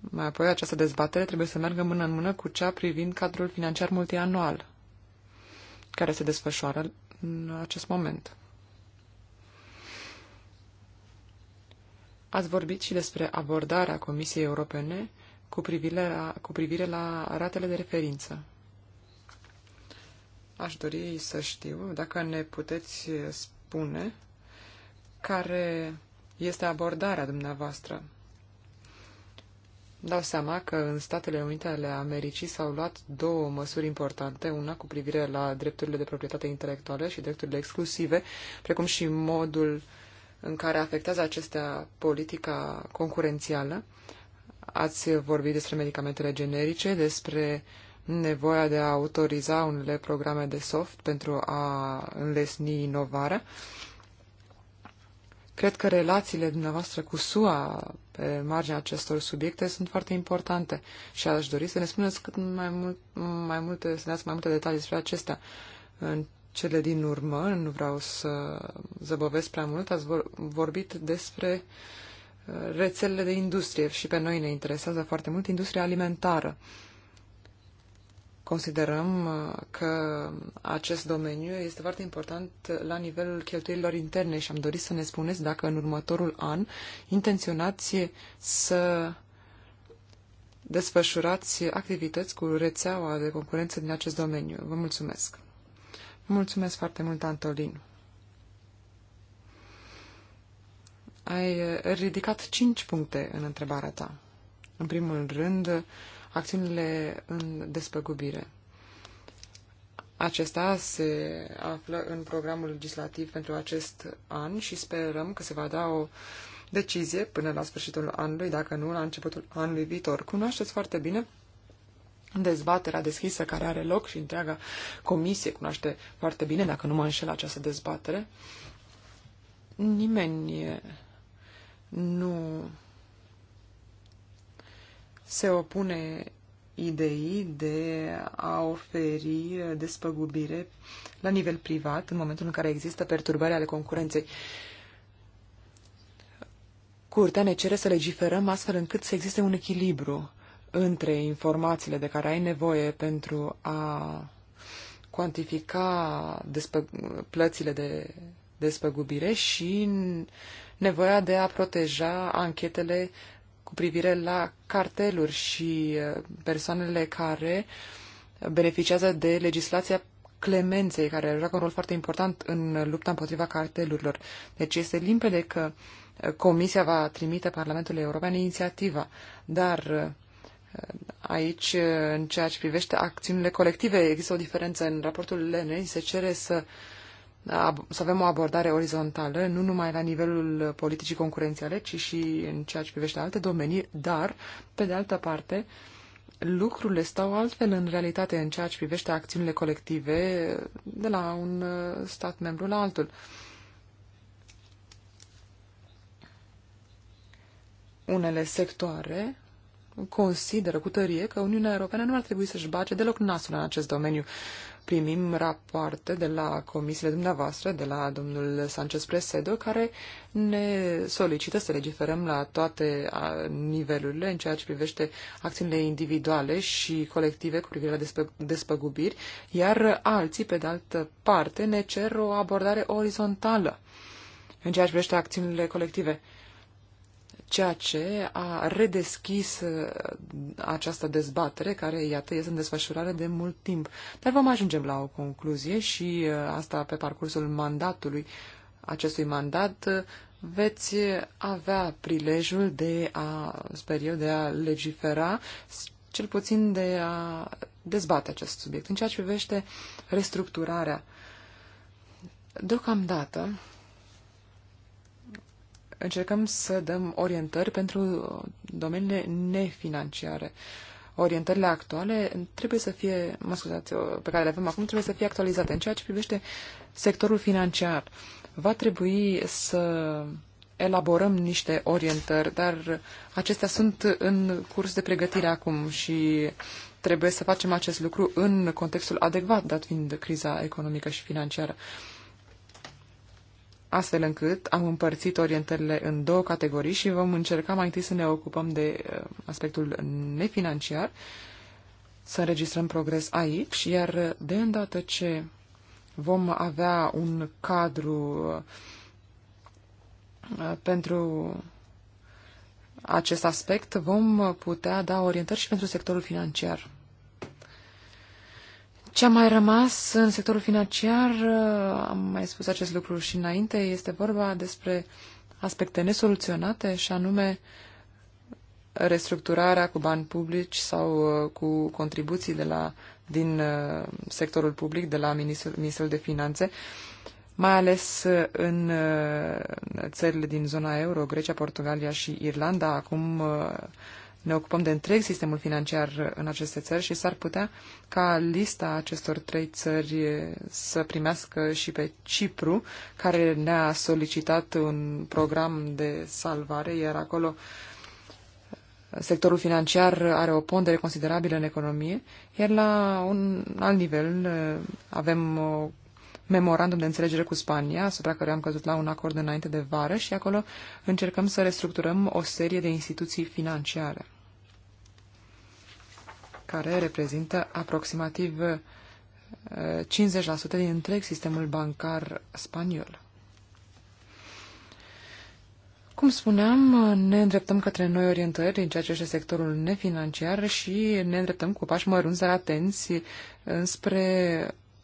Mai apoi, această dezbatere trebuie să meargă mână în mână cu cea privind cadrul financiar multianual, care se desfășoară în acest moment. Ați vorbit și despre abordarea Comisiei Europene cu privire la, cu privire la ratele de referință. Aș dori să știu dacă ne puteți spune care este abordarea dumneavoastră. Dau seama că în Statele Unite ale Americii s-au luat două măsuri importante, una cu privire la drepturile de proprietate intelectuală și drepturile exclusive, precum și modul uh, în care afectează acestea politica concurențială. Ați vorbit despre medicamentele generice, despre nevoia de a autoriza unele programe de soft pentru a înlesni inovarea. Cred că relațiile dumneavoastră cu SUA pe marginea acestor subiecte sunt foarte importante și aș dori să ne spuneți cât mai, mult, mai multe, să ne mai multe detalii despre acestea. În cele din urmă, nu vreau să zăbovesc prea mult, ați vorbit despre uh, rețelele de industrie și pe noi ne interesează foarte mult industria alimentară. Considerăm uh, că acest domeniu este foarte important la nivelul cheltuielilor interne și am dorit să ne spuneți dacă în următorul an intenționați să desfășurați activități cu rețeaua de concurență din acest domeniu. Vă mulțumesc! Mulțumesc foarte mult, Antolin. Ai eh, ridicat cinci puncte în întrebarea ta. În primul rând, acțiunile în despăgubire. Acesta se află în programul legislativ pentru acest an și sperăm că se va da o decizie până la sfârșitul anului, dacă nu la începutul anului viitor. Cunoașteți foarte bine dezbaterea deschisă care are loc și întreaga comisie cunoaște foarte bine, dacă nu mă înșel, această dezbatere. Nimeni eh, nu se opune ideii de a oferi despăgubire la nivel privat în momentul în care există perturbări ale concurenței. Curtea ne cere să legiferăm astfel încât să existe un echilibru între informațiile de care ai nevoie pentru a cuantifica despă- plățile de despăgubire și nevoia de a proteja anchetele cu privire la carteluri și persoanele care beneficiază de legislația clemenței, care joacă un rol foarte important în lupta împotriva cartelurilor. Deci este limpede că Comisia va trimite Parlamentului European inițiativa, dar Aici, în ceea ce privește acțiunile colective, există o diferență în raportul LNI. Se cere să, să avem o abordare orizontală, nu numai la nivelul politicii concurențiale, ci și în ceea ce privește alte domenii, dar, pe de altă parte, lucrurile stau altfel în realitate în ceea ce privește acțiunile colective de la un stat membru la altul. Unele sectoare consideră cu tărie că Uniunea Europeană nu ar trebui să-și bage deloc nasul în acest domeniu. Primim rapoarte de la comisiile dumneavoastră, de la domnul Sanchez Presedo, care ne solicită să legiferăm la toate nivelurile în ceea ce privește acțiunile individuale și colective cu privire la despă despăgubiri, iar alții, pe de altă parte, ne cer o abordare orizontală în ceea ce privește acțiunile colective ceea ce a redeschis uh, această dezbatere care, iată, este în desfășurare de mult timp. Dar vom ajunge la o concluzie și uh, asta pe parcursul mandatului acestui mandat uh, veți avea prilejul de a, sper eu, de a legifera, cel puțin de a dezbate acest subiect. În ceea ce privește restructurarea, deocamdată, încercăm să dăm orientări pentru domeniile nefinanciare. Orientările actuale trebuie să fie, mă scuzați, pe care le avem acum, trebuie să fie actualizate. În ceea ce privește sectorul financiar, va trebui să elaborăm niște orientări, dar acestea sunt în curs de pregătire acum și trebuie să facem acest lucru în contextul adecvat, dat fiind criza economică și financiară astfel încât am împărțit orientările în două categorii și vom încerca mai întâi să ne ocupăm de uh, aspectul nefinanciar, să înregistrăm progres aici, iar de îndată ce vom avea un cadru uh, pentru acest aspect, vom putea da orientări și pentru sectorul financiar. Ce a mai rămas în sectorul financiar, am mai spus acest lucru și înainte, este vorba despre aspecte nesoluționate și anume restructurarea cu bani publici sau uh, cu contribuții de la, din uh, sectorul public, de la Ministrul, Ministrul de Finanțe, mai ales uh, în țările din zona euro, Grecia, Portugalia și Irlanda. Acum ne ocupăm de întreg sistemul financiar în aceste țări și s-ar putea ca lista acestor trei țări să primească și pe Cipru, care ne-a solicitat un program de salvare, iar acolo sectorul financiar are o pondere considerabilă în economie, iar la un alt nivel avem o memorandum de înțelegere cu Spania, asupra care am căzut la un acord înainte de vară și acolo încercăm să restructurăm o serie de instituții financiare care reprezintă aproximativ 50% eh, din întreg sistemul bancar spaniol. Cum spuneam, ne îndreptăm către noi orientări în ceea ce este sectorul nefinanciar și ne îndreptăm cu pași mărunți, dar atenți, înspre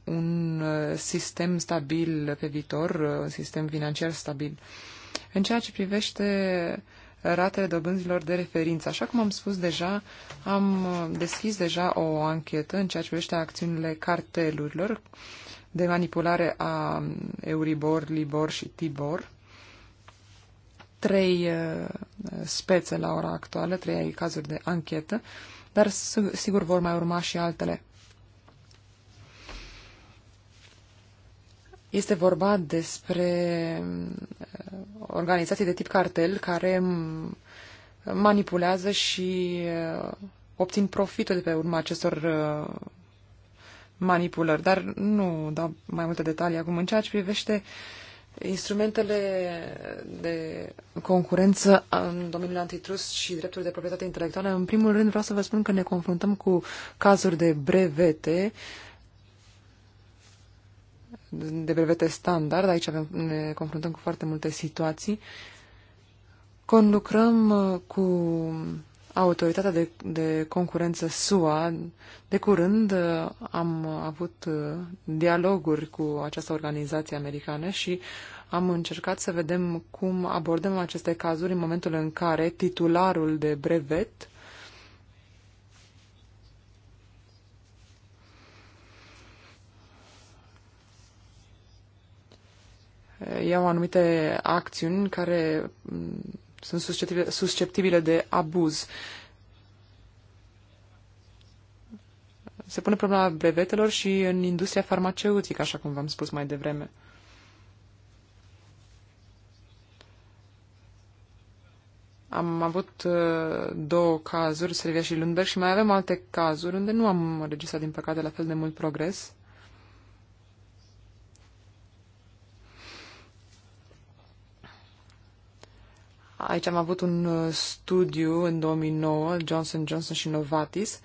un uh, sistem stabil pe viitor, uh, un sistem financiar stabil. În ceea ce privește ratele dobânzilor de referință, așa cum am spus deja, am uh, deschis deja o anchetă în ceea ce privește acțiunile cartelurilor de manipulare a um, Euribor, Libor și Tibor. Trei spețe la ora actuală, trei cazuri de anchetă, dar sigur vor mai urma și altele. Este vorba despre uh, organizații de tip cartel care mm, manipulează și uh, obțin profitul de pe urma acestor uh, manipulări, dar nu dau mai multe detalii acum. În ceea ce privește instrumentele de concurență în domeniul antitrust și dreptul de proprietate intelectuală, în primul rând vreau să vă spun că ne confruntăm cu cazuri de brevete uh, de brevete standard, aici avem, ne confruntăm cu foarte multe situații. Conlucrăm uh, cu autoritatea de, de concurență SUA. De curând uh, am avut uh, dialoguri cu această organizație americană și am încercat să vedem cum abordăm aceste cazuri în momentul în care titularul de brevet iau anumite acțiuni care mm, sunt susceptibile, de abuz. Se pune problema brevetelor și în industria farmaceutică, așa cum v-am spus mai devreme. Am avut uh, două cazuri, Servia și Lundberg, și mai avem alte cazuri unde nu am registrat, din păcate, la fel de mult progres. Aici am avut un uh, studiu în 2009, Johnson Johnson și Novatis,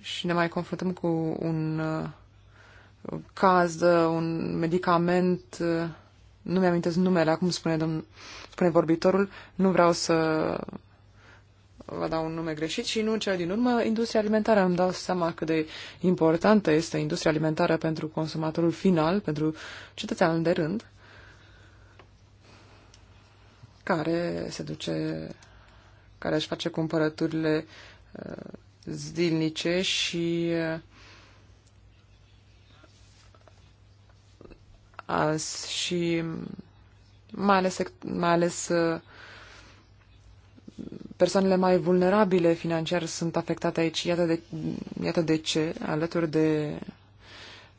și ne mai confruntăm cu un uh, caz, uh, un medicament, nu mi-am numele, acum spune, domn, spune vorbitorul, nu vreau să vă dau un nume greșit și nu în cea din urmă, industria alimentară. Îmi dau seama cât de importantă este industria alimentară pentru consumatorul final, pentru cetățeanul de rând care se duce, care își face cumpărăturile uh, zilnice și uh, azi și mai ales, mai ales uh, persoanele mai vulnerabile financiar sunt afectate aici. Iată de, iată de ce, alături de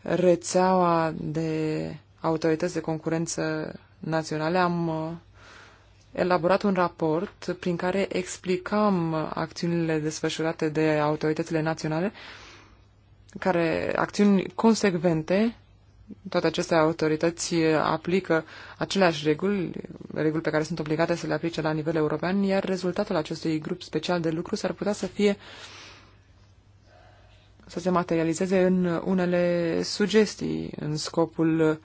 rețeaua de autorități de concurență naționale, am elaborat un raport prin care explicam acțiunile desfășurate de autoritățile naționale, care acțiuni consecvente, toate aceste autorități aplică aceleași reguli, reguli pe care sunt obligate să le aplice la nivel european, iar rezultatul acestui grup special de lucru s-ar putea să fie să se materializeze în unele sugestii în scopul uh,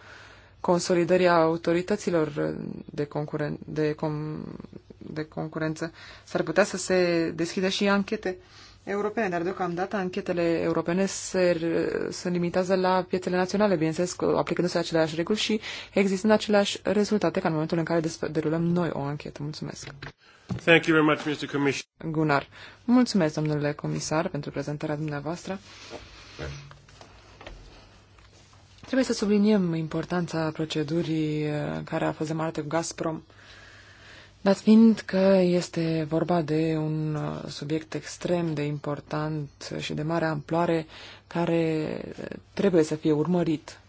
consolidării autorităților de, concuren- de, com- de concurență. S-ar putea să se deschidă și anchete europene, dar deocamdată anchetele europene se, se limitează la piețele naționale, bineînțeles, aplicându-se aceleași reguli și existând aceleași rezultate ca în momentul în care derulăm noi o anchetă. Mulțumesc! Thank you very much, Mr. Commissioner. Gunnar, mulțumesc, domnule comisar, pentru prezentarea dumneavoastră. Trebuie să subliniem importanța procedurii uh, care a fost demarată cu Gazprom, dat fiind că este vorba de un uh, subiect extrem de important și de mare amploare care uh, trebuie să fie urmărit.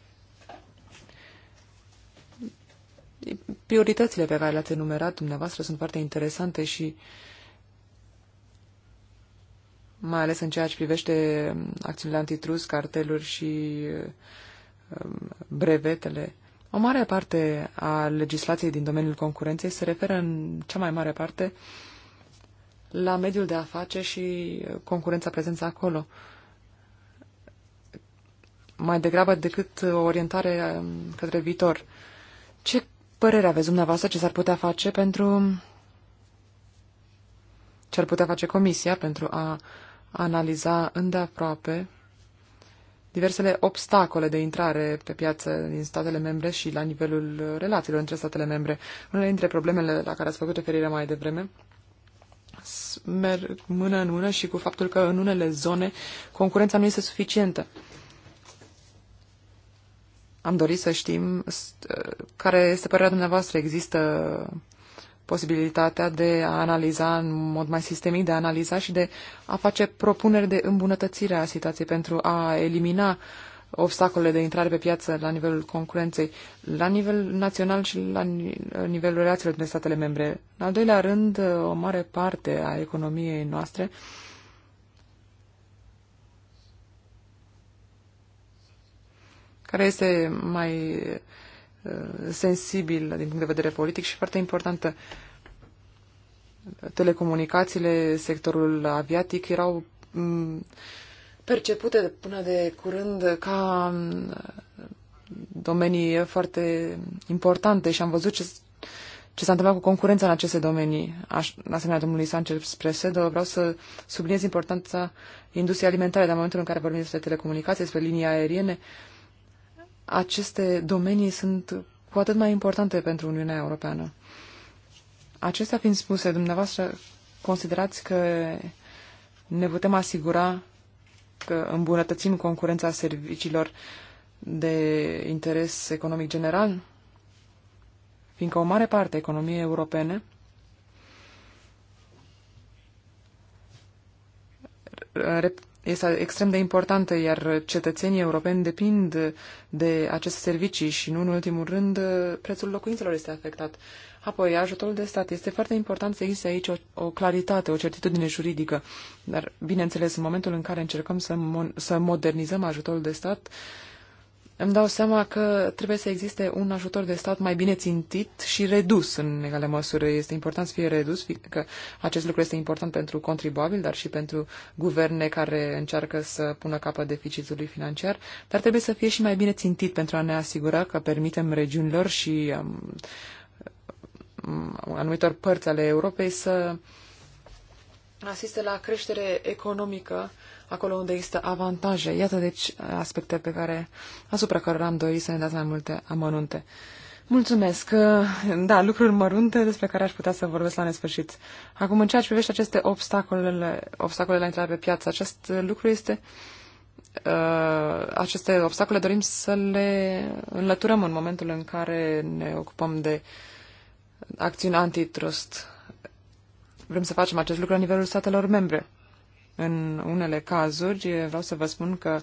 Prioritățile pe care le-ați enumerat dumneavoastră sunt foarte interesante și mai ales în ceea ce privește um, acțiunile antitrust, carteluri și uh, Um, brevetele. O mare parte a legislației din domeniul concurenței se referă în cea mai mare parte la mediul de afaceri și uh, concurența prezentă acolo. Mai degrabă decât uh, o orientare um, către viitor. Ce părere aveți dumneavoastră ce s-ar putea face pentru ce ar putea face Comisia pentru a analiza îndeaproape diversele obstacole de intrare pe piață din statele membre și la nivelul relațiilor între statele membre. Unele dintre problemele la care ați făcut referire mai devreme merg mână în mână și cu faptul că în unele zone concurența nu este suficientă. Am dorit să știm care este părerea dumneavoastră. Există posibilitatea de a analiza în mod mai sistemic, de a analiza și de a face propuneri de îmbunătățire a situației pentru a elimina obstacolele de intrare pe piață la nivelul concurenței, la nivel național și la nivelul relațiilor dintre statele membre. În al doilea rând, o mare parte a economiei noastre care este mai sensibil din punct de vedere politic și foarte importantă. Telecomunicațiile, sectorul aviatic erau mm, percepute până de curând ca mm, domenii foarte importante și am văzut ce, ce s-a întâmplat cu concurența în aceste domenii. Aș, asemenea, domnului Sanchez Presedo, vreau să subliniez importanța industriei alimentare, dar în momentul în care vorbim despre telecomunicații, despre linii aeriene, uh, aceste domenii sunt cu atât mai importante pentru Uniunea Europeană. Acestea fiind spuse, dumneavoastră considerați că ne putem asigura că îmbunătățim concurența serviciilor de interes economic general? Fiindcă o mare parte a economiei europene este extrem de importantă, iar cetățenii europeni depind de aceste servicii și nu în ultimul rând prețul locuințelor este afectat. Apoi, ajutorul de stat. Este foarte important să existe aici o, o claritate, o certitudine juridică. Dar, bineînțeles, în momentul în care încercăm să, mon- să modernizăm ajutorul de stat, uh, îmi dau seama că trebuie să existe un ajutor de stat mai bine țintit și redus în egală măsură. Este important să fie redus, că acest lucru este important pentru contribuabil, dar și pentru guverne care încearcă să pună capăt deficitului financiar, dar trebuie să fie și mai bine țintit pentru a ne asigura că permitem regiunilor și um, um anumitor părți ale Europei să asiste la creștere economică acolo unde există avantaje. Iată, deci, aspecte pe care, asupra care am dorit să ne dați mai multe amănunte. Mulțumesc. Da, lucruri mărunte despre care aș putea să vorbesc la nesfârșit. Acum, în ceea ce privește aceste obstacolele, obstacolele la intrare pe piață, acest lucru este... Uh, aceste obstacole dorim să le înlăturăm în momentul în care ne ocupăm de acțiuni antitrust. Vrem să facem acest lucru la nivelul statelor membre. În unele cazuri, vreau să vă spun că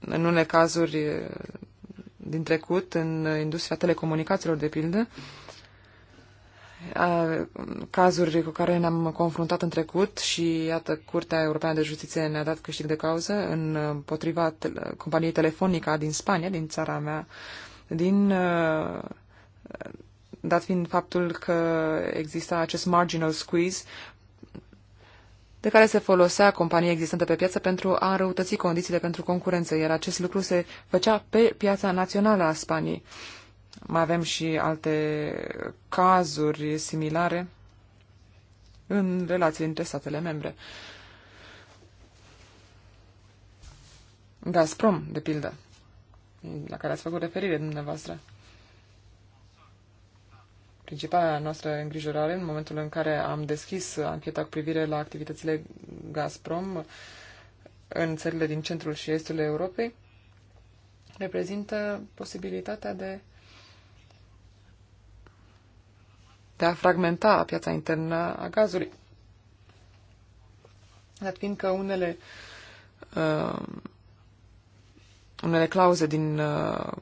în unele cazuri din trecut, în industria telecomunicațiilor, de pildă, cazuri cu care ne-am confruntat în trecut și, iată, Curtea Europeană de Justiție ne-a dat câștig de cauză în împotriva te- companiei Telefonica din Spania, din țara mea, din dat fiind faptul că exista acest marginal squeeze de care se folosea compania existentă pe piață pentru a înrăutăți condițiile pentru concurență, iar acest lucru se făcea pe piața națională a Spaniei. Mai avem și alte cazuri similare în relații între statele membre. Gazprom, de pildă, la care ați făcut referire dumneavoastră. Principala noastră îngrijorare în momentul în care am deschis ancheta cu privire la activitățile Gazprom în țările din centrul și estul Europei reprezintă posibilitatea de de a fragmenta piața internă a gazului. Dar fiindcă unele uh, unele clauze din uh,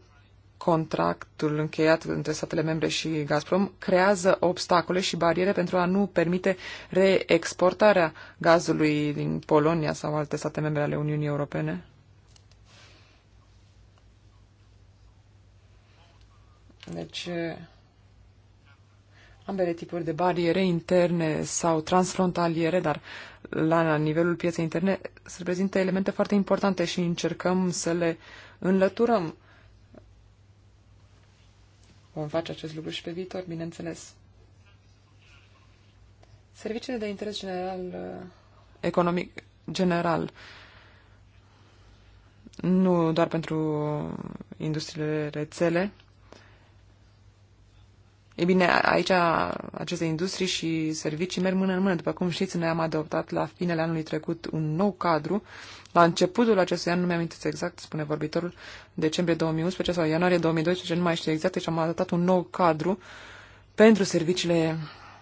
contractul încheiat între statele membre și Gazprom creează obstacole și bariere pentru a nu permite reexportarea gazului din Polonia sau alte state membre ale Uniunii Europene? Deci, eh, ambele tipuri de bariere interne sau transfrontaliere, dar la nivelul pieței interne, se reprezintă elemente foarte importante și încercăm să le înlăturăm Vom face acest lucru și pe viitor, bineînțeles. Serviciile de interes general uh, economic general nu doar pentru industriile rețele, E bine, aici aceste industrii și servicii merg mână în mână. După cum știți, noi am adoptat la finele anului trecut un nou cadru. La începutul acestui an, nu mi-am exact, spune vorbitorul, decembrie 2011 sau ianuarie 2012, nu mai știu exact, deci am adoptat un nou cadru pentru serviciile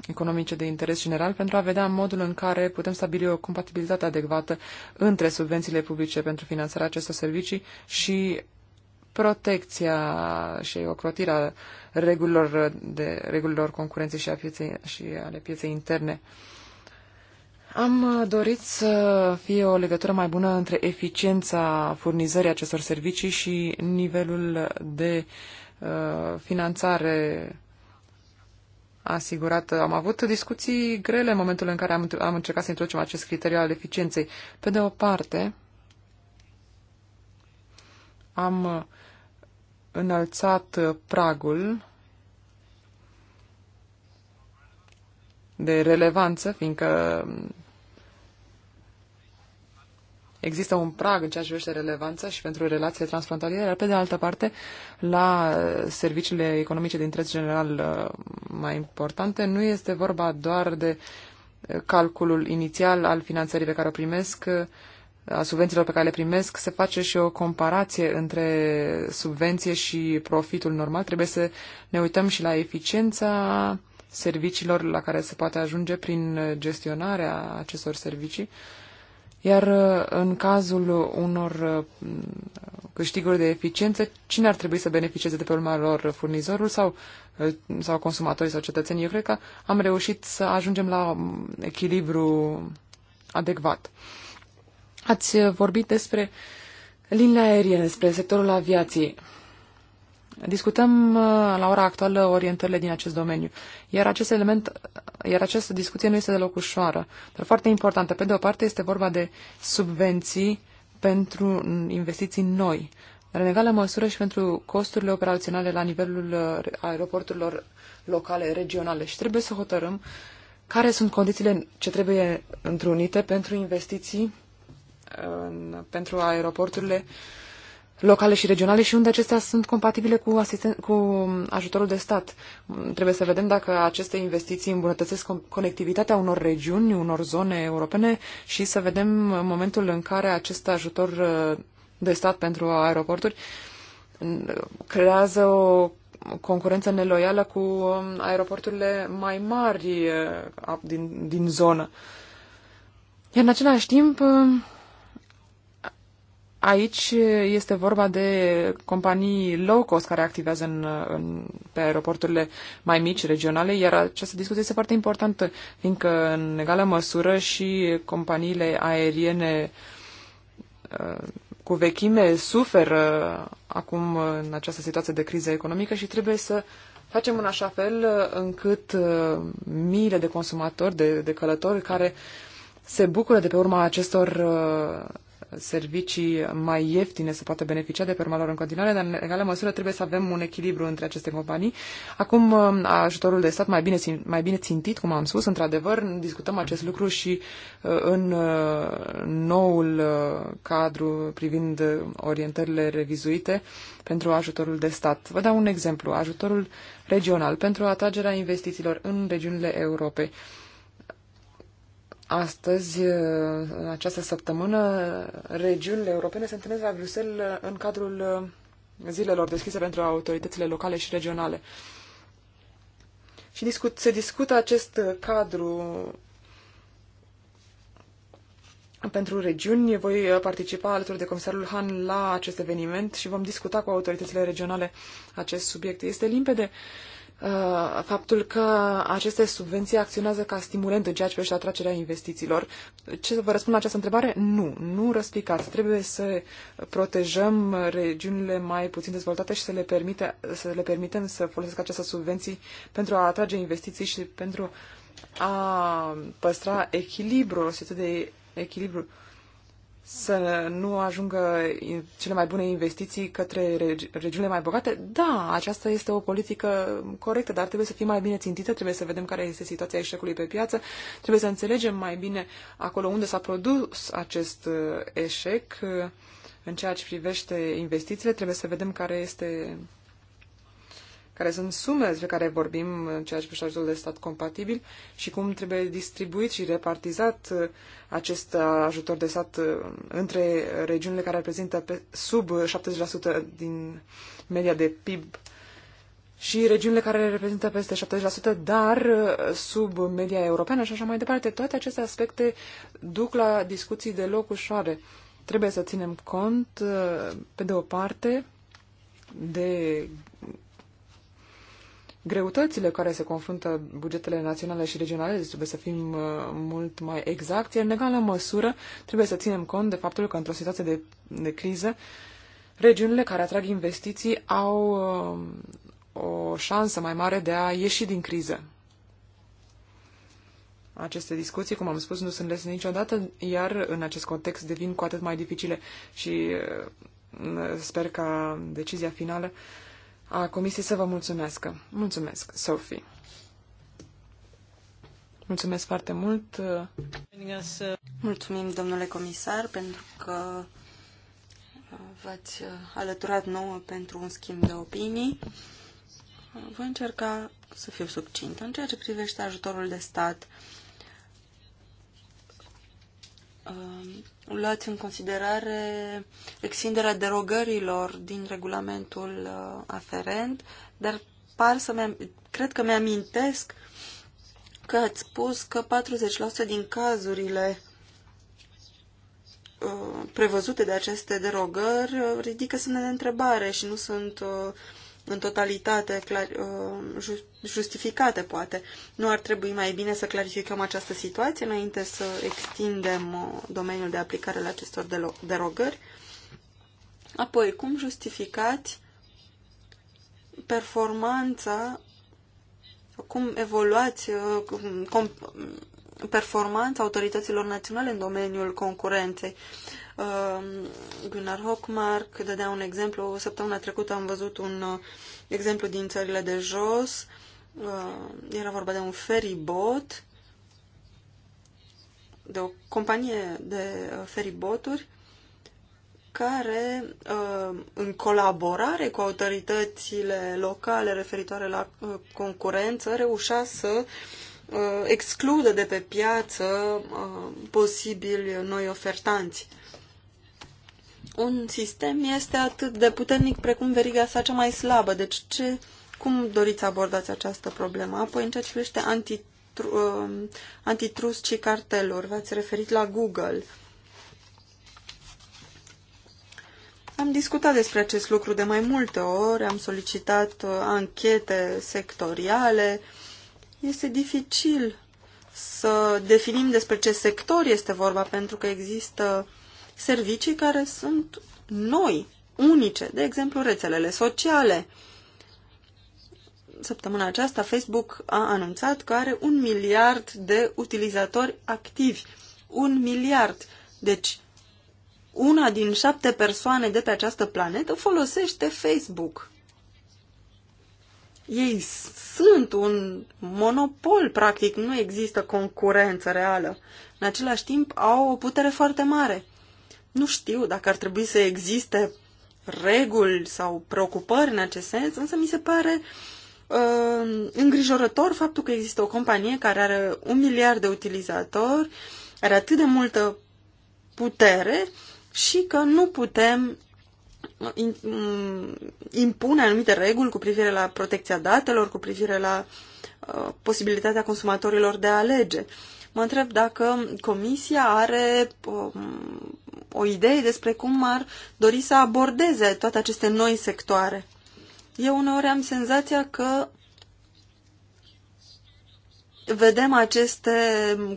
economice de interes general pentru a vedea modul în care putem stabili o compatibilitate adecvată între subvențiile publice pentru finanțarea acestor servicii și protecția și ocrotirea regulilor, de, regulilor concurenței și, a pieței, și ale pieței interne. Am dorit să fie o legătură mai bună între eficiența furnizării acestor servicii și nivelul de uh, finanțare asigurată. Am avut discuții grele în momentul în care am, am încercat să introducem acest criteriu al eficienței. Pe de o parte, am uh, înălțat uh, pragul de relevanță, fiindcă um, există un prag în ceea ce privește relevanța și pentru relațiile transfrontaliere, dar pe de altă parte, la uh, serviciile economice de interes general mai importante, nu este vorba doar de calculul inițial al finanțării pe care o primesc, a subvențiilor pe care le primesc, se face și o comparație între subvenție și profitul normal. Trebuie să ne uităm și la eficiența serviciilor la care se poate ajunge prin gestionarea acestor servicii. Iar uh, în cazul unor uh, câștiguri de eficiență, cine ar trebui să beneficieze de pe urma lor uh, furnizorul sau, sau consumatorii sau cetățenii? Eu cred că am reușit să ajungem la um, echilibru adecvat. Ați vorbit despre liniile aeriene, despre sectorul aviației. Discutăm uh, la ora actuală orientările din acest domeniu, iar acest element, uh, iar această discuție nu este deloc ușoară, dar foarte importantă. Pe de o parte este vorba de subvenții pentru investiții noi, dar în egală măsură și pentru costurile operaționale la nivelul uh, aeroporturilor locale, regionale și trebuie să hotărâm care sunt condițiile ce trebuie întrunite pentru investiții în, pentru aeroporturile locale și regionale și unde acestea sunt compatibile cu, asisten- cu ajutorul de stat. Trebuie să vedem dacă aceste investiții îmbunătățesc conectivitatea unor regiuni, unor zone europene și să vedem momentul în care acest ajutor uh, de stat pentru aeroporturi creează o concurență neloială cu um, aeroporturile mai mari uh, din, din zonă. Iar în același timp, um, Aici este vorba de companii low cost care activează în, în, pe aeroporturile mai mici, regionale, iar această discuție este foarte importantă, fiindcă în egală măsură și companiile aeriene uh, cu vechime suferă acum în această situație de criză economică și trebuie să facem în așa fel uh, încât uh, miile de consumatori, de, de călători care se bucură de pe urma acestor servicii mai ieftine să poată beneficia de perma lor în continuare, dar în egală măsură trebuie să avem un echilibru între aceste companii. Acum, uh, ajutorul de stat mai bine, mai bine țintit, cum am spus, într-adevăr, discutăm acest lucru și uh, în uh, noul cadru privind orientările revizuite pentru ajutorul de stat. Vă dau un exemplu, ajutorul regional pentru atragerea investițiilor în regiunile Europei. Astăzi, în această săptămână, regiunile europene se întâlnesc la Bruxelles în cadrul zilelor deschise pentru autoritățile locale și regionale. Și discut, se discută acest cadru pentru regiuni. Voi participa alături de comisarul Han la acest eveniment și vom discuta cu autoritățile regionale acest subiect. Este limpede uh, Uh, faptul că aceste subvenții acționează ca stimulent în ceea ce privește atracerea investițiilor. Ce să vă răspund la această întrebare? Nu, nu răspicați. Trebuie să protejăm regiunile mai puțin dezvoltate și să le, permite, să le permitem să folosească aceste subvenții pentru a atrage investiții și pentru a păstra echilibrul, o de echilibru să nu ajungă cele mai bune investiții către regi- regiunile mai bogate? Da, aceasta este o politică corectă, dar trebuie să fie mai bine țintită, trebuie să vedem care este situația eșecului pe piață, trebuie să înțelegem mai bine acolo unde s-a produs acest uh, eșec uh, în ceea ce privește investițiile, trebuie să vedem care este care sunt sumele despre care vorbim în ceea ce privește ajutorul de stat compatibil și cum trebuie distribuit și repartizat uh, acest uh, ajutor de stat uh, între regiunile care reprezintă pe sub 70% din media de PIB și regiunile care reprezintă peste 70%, dar sub media europeană și așa mai departe. Toate aceste aspecte duc la discuții de loc ușoare. Trebuie să ținem cont, pe de o parte, de greutățile care se confruntă bugetele naționale și regionale, deci trebuie să fim uh, mult mai exacti, în egală măsură trebuie să ținem cont de faptul că într-o situație de, de criză, regiunile care atrag investiții au uh, o șansă mai mare de a ieși din criză. Aceste discuții, cum am spus, nu sunt lese niciodată, iar în acest context devin cu atât mai dificile și uh, sper ca decizia finală uh, a comisiei să vă mulțumească. Mulțumesc, Sophie. Mulțumesc foarte mult. Mulțumim, domnule comisar, pentru că uh, v-ați uh, alăturat nouă pentru un schimb de opinii. Uh, voi încerca să fiu succintă. În ceea ce privește ajutorul de stat, Um, luați în considerare extinderea derogărilor din regulamentul uh, aferent, dar par să mi cred că mi-amintesc că ați spus că 40% din cazurile uh, prevăzute de aceste derogări uh, ridică semne de întrebare și nu sunt în totalitate clar, uh, justificate, poate. Nu ar trebui mai bine să clarificăm această situație înainte să extindem uh, domeniul de aplicare la acestor derogări? Apoi, cum justificați performanța, cum evoluați uh, performanța autorităților naționale în domeniul concurenței. Um, Gunnar Hockmark dădea un exemplu, săptămâna trecută am văzut un uh, exemplu din țările de jos, uh, era vorba de un feribot, de o companie de uh, feriboturi care, în colaborare cu autoritățile locale referitoare la concurență, reușea să uh, Uh, excludă de pe piață uh, posibili noi ofertanți. Un sistem este atât de puternic precum veriga sa cea mai slabă. Deci ce, cum doriți să abordați această problemă? Apoi, în ceea ce privește uh, antitrust și carteluri, v-ați referit la Google. Am discutat despre acest lucru de mai multe ori, am solicitat anchete sectoriale, uh, este dificil să definim despre ce sector este vorba, pentru că există servicii care sunt noi, unice, de exemplu rețelele sociale. Săptămâna aceasta Facebook a anunțat că are un miliard de utilizatori activi. Un miliard. Deci, una din șapte persoane de pe această planetă folosește Facebook. Ei sunt un monopol, practic, nu există concurență reală. În același timp, au o putere foarte mare. Nu știu dacă ar trebui să existe reguli sau preocupări în acest sens, însă mi se pare uh, îngrijorător faptul că există o companie care are un miliard de utilizatori, are atât de multă putere și că nu putem Mm, impune anumite reguli cu privire la protecția datelor, cu privire la uh, posibilitatea consumatorilor de a alege. Mă întreb dacă Comisia are um, o idee despre cum ar dori să abordeze toate aceste noi sectoare. Eu uneori am senzația că vedem aceste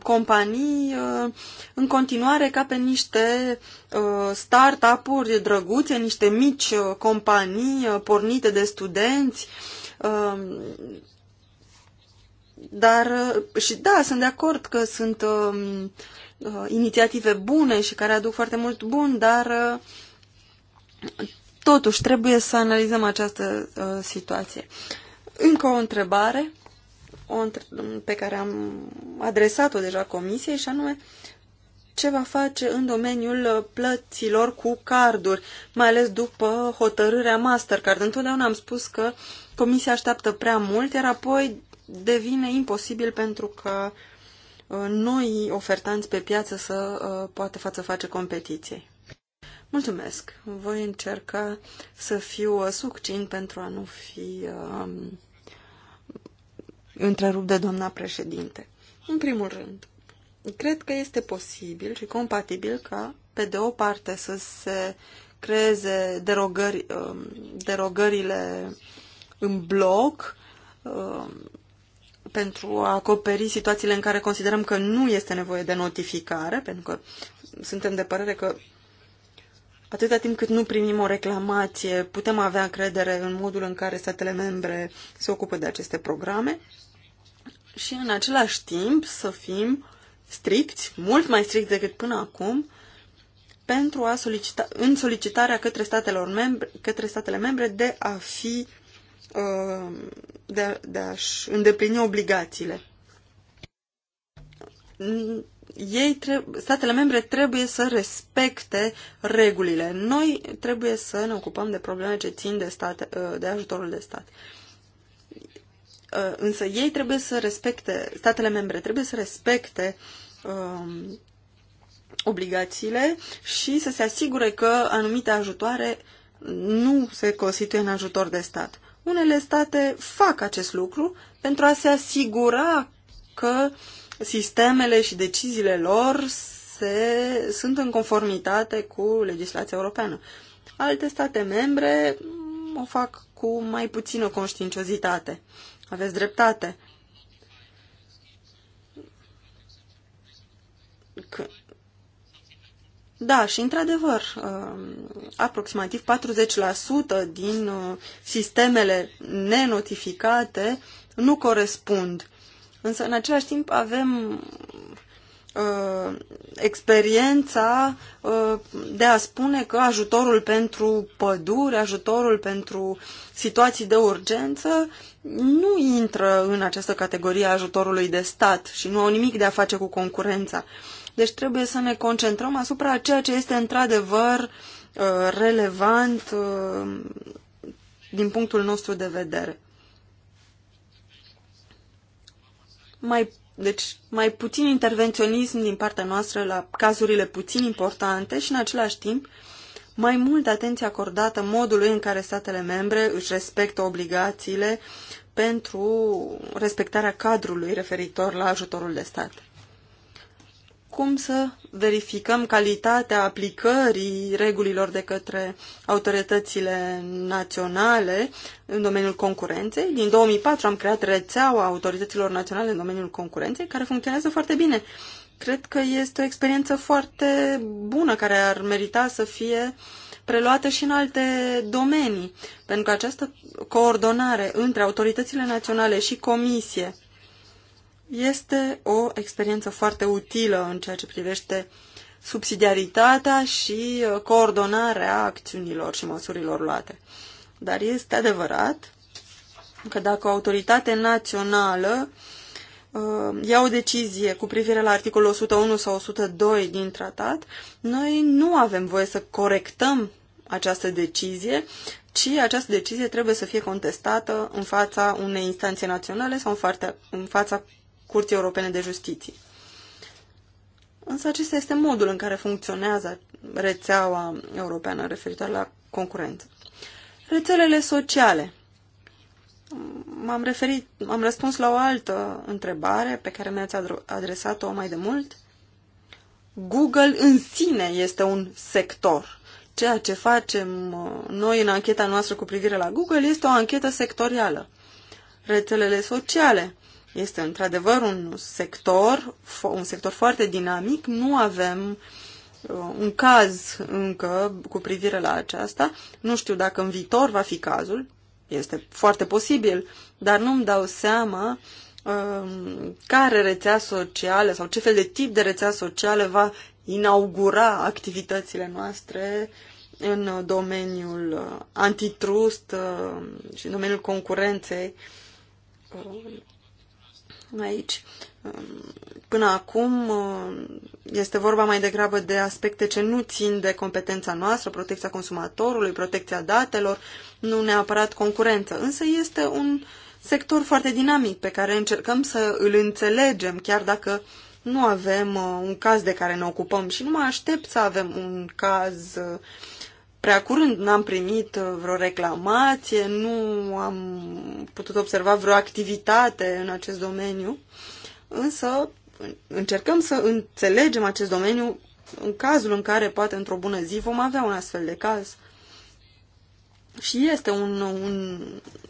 companii uh, în continuare ca pe niște uh, start-up-uri drăguțe, niște mici uh, companii pornite de studenți. Dar, și da, sunt de acord că sunt um, inițiative bune și care aduc foarte mult bun, dar totuși trebuie să analizăm această situație. Încă o întrebare o, pe care am adresat-o deja comisiei și anume ce va face în domeniul plăților cu carduri, mai ales după hotărârea Mastercard. Întotdeauna am spus că comisia așteaptă prea mult, iar apoi devine imposibil pentru că uh, noi ofertanți pe piață să uh, poată față face competiției. Mulțumesc! Voi încerca să fiu uh, succint pentru a nu fi um, întrerup de doamna președinte. În primul rând, cred că este posibil și compatibil ca, pe de o parte, să se creeze derogări, um, derogările în bloc um, pentru a acoperi situațiile în care considerăm că nu este nevoie de notificare, pentru că suntem de părere că atâta timp cât nu primim o reclamație, putem avea încredere în modul în care statele membre se ocupă de aceste programe și în același timp să fim stricți, mult mai stricți decât până acum, pentru a solicita, în solicitarea către, statelor membre, către statele membre de a fi uh, de, a, de a-și îndeplini obligațiile. Ei trebuie, statele membre trebuie să respecte regulile. Noi trebuie să ne ocupăm de probleme ce țin de, state, uh, de ajutorul de stat. Uh, însă ei trebuie să respecte, statele membre trebuie să respecte um, obligațiile și să se asigure că anumite ajutoare nu se constituie în ajutor de stat. Unele state fac acest lucru pentru a se asigura că sistemele și deciziile lor se, sunt în conformitate cu legislația europeană. Alte state membre o fac cu mai puțină conștiinciozitate. Aveți dreptate. C da, și într-adevăr, um, aproximativ 40% din uh, sistemele nenotificate nu corespund. Însă, în același timp, avem uh, experiența uh, de a spune că ajutorul pentru pădure, ajutorul pentru situații de urgență nu intră în această categorie a ajutorului de stat și nu au nimic de a face cu concurența. Deci trebuie să ne concentrăm asupra ceea ce este într-adevăr uh, relevant uh, din punctul nostru de vedere. Mai deci mai puțin intervenționism din partea noastră la cazurile puțin importante și în același timp mai mult atenție acordată modului în care statele membre își respectă obligațiile pentru respectarea cadrului referitor la ajutorul de stat cum să verificăm calitatea aplicării regulilor de către autoritățile naționale în domeniul concurenței. Din 2004 am creat rețeaua autorităților naționale în domeniul concurenței, care funcționează foarte bine. Cred că este o experiență foarte bună care ar merita să fie preluată și în alte domenii, pentru că această coordonare între autoritățile naționale și comisie este o experiență foarte utilă în ceea ce privește subsidiaritatea și uh, coordonarea acțiunilor și măsurilor luate. Dar este adevărat că dacă o autoritate națională uh, ia o decizie cu privire la articolul 101 sau 102 din tratat, noi nu avem voie să corectăm această decizie, ci această decizie trebuie să fie contestată în fața unei instanțe naționale sau în, fața, în fața Curții Europene de Justiție. Însă acesta este modul în care funcționează rețeaua europeană referitoare la concurență. Rețelele sociale. M-am referit, am răspuns la o altă întrebare pe care mi-ați adresat-o mai de mult. Google în sine este un sector. Ceea ce facem uh, noi în ancheta noastră cu privire la Google este o anchetă sectorială. Rețelele sociale este într-adevăr un sector, un sector foarte dinamic. Nu avem uh, un caz încă cu privire la aceasta. Nu știu dacă în viitor va fi cazul. Este foarte posibil, dar nu-mi dau seama um, care rețea socială sau ce fel de tip de rețea socială va inaugura activitățile noastre în domeniul uh, antitrust uh, și în domeniul concurenței aici. Până acum este vorba mai degrabă de aspecte ce nu țin de competența noastră, protecția consumatorului, protecția datelor, nu neapărat concurență. Însă este un sector foarte dinamic pe care încercăm să îl înțelegem, chiar dacă nu avem uh, un caz de care ne ocupăm și nu mă aștept să avem un caz uh, prea curând n-am primit uh, vreo reclamație, nu am putut observa vreo activitate în acest domeniu, însă încercăm să înțelegem acest domeniu în cazul în care poate într-o bună zi vom avea un astfel de caz. Și este un, un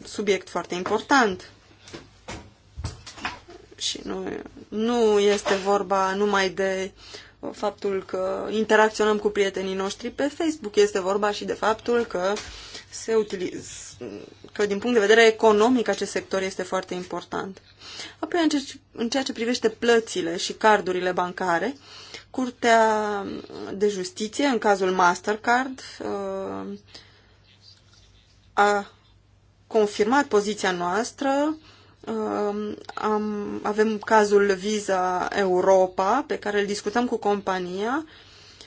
subiect foarte important. Și nu, nu este vorba numai de uh, faptul că interacționăm cu prietenii noștri pe Facebook. Este vorba și de faptul că se utiliz, că din punct de vedere economic acest sector este foarte important. Apoi, în ceea ce privește plățile și cardurile bancare, Curtea de Justiție, în cazul Mastercard, uh, a confirmat poziția noastră Um, am, avem cazul Visa Europa, pe care îl discutăm cu compania.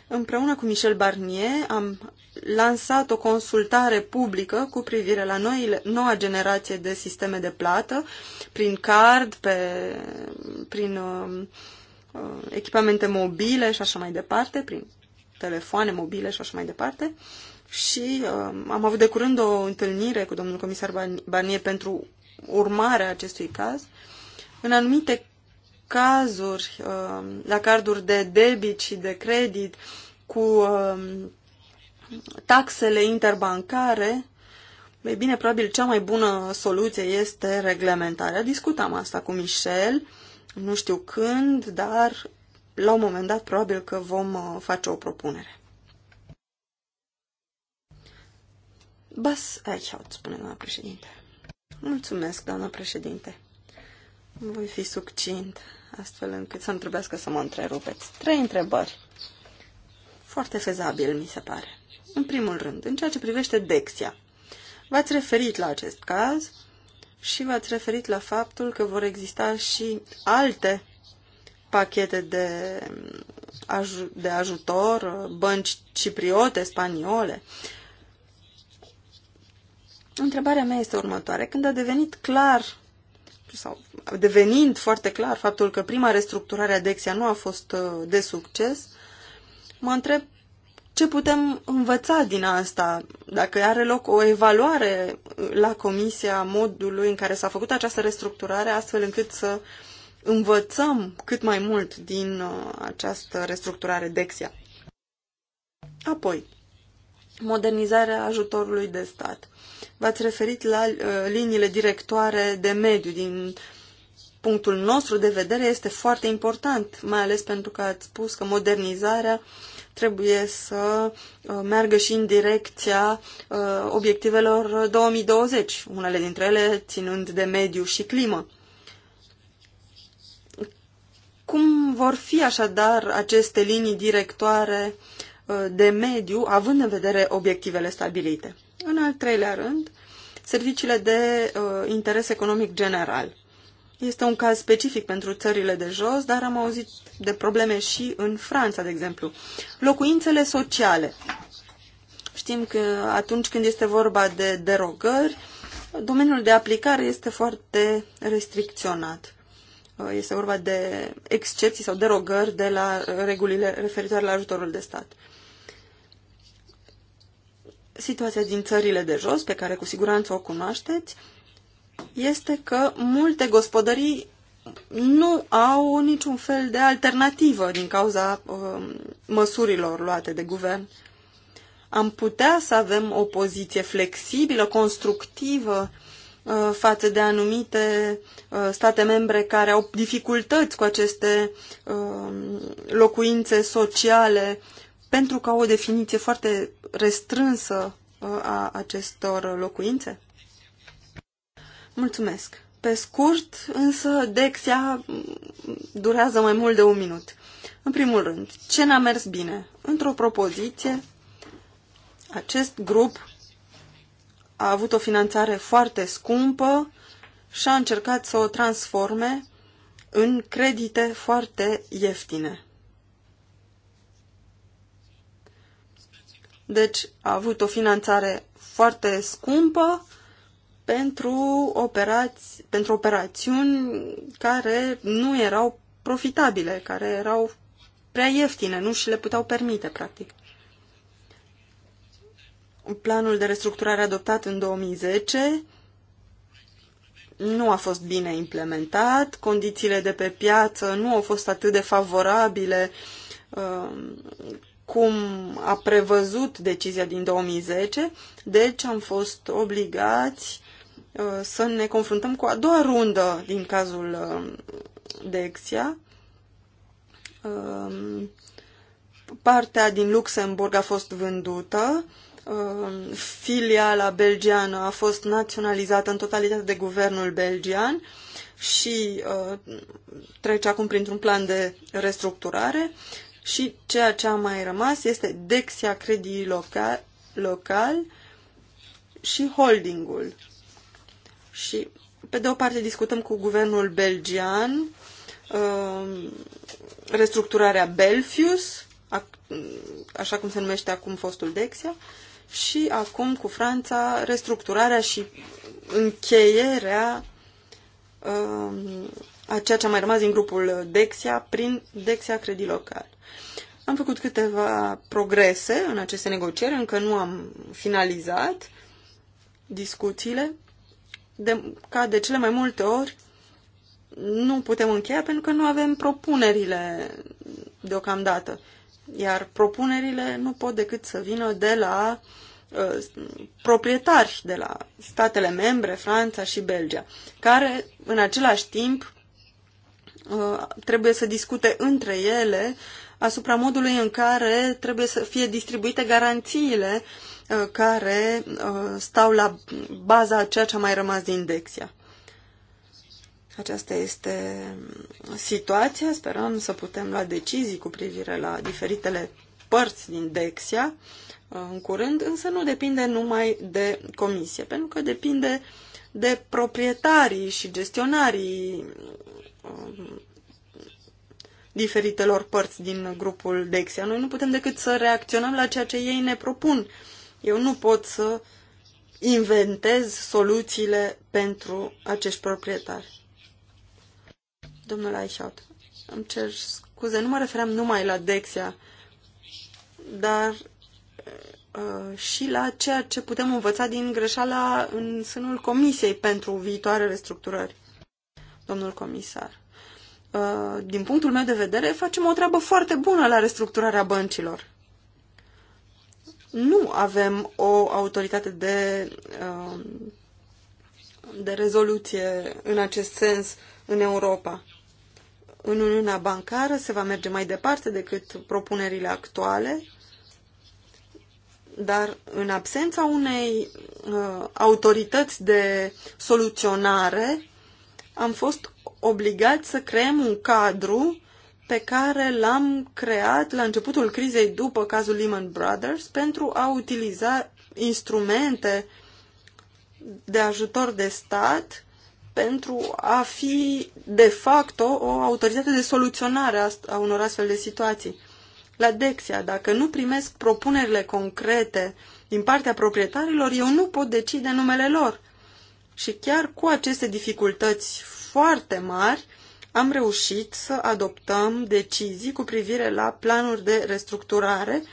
Împreună cu Michel Barnier am lansat o consultare publică cu privire la noile, noua generație de sisteme de plată prin card, pe, prin um, uh, echipamente mobile și așa mai departe, prin telefoane mobile și așa mai departe. Și uh, am avut de curând o întâlnire cu domnul comisar Barnier pentru urmare a acestui caz. În anumite cazuri, um, la carduri de debit și de credit, cu um, taxele interbancare, e bine, probabil cea mai bună soluție este reglementarea. Discutam asta cu Michel, nu știu când, dar la un moment dat probabil că vom uh, face o propunere. Bas aici, spune doamna președinte. Mulțumesc, doamnă președinte. Voi fi succint, astfel încât să-mi trebuiască să mă întrerupeți. Trei întrebări. Foarte fezabil, mi se pare. În primul rând, în ceea ce privește Dexia. V-ați referit la acest caz și v-ați referit la faptul că vor exista și alte pachete de, aj- de ajutor, bănci cipriote, spaniole. Întrebarea mea este următoare. Când a devenit clar sau devenind foarte clar faptul că prima restructurare a Dexia nu a fost uh, de succes, mă întreb ce putem învăța din asta, dacă are loc o evaluare uh, la comisia modului în care s-a făcut această restructurare, astfel încât să învățăm cât mai mult din uh, această restructurare Dexia. Apoi, modernizarea ajutorului de stat. V-ați referit la uh, liniile directoare de mediu. Din punctul nostru de vedere este foarte important, mai ales pentru că ați spus că modernizarea trebuie să uh, meargă și în direcția uh, obiectivelor 2020, unele dintre ele ținând de mediu și climă. Cum vor fi așadar aceste linii directoare uh, Uh, de mediu, având în vedere obiectivele stabilite. În al treilea rând, serviciile de uh, interes economic general. Este un caz specific pentru țările de jos, dar am auzit de probleme și în Franța, de exemplu. Locuințele sociale. Știm că atunci când este vorba de derogări, domeniul de aplicare este foarte restricționat. Uh, este vorba de excepții sau derogări de la regulile referitoare la ajutorul de stat. Situația din țările de jos, pe care cu siguranță o cunoașteți, este că multe gospodării nu au niciun fel de alternativă din cauza um, măsurilor luate de guvern. Am putea să avem o poziție flexibilă, constructivă Uh, față de anumite uh, state membre care au dificultăți cu aceste um, locuințe sociale pentru că au o definiție foarte restrânsă uh, a acestor locuințe? Mulțumesc. Pe scurt, însă, Dexia mm, durează mai mult de un minut. În primul rând, ce n-a mers bine? Într-o propoziție, acest grup a avut o finanțare foarte scumpă și a încercat să o transforme în credite foarte ieftine. Deci a avut o finanțare foarte scumpă pentru, operați, pentru operațiuni care nu erau profitabile, care erau prea ieftine, nu și le puteau permite, practic. Planul de restructurare adoptat în 2010 nu a fost bine implementat, condițiile de pe piață nu au fost atât de favorabile um, cum a prevăzut decizia din 2010, deci am fost obligați uh, să ne confruntăm cu a doua rundă din cazul um, Dexia. Um, partea din Luxemburg a fost vândută Um, filiala belgiană a fost naționalizată în totalitate de guvernul belgian și uh, trece acum printr-un plan de restructurare și ceea ce a mai rămas este Dexia Credii Local, local și holdingul. Și pe de o parte discutăm cu guvernul belgian um, restructurarea Belfius, așa cum se numește acum fostul Dexia, și acum cu Franța restructurarea și încheierea um, a ceea ce a mai rămas din grupul Dexia prin Dexia Credit Local. Am făcut câteva progrese în aceste negocieri, încă nu am finalizat discuțiile, de, ca de cele mai multe ori nu putem încheia pentru că nu avem propunerile deocamdată. Iar propunerile nu pot decât să vină de la uh, proprietari de la statele membre, Franța și Belgia, care în același timp uh, trebuie să discute între ele asupra modului în care trebuie să fie distribuite garanțiile uh, care uh, stau la baza ceea ce a mai rămas din Dexia. Aceasta este mm, situația. Sperăm să putem lua decizii cu privire la diferitele părți din Dexia uh, în curând, însă nu depinde numai de comisie, pentru că depinde de proprietarii și gestionarii uh, diferitelor părți din grupul Dexia. Noi nu putem decât să reacționăm la ceea ce ei ne propun. Eu nu pot să inventez soluțiile pentru acești proprietari. Domnul Aishaut, îmi cer scuze, nu mă referam numai la Dexia, dar uh, și la ceea ce putem învăța din greșeala în sânul Comisiei pentru viitoare restructurări. Domnul comisar, uh, din punctul meu de vedere, facem o treabă foarte bună la restructurarea băncilor nu avem o autoritate de, uh, de rezoluție în acest sens în Europa. În Uniunea Bancară se va merge mai departe decât propunerile actuale, dar în absența unei uh, autorități de soluționare, am fost obligați să creăm un cadru pe care l-am creat la începutul crizei după cazul Lehman Brothers pentru a utiliza instrumente de ajutor de stat pentru a fi, de facto, o autoritate de soluționare a unor astfel de situații. La Dexia, dacă nu primesc propunerile concrete din partea proprietarilor, eu nu pot decide numele lor. Și chiar cu aceste dificultăți foarte mari, am reușit să adoptăm decizii cu privire la planuri de restructurare,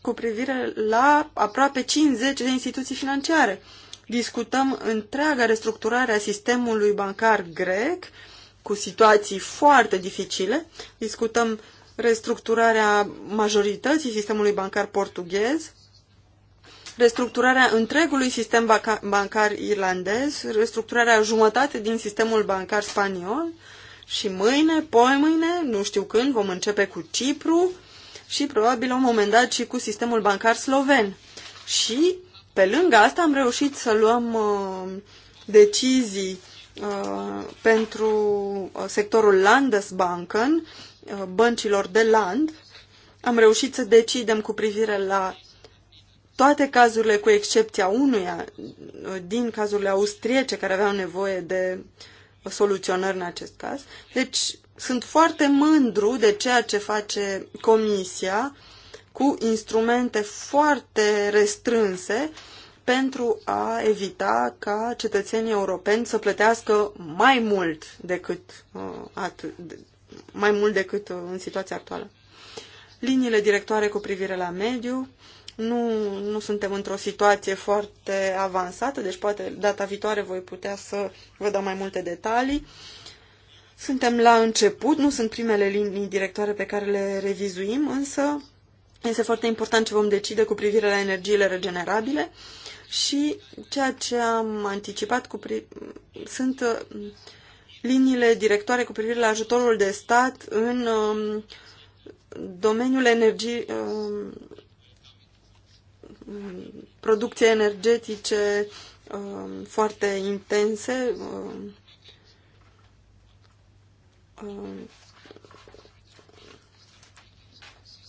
cu privire la aproape 50 de instituții financiare discutăm întreaga restructurare a sistemului bancar grec, cu situații foarte dificile, discutăm restructurarea majorității sistemului bancar portughez, restructurarea întregului sistem bancar irlandez, restructurarea jumătate din sistemul bancar spaniol și mâine, poi mâine, nu știu când, vom începe cu Cipru și probabil la un moment dat și cu sistemul bancar sloven. Și pe lângă asta am reușit să luăm uh, decizii uh, pentru uh, sectorul Landesbanken, băncilor de land. Am reușit să decidem cu privire la toate cazurile, cu excepția unuia din cazurile austriece care aveau nevoie de soluționări în acest caz. Deci sunt foarte mândru de ceea ce face Comisia cu instrumente foarte restrânse pentru a evita ca cetățenii europeni să plătească mai mult decât, uh, atât, mai mult decât uh, în situația actuală. Liniile directoare cu privire la mediu, nu, nu suntem într-o situație foarte avansată, deci poate data viitoare voi putea să vă dau mai multe detalii. Suntem la început, nu sunt primele linii directoare pe care le revizuim, însă este foarte important ce vom decide cu privire la energiile regenerabile și ceea ce am anticipat cu pri... sunt uh, liniile directoare cu privire la ajutorul de stat în um, domeniul energii um, producție energetice um, foarte intense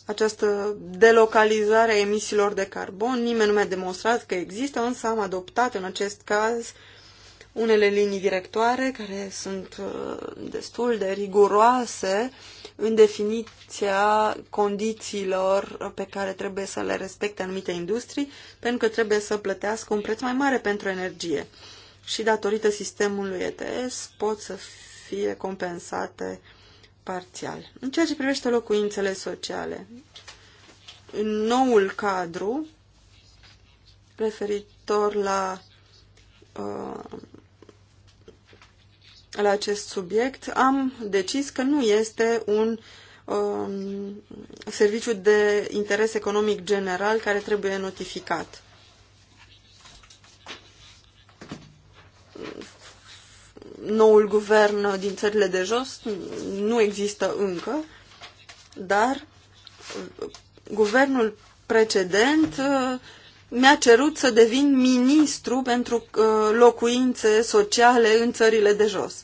această delocalizare a emisiilor de carbon. Nimeni nu mi-a demonstrat că există, însă am adoptat în acest caz unele linii directoare care sunt uh, destul de riguroase în definiția condițiilor pe care trebuie să le respecte anumite industrii, pentru că trebuie să plătească un preț mai mare pentru energie. Și datorită sistemului ETS pot să fie compensate uh, parțial. În ceea ce privește locuințele sociale, în noul cadru referitor la, uh, la acest subiect, am decis că nu este un um, serviciu de interes economic general care trebuie notificat noul guvern din țările de jos nu există încă, dar guvernul precedent uh, mi-a cerut să devin ministru pentru uh, locuințe sociale în țările de jos.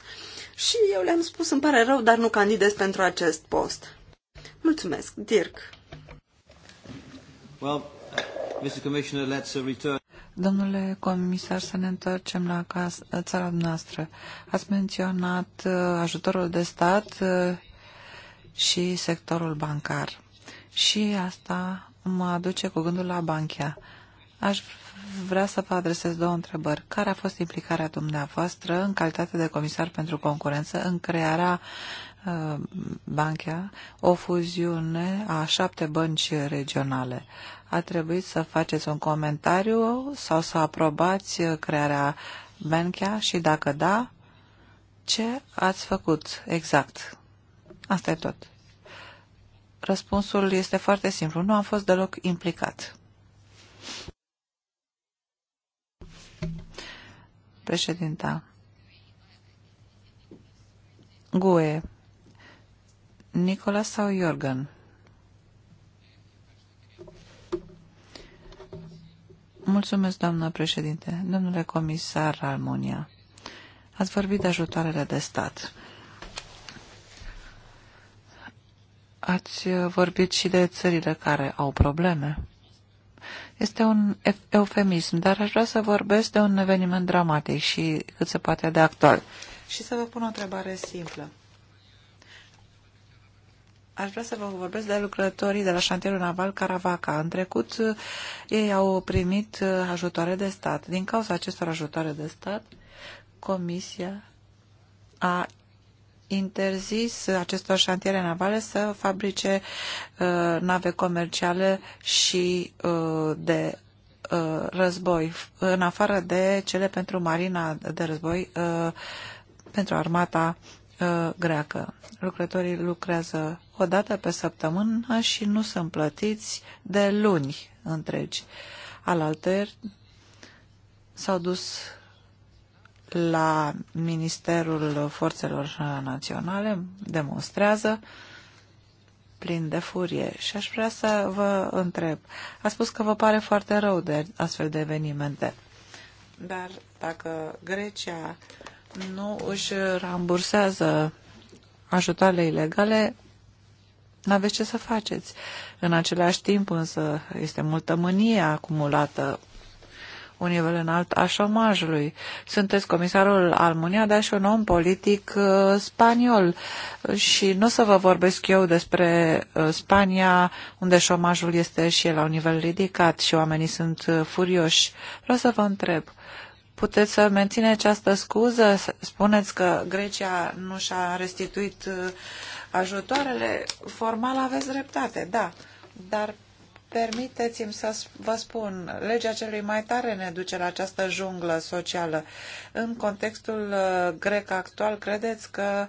Și eu le-am spus, îmi pare rău, dar nu candidez pentru acest post. Mulțumesc, Dirk. Well, uh, Mr. Commissioner, let's return. Domnule comisar, să ne întoarcem la casă, țara noastră. Ați menționat uh, ajutorul de stat uh, și sectorul bancar. Și asta mă aduce cu gândul la banchea. Aș vrea să vă adresez două întrebări. Care a fost implicarea dumneavoastră în calitate de comisar pentru concurență în crearea Uh, Banchea o fuziune a șapte bănci regionale. A trebuit să faceți un comentariu sau să aprobați crearea Banchea și dacă da, ce ați făcut exact? Asta e tot. Răspunsul este foarte simplu. Nu am fost deloc implicat. Președinta. GUE Nicola sau Jorgen? Mulțumesc, doamnă președinte. Domnule comisar Almonia, ați vorbit de ajutoarele de stat. Ați vorbit și de țările care au probleme. Este un eufemism, dar aș vrea să vorbesc de un eveniment dramatic și cât se poate de actual. Și să vă pun o întrebare simplă. Aș vrea să vă vorbesc de lucrătorii de la șantierul naval Caravaca. În trecut, eh, ei au primit eh, ajutoare de stat. Din cauza acestor ajutoare de stat, Comisia a interzis acestor șantiere navale să fabrice uh, nave comerciale și uh, de uh, război, în afară de cele pentru marina de război, pentru armata Uh, greacă. Lucrătorii lucrează o dată pe săptămână și nu sunt plătiți de luni întregi. Alalter s-au dus la Ministerul Forțelor Naționale, demonstrează plin de furie și aș vrea să vă întreb. A spus că vă pare foarte rău de astfel de evenimente. Dar dacă Grecia nu își rambursează ajutoarele ilegale, n-aveți ce să faceți. În același timp însă este multă mânie acumulată un nivel înalt a șomajului. Sunteți comisarul Almunia, dar și un om politic uh, spaniol. Și nu să vă vorbesc eu despre uh, Spania, unde șomajul este și el la un nivel ridicat și oamenii sunt uh, furioși. Vreau să vă întreb, Puteți să mențineți această scuză? Spuneți că Grecia nu și-a restituit uh, ajutoarele? Formal aveți dreptate, da. Dar Permiteți-mi să vă spun, legea celui mai tare ne duce la această junglă socială. În contextul uh, grec actual, credeți că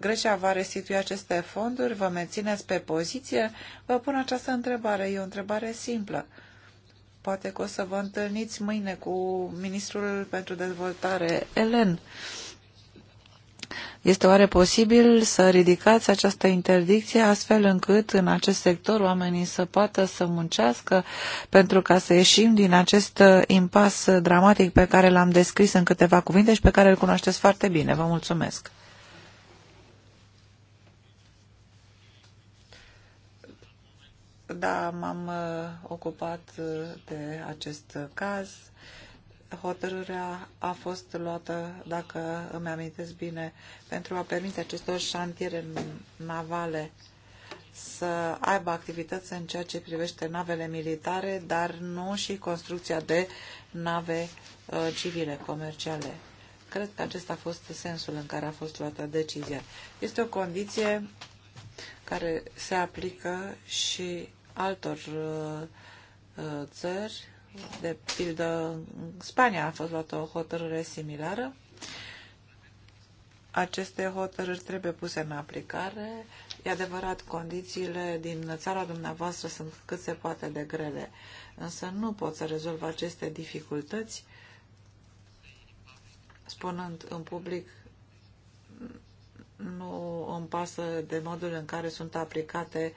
Grecia va restitui aceste fonduri? Vă mențineți pe poziție? Vă pun această întrebare. E o întrebare simplă. Poate că o să vă întâlniți mâine cu Ministrul pentru Dezvoltare, Elen. Este oare posibil să ridicați această interdicție astfel încât în acest sector oamenii să poată să muncească pentru ca să ieșim din acest impas dramatic pe care l-am descris în câteva cuvinte și pe care îl cunoașteți foarte bine? Vă mulțumesc! Da, m-am uh, ocupat uh, de acest caz. Hotărârea a fost luată, dacă îmi amintesc bine, pentru a permite acestor șantiere navale să aibă activități în ceea ce privește navele militare, dar nu și construcția de nave uh, civile, comerciale. Cred că acesta a fost sensul în care a fost luată decizia. Este o condiție care se aplică și altor uh, uh, țări, de pildă Spania a fost luată o hotărâre similară, aceste hotărâri trebuie puse în aplicare. E adevărat, condițiile din țara dumneavoastră sunt cât se poate de grele, însă nu pot să rezolv aceste dificultăți spunând în public nu îmi pasă de modul în care sunt aplicate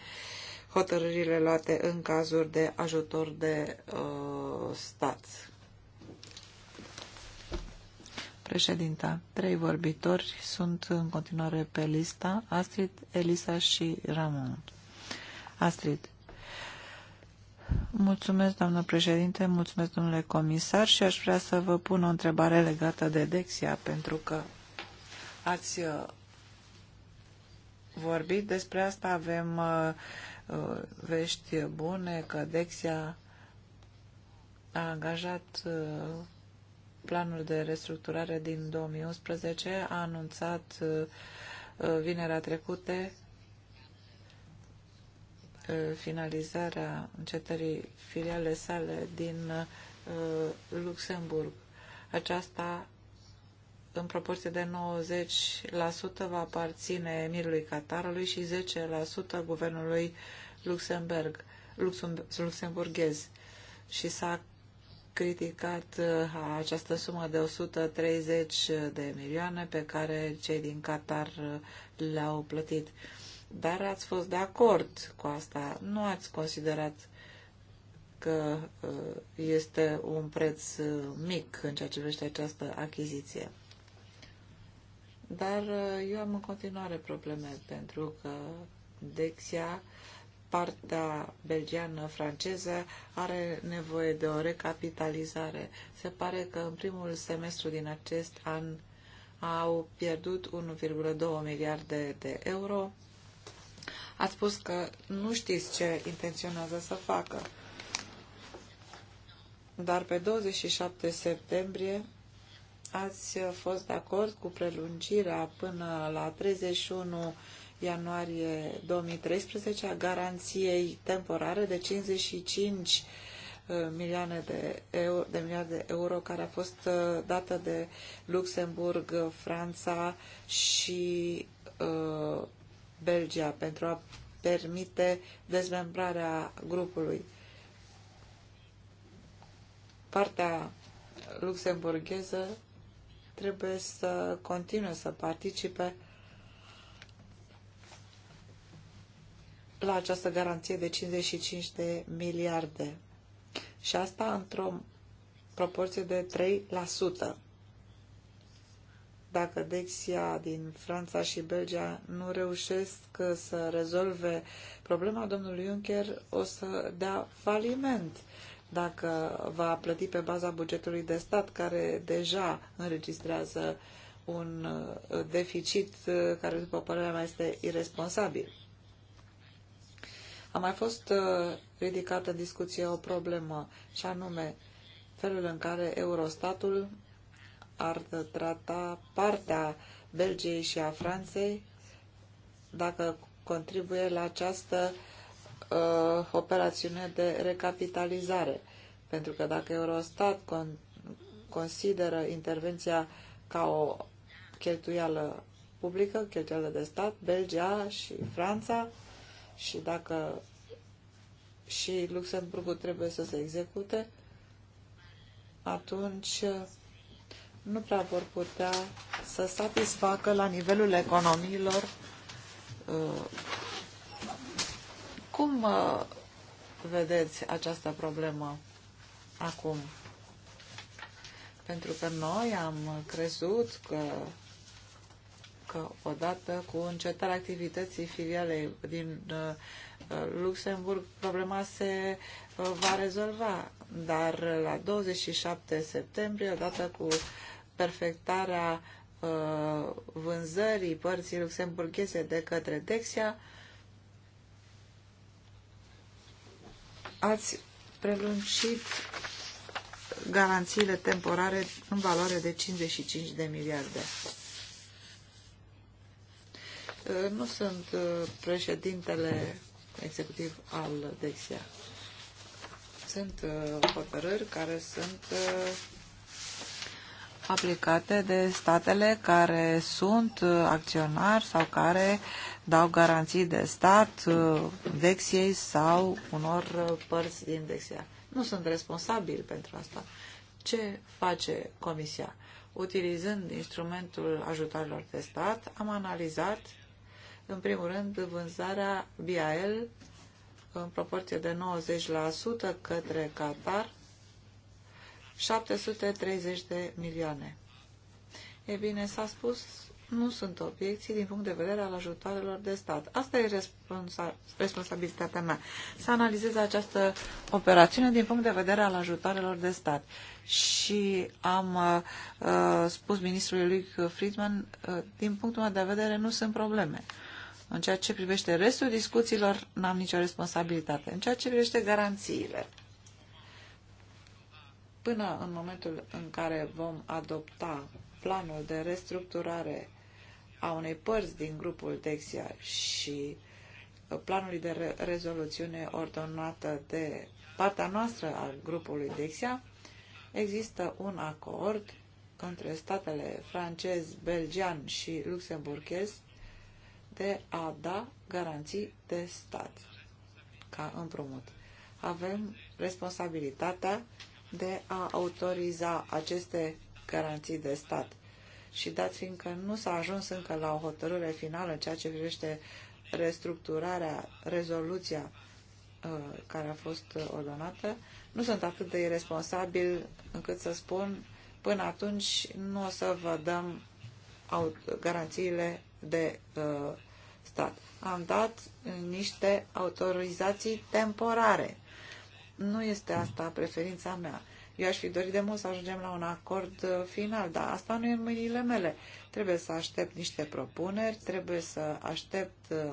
hotărârile luate în cazuri de ajutor de uh, stat. Președinta, trei vorbitori sunt în continuare pe lista, Astrid, Elisa și Ramon. Astrid. Mulțumesc, doamnă președinte, mulțumesc, domnule comisar și aș vrea să vă pun o întrebare legată de Dexia, pentru că ați uh, vorbit despre asta, avem uh, Uh, vești bune că Dexia a angajat uh, planul de restructurare din 2011, a anunțat uh, vinerea trecute finalizarea încetării filiale sale din Luxemburg. Aceasta în proporție de 90% va aparține emirului Qatarului și 10% guvernului Luxemburg, luxemburghez. Și s-a criticat uh, această sumă de 130 de milioane pe care cei din Qatar uh, le-au plătit. Dar ați fost de acord cu asta. Nu ați considerat că uh, este un preț mic în ceea ce privește această achiziție. Dar uh, eu am în continuare probleme pentru că Dexia, partea belgiană-franceză, are nevoie de o recapitalizare. Se pare că în primul semestru din acest an au pierdut 1,2 miliarde de euro. Ați spus că nu știți ce intenționează să facă. Dar pe 27 septembrie ați fost de acord cu prelungirea până la 31 ianuarie 2013 a garanției temporare de 55 uh, milioane de, euro, de milioane de euro care a fost uh, dată de Luxemburg, Franța și uh, Belgia pentru a permite dezmembrarea grupului. Partea luxemburgheză trebuie să continue să participe la această garanție de 55 de miliarde. Și asta într-o proporție de 3%. Dacă Dexia din Franța și Belgia nu reușesc să rezolve problema domnului Juncker, o să dea faliment dacă va plăti pe baza bugetului de stat, care deja înregistrează un uh, deficit uh, care, după părerea mea, este irresponsabil. A mai fost uh, ridicată în discuție o problemă, și anume felul în care Eurostatul ar trata partea Belgiei și a Franței dacă contribuie la această uh, uh, operațiune de recapitalizare. Pentru că dacă Eurostat con- consideră intervenția ca o cheltuială publică, cheltuială de stat, Belgia și Franța și dacă și Luxemburgul trebuie să se execute, atunci nu prea vor putea să satisfacă la nivelul economiilor uh, cum uh, vedeți această problemă acum? Pentru că noi am crezut că, că odată cu încetarea activității filialei din uh, Luxemburg, problema se uh, va rezolva. Dar la 27 septembrie, odată cu perfectarea vânzării părții luxemburgheze de către Dexia, ați prelungit garanțiile temporare în valoare de 55 de miliarde. Uh, nu sunt uh, președintele executiv al DEXIA. Sunt uh, hotărâri care sunt aplicate de statele care sunt acționari sau care dau garanții de stat uh, Vexiei sau unor uh, părți din Vexia. Nu sunt responsabil pentru asta. Ce face Comisia? Utilizând instrumentul ajutorilor de stat, am analizat, în primul rând, vânzarea BIL în proporție de 90% către Qatar, 730 de milioane. E bine, s-a spus nu sunt obiecții din punct de vedere al ajutoarelor de stat. Asta e responsa responsabilitatea mea, să analizez această operațiune din punct de vedere al ajutoarelor de stat. Și am uh, uh, spus ministrului lui Friedman, uh, din punctul meu de vedere nu sunt probleme. În ceea ce privește restul discuțiilor, n-am nicio responsabilitate. În ceea ce privește garanțiile, până în momentul în care vom adopta planul de restructurare a unei părți din grupul Dexia și planului de re rezoluțiune ordonată de partea noastră a grupului Dexia, există un acord între statele francez, belgian și luxemburghez de a da garanții de stat ca împrumut. Avem responsabilitatea de a autoriza aceste garanții de stat și dat fiindcă nu s-a ajuns încă la o hotărâre finală în ceea ce privește restructurarea, rezoluția uh, care a fost uh, ordonată, nu sunt atât de irresponsabil încât să spun până atunci nu o să vă dăm garanțiile de uh, stat. Am dat niște autorizații temporare. Nu este asta preferința mea. Eu aș fi dorit de mult să ajungem la un acord uh, final, dar asta nu e în mâinile mele. Trebuie să aștept niște propuneri, trebuie să aștept uh,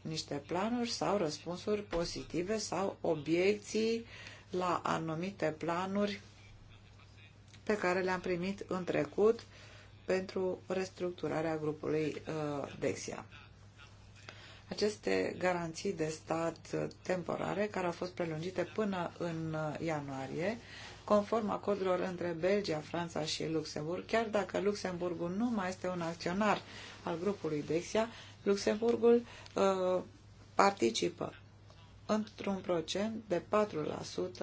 niște planuri sau răspunsuri pozitive sau obiecții la anumite planuri pe care le-am primit în trecut pentru restructurarea grupului uh, Dexia aceste garanții de stat temporare, care au fost prelungite până în ianuarie, conform acordurilor între Belgia, Franța și Luxemburg, chiar dacă Luxemburgul nu mai este un acționar al grupului Dexia, Luxemburgul uh, participă într-un procent de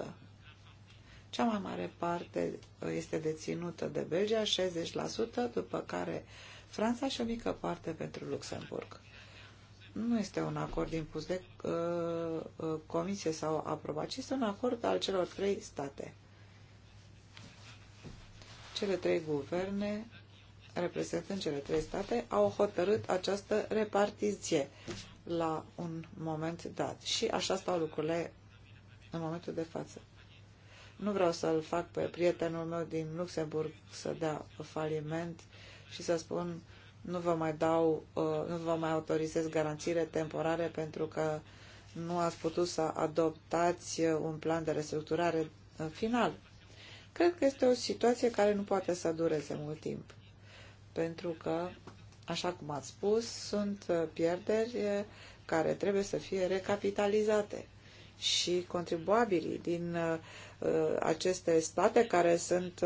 4%. Cea mai mare parte uh, este deținută de Belgia, 60%, după care Franța și o mică parte pentru Luxemburg nu este un acord impus de uh, uh, comisie sau aprobat, ci este un acord al celor trei state. Cele trei guverne, reprezentând cele trei state, au hotărât această repartiție la un moment dat. Și așa stau lucrurile în momentul de față. Nu vreau să-l fac pe prietenul meu din Luxemburg să dea faliment și să spun uh, nu vă mai dau, uh, nu vă mai autorizez garanțiile temporare pentru că nu ați putut să adoptați uh, un plan de restructurare uh, final. Cred că este o situație care nu poate să dureze mult timp, pentru că, așa cum ați spus, sunt pierderi care trebuie să fie recapitalizate și contribuabilii din aceste state care sunt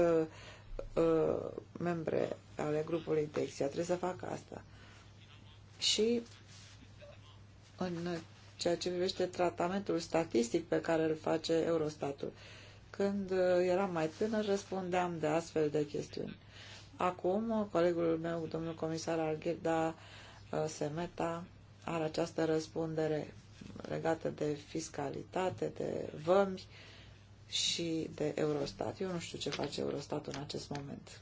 membre ale grupului Dexia. Trebuie să facă asta. Și în ceea ce privește tratamentul statistic pe care îl face Eurostatul. Când eram mai tânăr, răspundeam de astfel de chestiuni. Acum, colegul meu, domnul comisar Alghirda uh, Semeta, are această răspundere legată de fiscalitate, de vămi și de Eurostat. Eu nu știu ce face Eurostat în acest moment.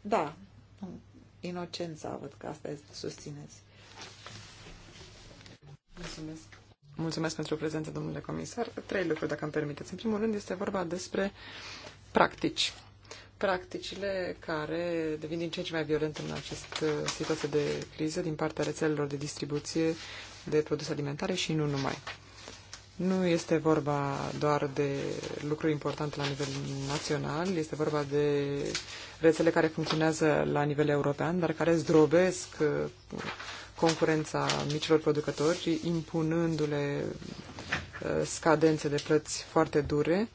Da, inocența, văd că asta susțineți. Mulțumesc. Mulțumesc pentru prezență, domnule comisar. Trei lucruri, dacă îmi permiteți. În primul rând, este vorba despre practici. Practicile care devin din ce în ce mai violente în această uh, situație de criză din partea rețelelor de distribuție de produse alimentare și nu numai. Nu este vorba doar de lucruri importante la nivel național, este vorba de rețele care funcționează la nivel european, dar care zdrobesc uh, concurența micilor producători, impunându-le uh, scadențe de plăți foarte dure,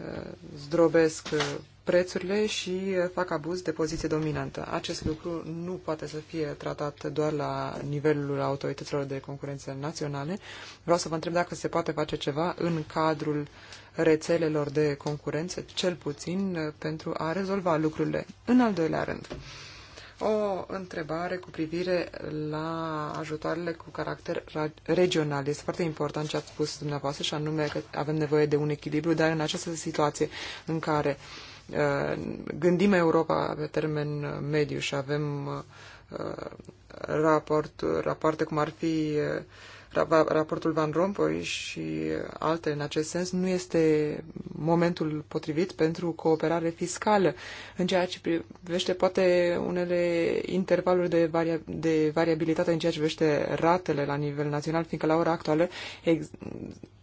uh, zdrobesc prețurile și fac abuz de poziție dominantă. Acest lucru nu poate să fie tratat doar la nivelul autorităților de concurență naționale. Vreau să vă întreb dacă se poate face ceva în cadrul rețelelor de concurență, cel puțin pentru a rezolva lucrurile. În al doilea rând, o întrebare cu privire la ajutoarele cu caracter regional. Este foarte important ce ați spus dumneavoastră și anume că avem nevoie de un echilibru, dar în această situație în care gândim Europa pe termen mediu și avem uh, raport, rapoarte cum ar fi uh, raportul Van Rompuy și alte. în acest sens, nu este momentul potrivit pentru cooperare fiscală, în ceea ce privește poate unele intervaluri de, varia- de variabilitate în ceea ce privește ratele la nivel național, fiindcă la ora actuală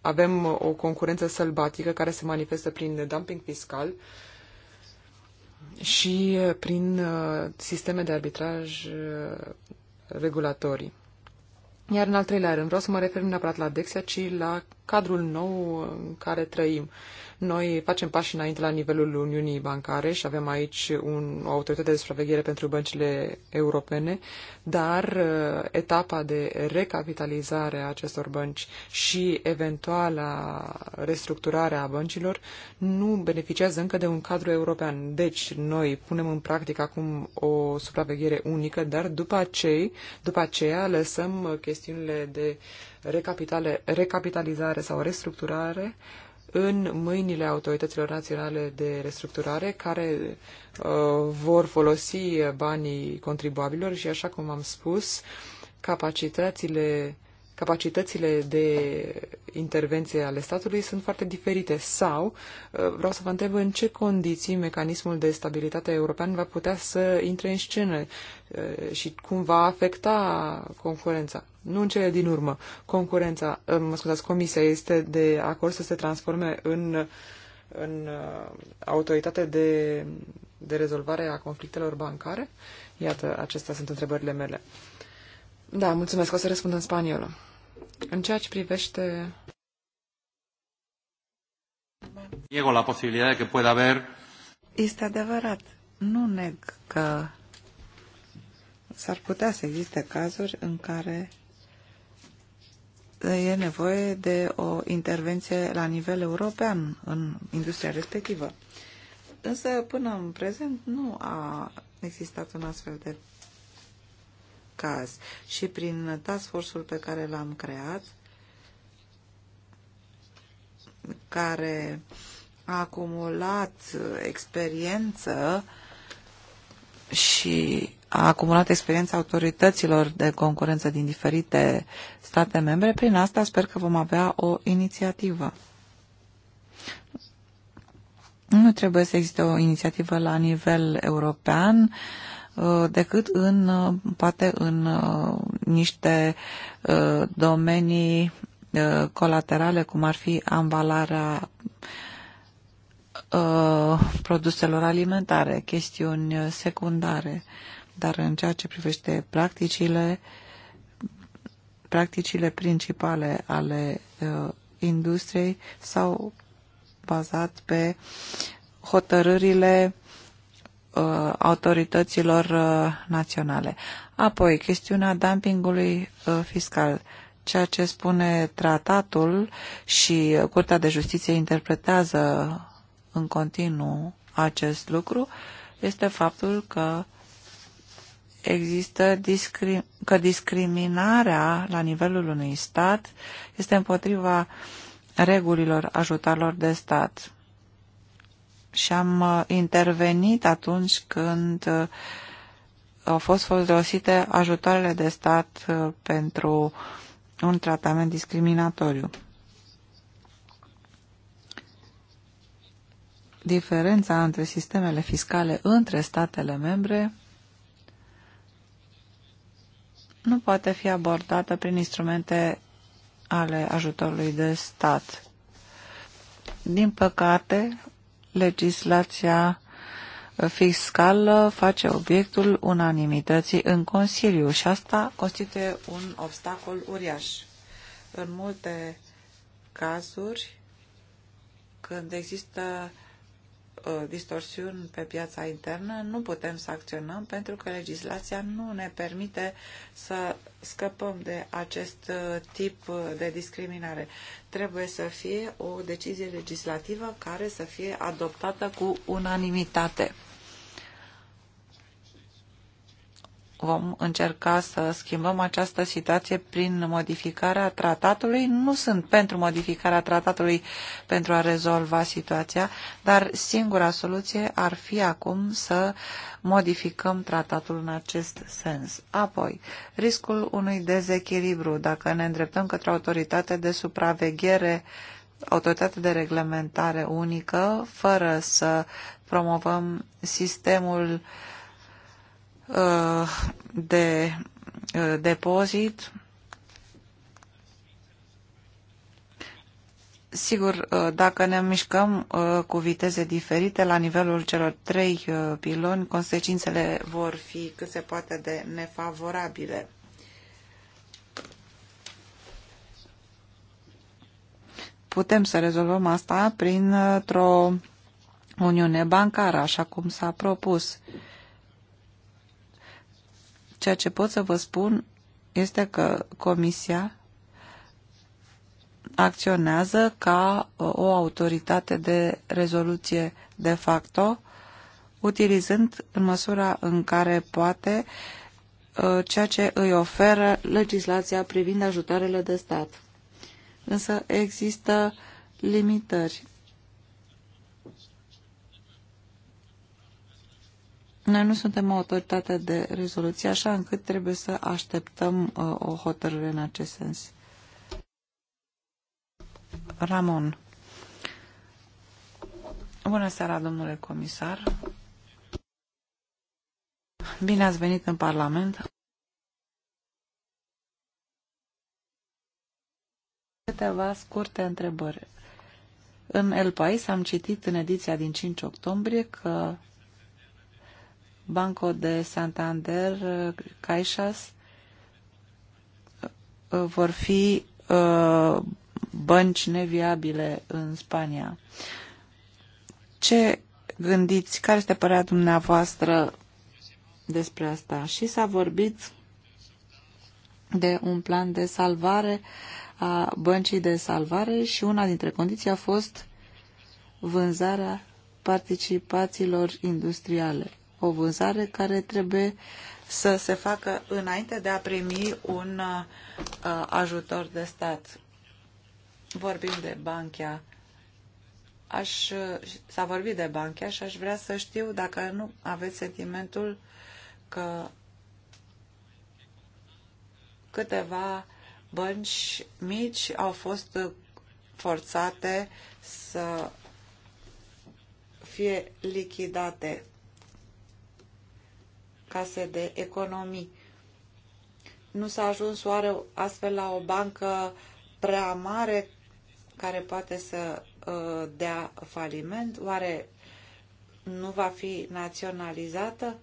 avem o concurență sălbatică care se manifestă prin dumping fiscal, uh, și uh, prin uh, sisteme de arbitraj uh, regulatorii. Iar în al treilea rând, vreau să mă refer nu neapărat la Dexia, ci la cadrul nou în care trăim. Noi facem pași înainte la nivelul Uniunii Bancare și avem aici un, o autoritate de supraveghere pentru băncile europene, dar uh, etapa de recapitalizare a acestor bănci și eventuala restructurare a băncilor nu beneficiază încă de un cadru european. Deci noi punem în practică acum o supraveghere unică, dar după, acei, după aceea lăsăm chestiunile de uh, recapitalizare sau restructurare în mâinile autorităților naționale de restructurare care uh, vor folosi banii contribuabilor și, așa cum am spus, capacitățile capacitățile de intervenție ale statului sunt foarte diferite sau uh, vreau să vă întreb în ce condiții mecanismul de stabilitate european va putea să intre în scenă uh, și cum va afecta concurența. Nu în cele din urmă. Concurența, uh, mă scuzați, comisia este de acord să se transforme în, în autoritate de, de rezolvare a conflictelor bancare? Iată, acestea sunt întrebările mele. Da, mulțumesc. O să răspund în spaniolă. În ceea ce privește... la haber... Este adevărat. Nu neg că s-ar putea să existe cazuri în care e nevoie de o intervenție la nivel european în industria respectivă. Însă, până în prezent, nu a existat un astfel de caz și prin task force-ul pe care l-am creat, care a acumulat experiență și a acumulat experiența autorităților de concurență din diferite state membre. Prin asta sper că vom avea o inițiativă. Nu trebuie să existe o inițiativă la nivel european. Uh, Uh, decât în uh, poate în uh, niște domenii colaterale, cum ar fi ambalarea produselor alimentare, chestiuni secundare, dar în ceea ce privește practicile, practicile principale ale industriei s-au bazat pe hotărârile uh, autorităților uh, naționale. Apoi, chestiunea dumpingului uh, fiscal. Ceea ce spune tratatul și uh, Curtea de Justiție interpretează în continuu acest lucru este faptul că există discri că discriminarea la nivelul unui stat este împotriva regulilor ajutarilor de stat și am uh, intervenit atunci când uh, au fost folosite ajutoarele de stat uh, pentru un tratament discriminatoriu. Diferența între sistemele fiscale între statele membre nu poate fi abordată prin instrumente ale ajutorului de stat. Din păcate, legislația fiscală face obiectul unanimității în Consiliu și asta constituie un obstacol uriaș. În multe cazuri, când există Uh, distorsiuni pe piața internă, nu putem să acționăm pentru că legislația nu ne permite să scăpăm de acest uh, tip de discriminare. Trebuie să fie o decizie legislativă care să fie adoptată cu unanimitate. vom încerca să schimbăm această situație prin modificarea tratatului. Nu sunt pentru modificarea tratatului pentru a rezolva situația, dar singura soluție ar fi acum să modificăm tratatul în acest sens. Apoi, riscul unui dezechilibru dacă ne îndreptăm către autoritate de supraveghere autoritate de reglementare unică, fără să promovăm sistemul uh, Uh, de uh, depozit. Sigur, uh, dacă ne mișcăm cu viteze diferite la nivelul celor trei piloni, consecințele vor fi cât se poate de nefavorabile. Putem să rezolvăm asta printr-o uniune bancară, așa cum s-a propus. Uh, Ceea ce pot să vă spun este că Comisia acționează ca uh, o autoritate de rezoluție de facto, utilizând în măsura în care poate uh, ceea ce îi oferă legislația privind ajutoarele de stat. Însă există limitări Noi nu suntem o autoritate de rezoluție, așa încât trebuie să așteptăm uh, o hotărâre în acest sens. Ramon. Bună seara, domnule comisar. Bine ați venit în Parlament. Câteva scurte întrebări. În El Pais am citit în ediția din 5 octombrie că Banco de Santander, Caixas, uh, vor fi uh, bănci neviabile în Spania. Ce gândiți, care este părerea dumneavoastră despre asta? Și s-a vorbit de un plan de salvare a băncii de salvare și una dintre condiții a fost vânzarea participațiilor industriale o vânzare care trebuie să se facă înainte de a primi un uh, uh ajutor de stat. Vorbim de banchea. Aș, s-a vorbit de banchea și aș vrea să știu dacă nu aveți sentimentul că câteva bănci mici au fost forțate să fie lichidate case de economii. Nu s-a ajuns oare astfel la o bancă prea mare care poate să uh, dea faliment? Oare nu va fi naționalizată?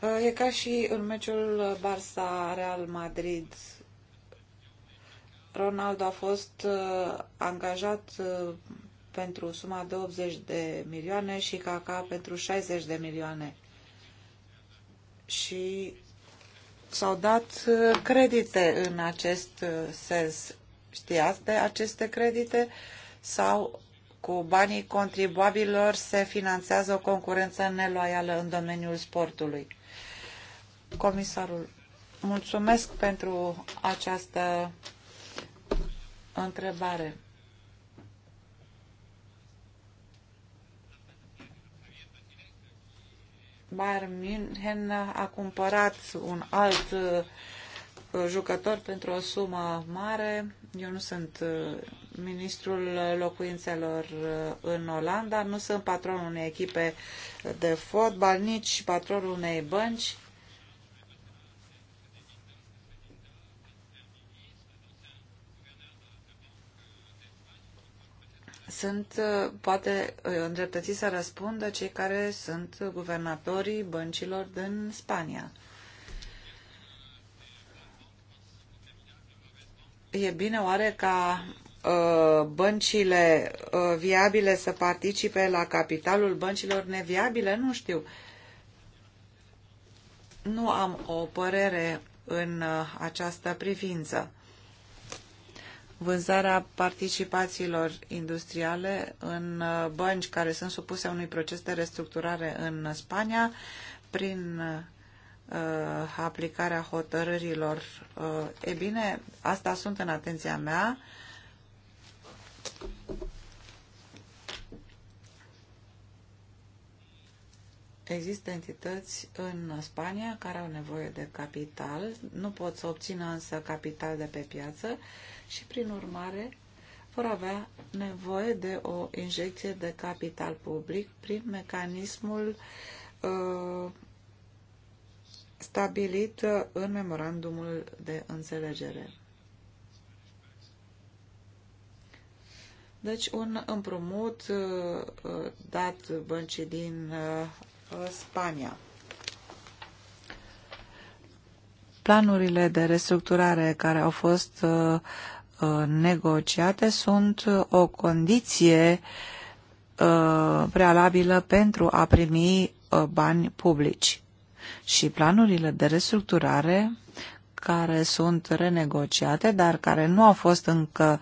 Uh, e ca și în meciul Barça-Real Madrid Ronaldo a fost uh, angajat uh, pentru suma de 80 de milioane și Kaka pentru 60 de milioane. Și s-au dat uh, credite în acest sens. Știați de aceste credite? Sau cu banii contribuabilor se finanțează o concurență neloială în domeniul sportului? Comisarul, mulțumesc pentru această o întrebare. Bayern München a cumpărat un alt uh, jucător pentru o sumă mare. Eu nu sunt uh, ministrul locuințelor uh, în Olanda, nu sunt patronul unei echipe de fotbal, nici patronul unei bănci. sunt uh, poate uh, îndreptățiți să răspundă cei care sunt guvernatorii băncilor din Spania. E bine oare ca uh, băncile viabile să participe la capitalul băncilor neviabile? Nu știu. Nu am o părere în această privință vânzarea participațiilor industriale în uh, bănci care sunt supuse unui proces de restructurare în Spania prin uh, aplicarea hotărârilor. Uh, e bine, asta sunt în atenția mea. Există entități în Spania care au nevoie de capital, nu pot să obțină însă capital de pe piață și, prin urmare, vor avea nevoie de o injecție de capital public prin mecanismul uh, stabilit în memorandumul de înțelegere. Deci un împrumut uh, dat băncii din uh, Uh, Spania. Planurile de restructurare care au fost uh, uh, negociate sunt o condiție prealabilă pentru a primi bani publici. Și planurile de restructurare care sunt renegociate, dar care nu au fost încă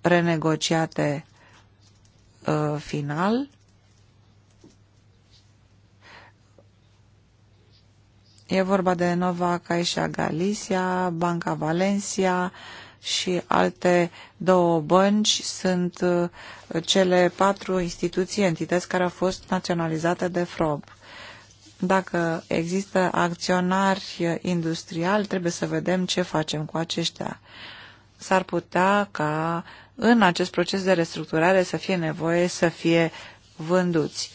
renegociate final, E vorba de Nova Caixa Galicia, Banca Valencia și alte două bănci sunt uh, cele patru instituții, entități care au fost naționalizate de FROB. Dacă există acționari uh, industriali, trebuie să vedem ce facem cu aceștia. S-ar putea ca în acest proces de restructurare să fie nevoie să fie vânduți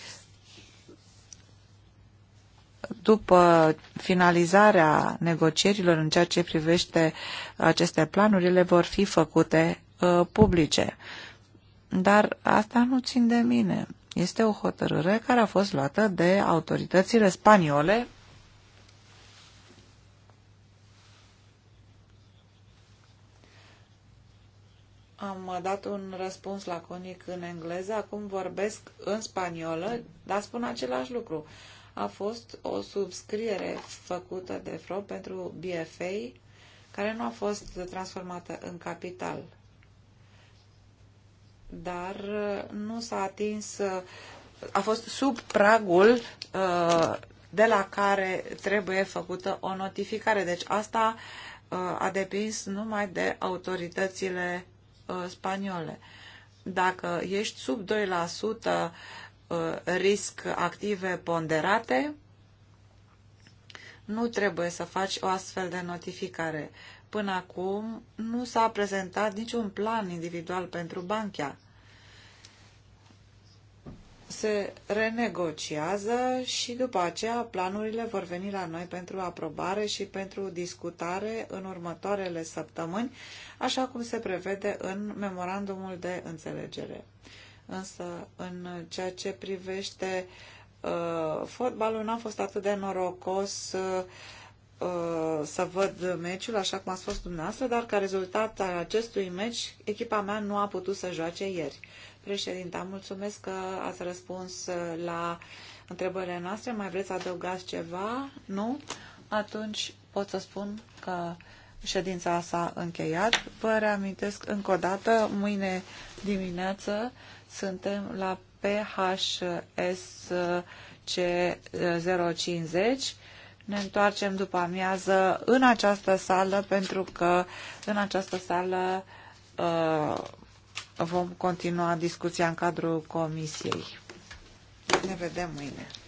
după finalizarea negocierilor în ceea ce privește aceste planuri, ele vor fi făcute uh, publice. Dar asta nu țin de mine. Este o hotărâre care a fost luată de autoritățile spaniole Am dat un răspuns laconic în engleză, acum vorbesc în spaniolă, dar spun același lucru a fost o subscriere făcută de FRO pentru BFA, care nu a fost transformată în capital. Dar uh, nu s-a atins, uh, a fost sub pragul uh, de la care trebuie făcută o notificare. Deci asta a depins numai de autoritățile spaniole. Dacă ești sub 2%, Uh, risc active ponderate, nu trebuie să faci o astfel de notificare. Până acum nu s-a prezentat niciun plan individual pentru banchea. Se renegociază și după aceea planurile vor veni la noi pentru aprobare și pentru discutare în următoarele săptămâni, așa cum se prevede în memorandumul de înțelegere. Însă, în ceea ce privește uh, fotbalul, n-am fost atât de norocos uh, uh să văd meciul, așa cum a fost dumneavoastră, dar ca rezultat al acestui meci, echipa mea nu a putut să joace ieri. Președinta, mulțumesc că ați răspuns uh, la întrebările noastre. Mai vreți să adăugați ceva? Nu? Atunci pot să spun că ședința s-a încheiat. Vă reamintesc încă o dată, mâine dimineață suntem la PHSC050. Ne întoarcem după amiază în această sală pentru că în această sală uh, vom continua discuția în cadrul comisiei. Ne vedem mâine.